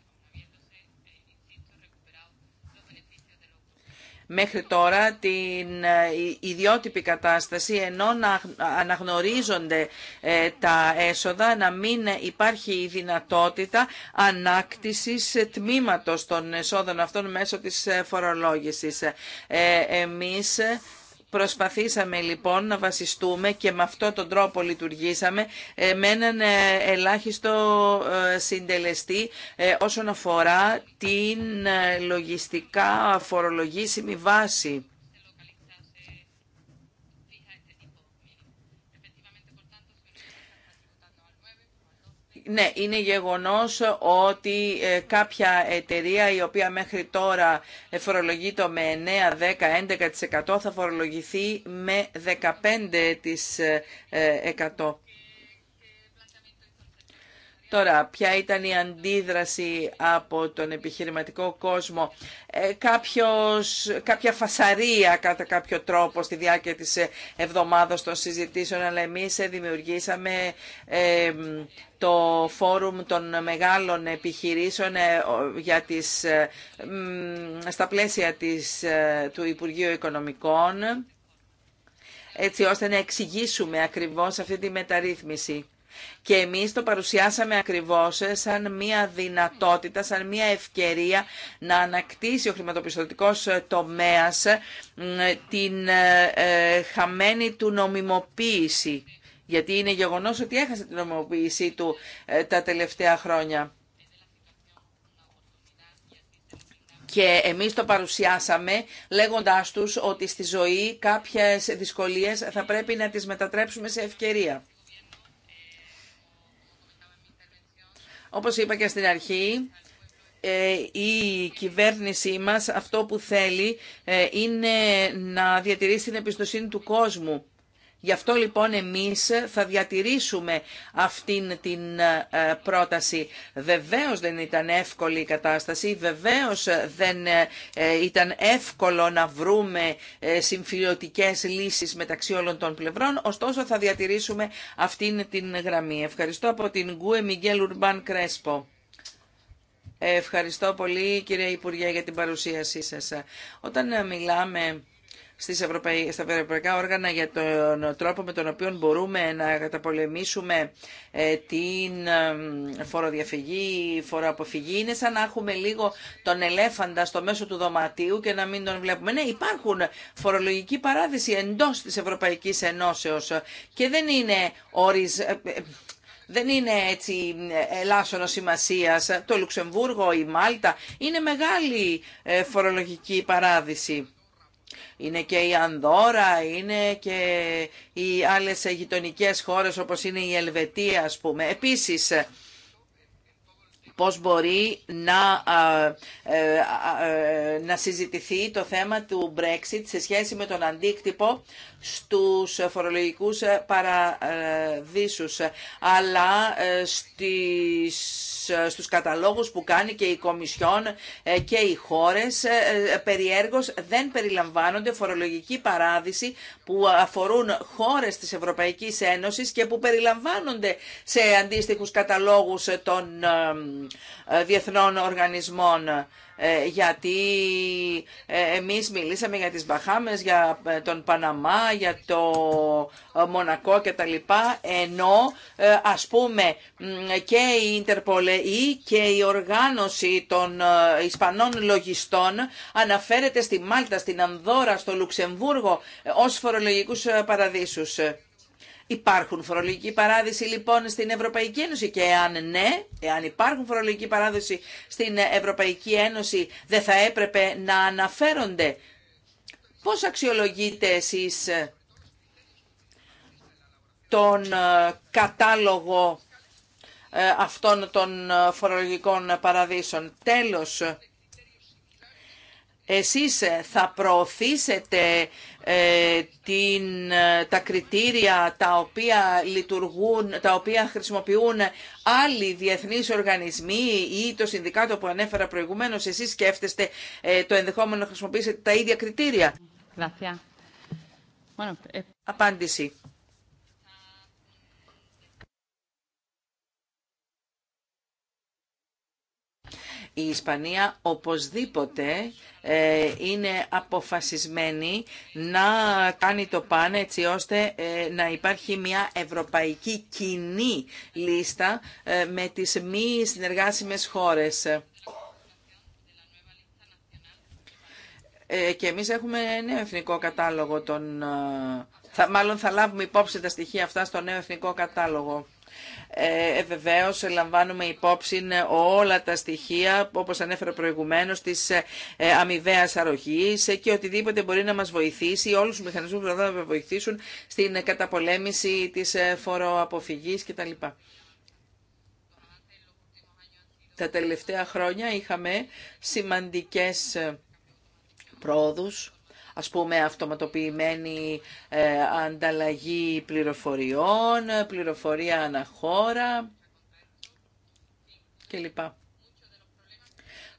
μέχρι τώρα την ε, ιδιότυπη κατάσταση ενώ να αναγνωρίζονται ε, τα έσοδα να μην υπάρχει η δυνατότητα ανάκτησης τμήματος των εσόδων αυτών μέσω της ε, φορολόγησης. Εμείς Προσπαθήσαμε λοιπόν να βασιστούμε και με αυτό τον τρόπο λειτουργήσαμε ε, με έναν ε, ελάχιστο ε, συντελεστή όσον αφορά την λογιστικά φορολογήσιμη βάση. Ναι, είναι γεγονός ότι ε, κάποια εταιρεία η οποία μέχρι τώρα φορολογείται με 9, 10, 11% θα φορολογηθεί με 15%. Τώρα, ποια ήταν η αντίδραση από τον επιχειρηματικό κόσμο. Ε, κάποιος, κάποια φασαρία κατά κάποιο τρόπο στη διάρκεια της ε, εβδομάδας των συζητήσεων, αλλά εμείς ε, δημιουργήσαμε το φόρουμ των μεγάλων επιχειρήσεων για τις, ε, στα πλαίσια της, του Υπουργείου Οικονομικών, έτσι ώστε να εξηγήσουμε ακριβώς αυτή τη μεταρρύθμιση. Και εμείς το παρουσιάσαμε ακριβώς ε, σαν μια δυνατότητα, σαν μια ευκαιρία να ανακτήσει ο χρηματοπιστωτικός ε, τομέας ε, την χαμένη του νομιμοποίηση. Γιατί είναι γεγονός ότι έχασε την νομιμοποίησή του τα τελευταία χρόνια. Και εμείς το παρουσιάσαμε λέγοντάς τους ότι στη ζωή κάποιες δυσκολίες θα πρέπει να τις μετατρέψουμε σε ευκαιρία. Όπως είπα και στην αρχή, ε, η κυβέρνησή μας αυτό που θέλει ε, είναι να διατηρήσει την εμπιστοσύνη του κόσμου Γι' αυτό λοιπόν εμείς θα διατηρήσουμε αυτήν την ε, πρόταση. Βεβαίως δεν ήταν εύκολη η κατάσταση, βεβαίως δεν ε, ήταν εύκολο να βρούμε ε, συμφιλιωτικές λύσεις μεταξύ όλων των πλευρών, ωστόσο θα διατηρήσουμε αυτήν την γραμμή. Ευχαριστώ από την Γκουε Μιγγέλ Ουρμπάν Κρέσπο. Ευχαριστώ πολύ κύριε Υπουργέ για την παρουσίασή σας. Όταν μιλάμε στις στα ευρωπαϊκά όργανα για τον τρόπο με τον οποίο μπορούμε να καταπολεμήσουμε ε, την φοροδιαφυγή, φοροαποφυγή. Είναι σαν να έχουμε λίγο τον ελέφαντα στο μέσο του δωματίου και να μην τον βλέπουμε. Ναι, υπάρχουν φορολογική παράδειση εντός της Ευρωπαϊκής Ενώσεως και δεν είναι όρις ε, ε, δεν είναι έτσι ελάσσονο σημασία. Το Λουξεμβούργο, η Μάλτα είναι μεγάλη φορολογική παράδειση. Είναι και η Ανδόρα, είναι και οι άλλες γειτονικέ χώρες όπως είναι η Ελβετία ας πούμε. Επίσης πώς μπορεί να, ε, ε, να συζητηθεί το θέμα του Brexit σε σχέση με τον αντίκτυπο στους φορολογικούς παραδείσους, αλλά ε, στις στους καταλόγους που κάνει και η Κομισιόν και οι χώρες περιέργως δεν περιλαμβάνονται φορολογική παράδειση που αφορούν χώρες της Ευρωπαϊκής Ένωσης και που περιλαμβάνονται σε αντίστοιχους καταλόγους των ε, διεθνών οργανισμών ε, γιατί ε, εμείς μιλήσαμε για τις Μπαχάμες, για τον Παναμά, για το Μονακό και τα λοιπά, ενώ ας πούμε και η Ιντερπολ και η οργάνωση των Ισπανών λογιστών αναφέρεται στη Μάλτα, στην Ανδόρα, στο Λουξεμβούργο ως φορολογικούς παραδείσους. Υπάρχουν φορολογικοί παράδεισοι λοιπόν στην Ευρωπαϊκή Ένωση και εάν ναι, εάν υπάρχουν φορολογικοί παράδεισοι στην Ευρωπαϊκή Ένωση δεν θα έπρεπε να αναφέρονται. Πώς αξιολογείτε εσείς τον ε, κατάλογο ε, αυτών των ε, φορολογικών παραδείσων. Τέλος, εσείς θα προωθήσετε ε, την, ε, τα κριτήρια τα οποία λειτουργούν, τα οποία χρησιμοποιούν άλλοι διεθνείς οργανισμοί ή το συνδικάτο που ανέφερα προηγουμένως, εσείς σκέφτεστε ε, το ενδεχόμενο να χρησιμοποιήσετε τα ίδια κριτήρια. Eh, Απάντηση. η Ισπανία οπωσδήποτε ε, είναι αποφασισμένη να κάνει το πάνε έτσι ώστε ε, να υπάρχει μια ευρωπαϊκή κοινή λίστα ε, με τις μη συνεργάσιμες χώρες. Και εμείς έχουμε νέο εθνικό κατάλογο των... Θα, μάλλον θα λάβουμε υπόψη τα στοιχεία αυτά στο νέο εθνικό κατάλογο ε, ε λαμβάνουμε υπόψη όλα τα στοιχεία όπως ανέφερα προηγουμένως της ε, ε αμοιβαία αρρωγής ε, και οτιδήποτε μπορεί να μας βοηθήσει όλους τους μηχανισμούς που θα βοηθήσουν στην καταπολέμηση της φοροαποφυγής κτλ. Τα τελευταία χρόνια είχαμε σημαντικές πρόοδους ας πούμε αυτοματοποιημένη ε, ανταλλαγή πληροφοριών, πληροφορία αναχώρα κλπ. Ε,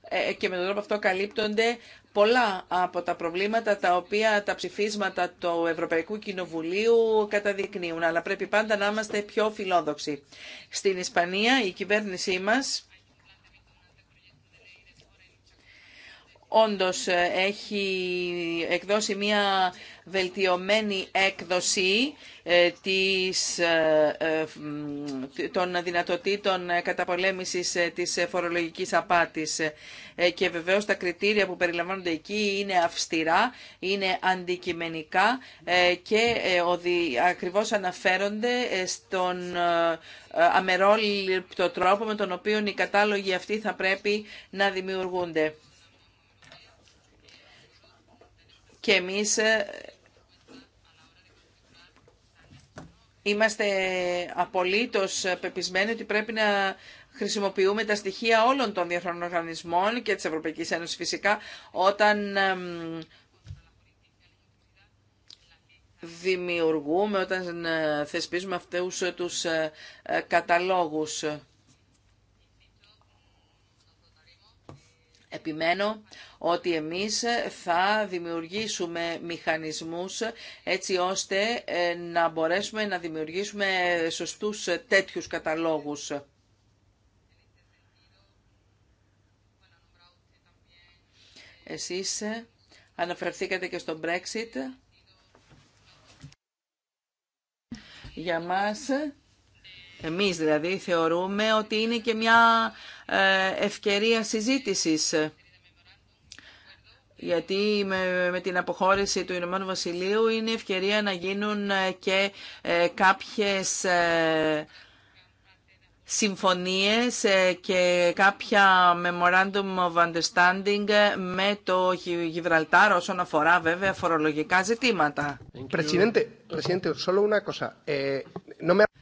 ε, και με τον τρόπο αυτό καλύπτονται πολλά από τα προβλήματα τα οποία τα ψηφίσματα του Ευρωπαϊκού Κοινοβουλίου καταδεικνύουν. Αλλά πρέπει πάντα να είμαστε πιο φιλόδοξοι. Στην Ισπανία η κυβέρνησή μας όντως ε, έχει εκδώσει μια βελτιωμένη έκδοση ε, ε, των δυνατοτήτων καταπολέμησης της φορολογικής απάτης. Και βεβαίως τα κριτήρια που περιλαμβάνονται εκεί είναι αυστηρά, είναι αντικειμενικά και ακριβώς αναφέρονται στον αμερόληπτο τρόπο με τον οποίο οι κατάλογοι αυτοί θα πρέπει να δημιουργούνται. και εμείς ε, είμαστε απολύτως πεπισμένοι ότι πρέπει να χρησιμοποιούμε τα στοιχεία όλων των διεθνών οργανισμών και της Ευρωπαϊκής Ένωσης φυσικά όταν δημιουργούμε, όταν ε, θεσπίζουμε αυτούς τους ε, καταλόγους. Επιμένω ότι εμείς θα δημιουργήσουμε μηχανισμούς έτσι ώστε ε, να μπορέσουμε να δημιουργήσουμε σωστούς ε, τέτοιους καταλόγους. Εσείς ε, αναφερθήκατε και στο Brexit. Για μας εμείς δηλαδή θεωρούμε ότι είναι και μια ε, ευκαιρία συζήτησης γιατί με, την αποχώρηση του Ηνωμένου Βασιλείου είναι ευκαιρία να γίνουν ε, και ε, κάποιες συμφωνίες και κάποια memorandum of understanding με το Γιβραλτάρ όσον αφορά βέβαια φορολογικά ζητήματα. Presidente, Presidente, solo una cosa.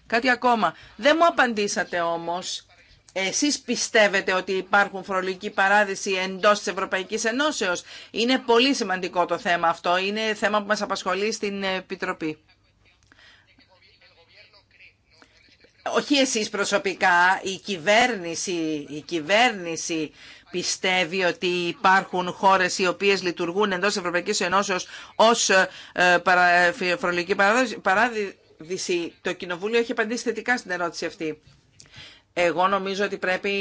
Κάτι ακόμα. Δεν μου απαντήσατε όμως. Εσείς πιστεύετε ότι υπάρχουν φορολογική παράδειση εντός της Ευρωπαϊκής Ενώσεως. Είναι πολύ σημαντικό το θέμα αυτό. Είναι θέμα που μας απασχολεί στην Επιτροπή. Όχι εσείς προσωπικά, η κυβέρνηση, η κυβέρνηση πιστεύει ότι υπάρχουν χώρες οι οποίες λειτουργούν εντός της Ευρωπαϊκής Ενώσεως ως ε, φορολογική παράδειση το Κοινοβούλιο έχει απαντήσει θετικά στην ερώτηση αυτή. Εγώ νομίζω ότι πρέπει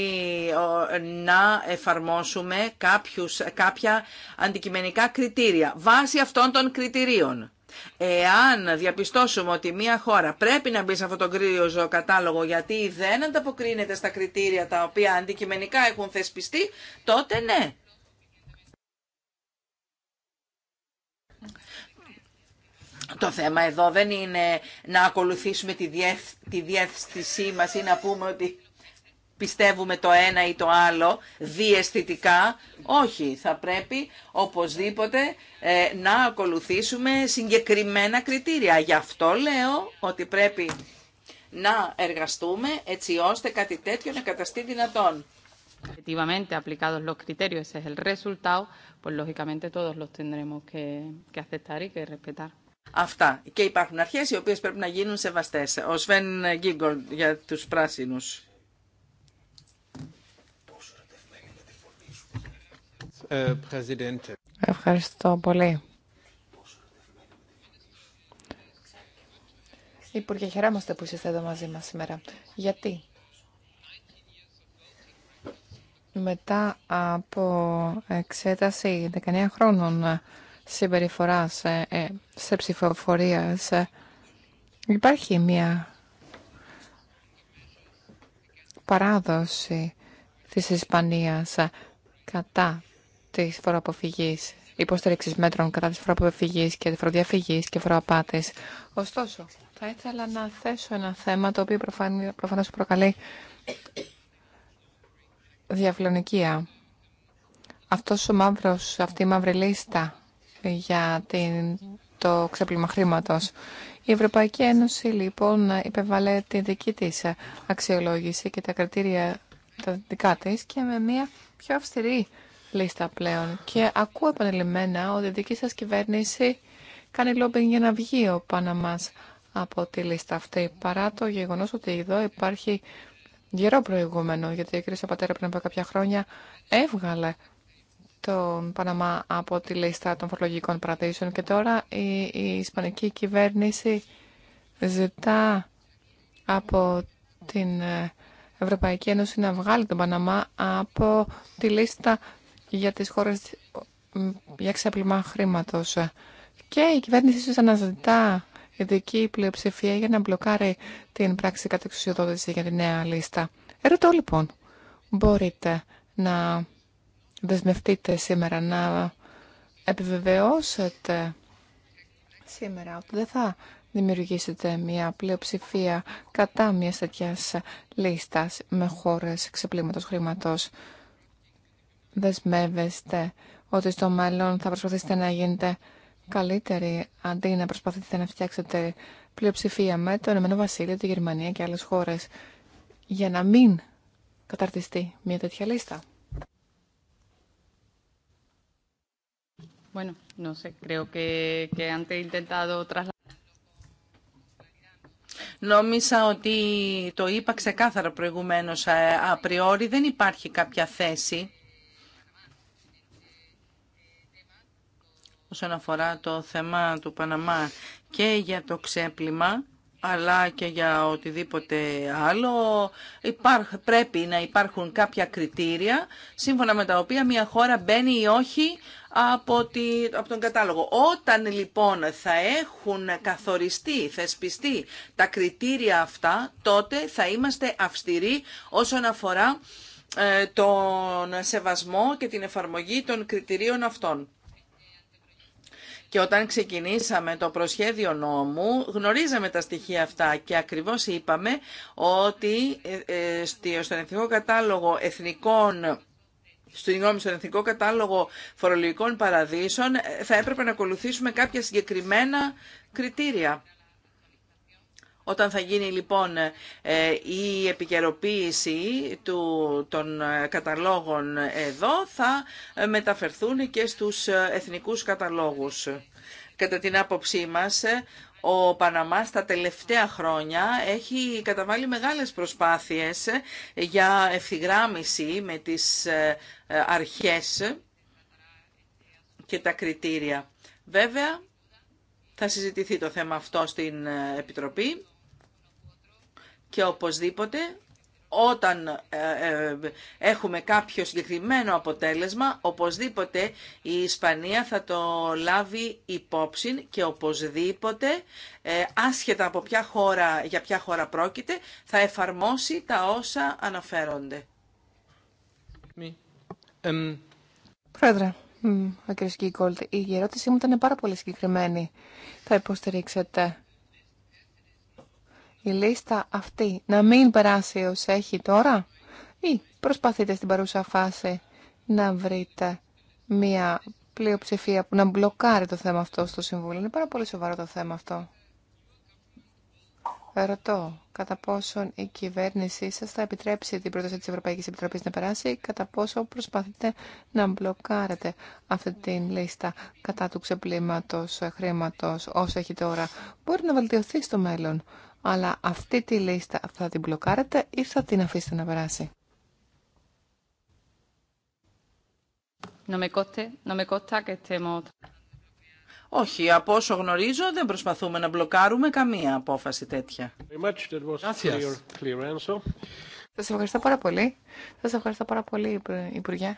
να εφαρμόσουμε κάποιους, κάποια αντικειμενικά κριτήρια βάσει αυτών των κριτηρίων. Εάν διαπιστώσουμε ότι μια χώρα πρέπει να μπει σε αυτόν τον κρύο κατάλογο γιατί δεν ανταποκρίνεται στα κριτήρια τα οποία αντικειμενικά έχουν θεσπιστεί, τότε ναι. Το θέμα εδώ δεν είναι να ακολουθήσουμε τη, διεύθυνσή μας ή να πούμε ότι πιστεύουμε το ένα ή το άλλο διαισθητικά. Όχι, θα πρέπει οπωσδήποτε ε, να ακολουθήσουμε συγκεκριμένα κριτήρια. Γι' αυτό λέω ότι πρέπει να εργαστούμε έτσι ώστε κάτι τέτοιο να καταστεί δυνατόν. Efectivamente, aplicados los criterios, ese es el resultado, pues lógicamente todos los tendremos que aceptar y que respetar. Αυτά. Και υπάρχουν αρχέ οι οποίε πρέπει να γίνουν σεβαστές. Ο Σβέν Γκίγκολ για του πράσινου. Ευχαριστώ πολύ. Υπουργέ, χαιρόμαστε που είστε εδώ μαζί μας σήμερα. Γιατί? Μετά από εξέταση 19 χρόνων συμπεριφορά σε, ε, σε ψηφοφορία. Ε, υπάρχει μια παράδοση της Ισπανίας ε, κατά της φοροαποφυγής, υποστήριξη μέτρων κατά της φοροαποφυγής και της φοροδιαφυγής και φοροαπάτης. Ωστόσο, θα ήθελα να θέσω ένα θέμα το οποίο προφανώς προκαλεί διαφλονικία. Αυτός ο μαύρος, αυτή η μαύρη λίστα για την, το ξέπλυμα χρήματο. Η Ευρωπαϊκή Ένωση λοιπόν υπέβαλε τη δική της αξιολόγηση και τα κριτήρια τα δικά της και με μια πιο αυστηρή λίστα πλέον. Και ακούω επανελειμμένα ότι η δική σας κυβέρνηση κάνει λόμπινγκ για να βγει ο Παναμάς από τη λίστα αυτή, παρά το γεγονός ότι εδώ υπάρχει γερό προηγούμενο, γιατί ο κ. Πατέρα πριν από κάποια χρόνια έβγαλε τον Παναμά από τη λίστα των φορολογικών παραδείσεων και τώρα η, η Ισπανική κυβέρνηση ζητά από την ε, Ευρωπαϊκή Ένωση να βγάλει τον Παναμά από τη λίστα για τις χώρες για ξέπλυμα χρήματος. Και η κυβέρνηση ίσως αναζητά ειδική πλειοψηφία για να μπλοκάρει την πράξη κατεξουσιοδότηση για τη νέα λίστα. Ερωτώ λοιπόν, μπορείτε να δεσμευτείτε σήμερα να επιβεβαιώσετε σήμερα ότι δεν θα δημιουργήσετε μια πλειοψηφία κατά μια τέτοια λίστα με χώρε ξεπλήματο χρήματο. Δεσμεύεστε ότι στο μέλλον θα προσπαθήσετε να γίνετε καλύτεροι αντί να προσπαθείτε να φτιάξετε πλειοψηφία με το Ηνωμένο Βασίλειο, τη Γερμανία και άλλε χώρε για να μην καταρτιστεί μια τέτοια λίστα. Bueno, ότι το είπα ξεκάθαρα προηγουμένως. Απριόρι ε, δεν υπάρχει κάποια θέση όσον αφορά το θέμα του Παναμά και για το ξέπλυμα αλλά και για οτιδήποτε άλλο Υπάρχ, πρέπει να υπάρχουν κάποια κριτήρια σύμφωνα με τα οποία μια χώρα μπαίνει ή όχι από, από τον κατάλογο. Όταν λοιπόν θα έχουν καθοριστεί, θεσπιστεί τα κριτήρια αυτά, τότε θα είμαστε αυστηροί όσον αφορά ε, τον σεβασμό και την εφαρμογή των κριτηρίων αυτών. Και όταν ξεκινήσαμε το προσχέδιο νόμου, γνωρίζαμε τα στοιχεία αυτά και ακριβώς είπαμε ότι ε, ε, στον Εθνικό Κατάλογο Εθνικών στην στον Εθνικό Κατάλογο Φορολογικών Παραδείσων, ε, θα έπρεπε να ακολουθήσουμε κάποια συγκεκριμένα κριτήρια. Όταν θα γίνει λοιπόν ε, η επικαιροποίηση των ε, καταλόγων εδώ, θα μεταφερθούν και στους εθνικούς καταλόγους. Κατά την άποψή μας, ο Παναμά τα τελευταία χρόνια έχει καταβάλει μεγάλες προσπάθειες για ευθυγράμμιση με τις ε, αρχές και τα κριτήρια. Βέβαια, θα συζητηθεί το θέμα αυτό στην ε, Επιτροπή και οπωσδήποτε όταν ε, ε, έχουμε κάποιο συγκεκριμένο αποτέλεσμα, οπωσδήποτε η Ισπανία θα το λάβει υπόψη και οπωσδήποτε, ε, άσχετα από ποια χώρα, για ποια χώρα πρόκειται, θα εφαρμόσει τα όσα αναφέρονται. Πρόεδρε, ο κ. η ερώτησή μου ήταν πάρα πολύ συγκεκριμένη. Θα υποστηρίξετε η λίστα αυτή να μην περάσει ως έχει τώρα ή προσπαθείτε στην παρούσα φάση να βρείτε μια πλειοψηφία που να μπλοκάρει το θέμα αυτό στο Συμβούλιο. Είναι πάρα πολύ σοβαρό το θέμα αυτό. Ρωτώ κατά πόσον η κυβέρνησή σας θα επιτρέψει την πρόταση της Ευρωπαϊκής Επιτροπής να περάσει, κατά πόσο προσπαθείτε να μπλοκάρετε αυτή την λίστα κατά του ξεπλήματος χρήματος όσο έχει τώρα. Μπορεί να βελτιωθεί στο μέλλον, αλλά αυτή τη λίστα θα την μπλοκάρετε ή θα την αφήσετε να περάσει. Όχι, από όσο γνωρίζω δεν προσπαθούμε να μπλοκάρουμε καμία απόφαση τέτοια. Σα ευχαριστώ πάρα πολύ. Σα ευχαριστώ πάρα πολύ, Υπουργέ.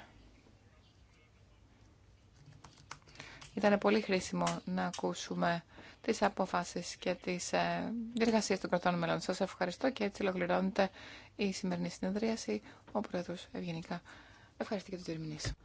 Ήταν πολύ χρήσιμο να ακούσουμε τις αποφάσεις και τις ε, διεργασίες των κρατών μελών. Σας ευχαριστώ και έτσι ολοκληρώνεται η σημερινή συνεδρίαση. Ο προέδρο ευγενικά Ευχαριστώ και τους διερμηνείς.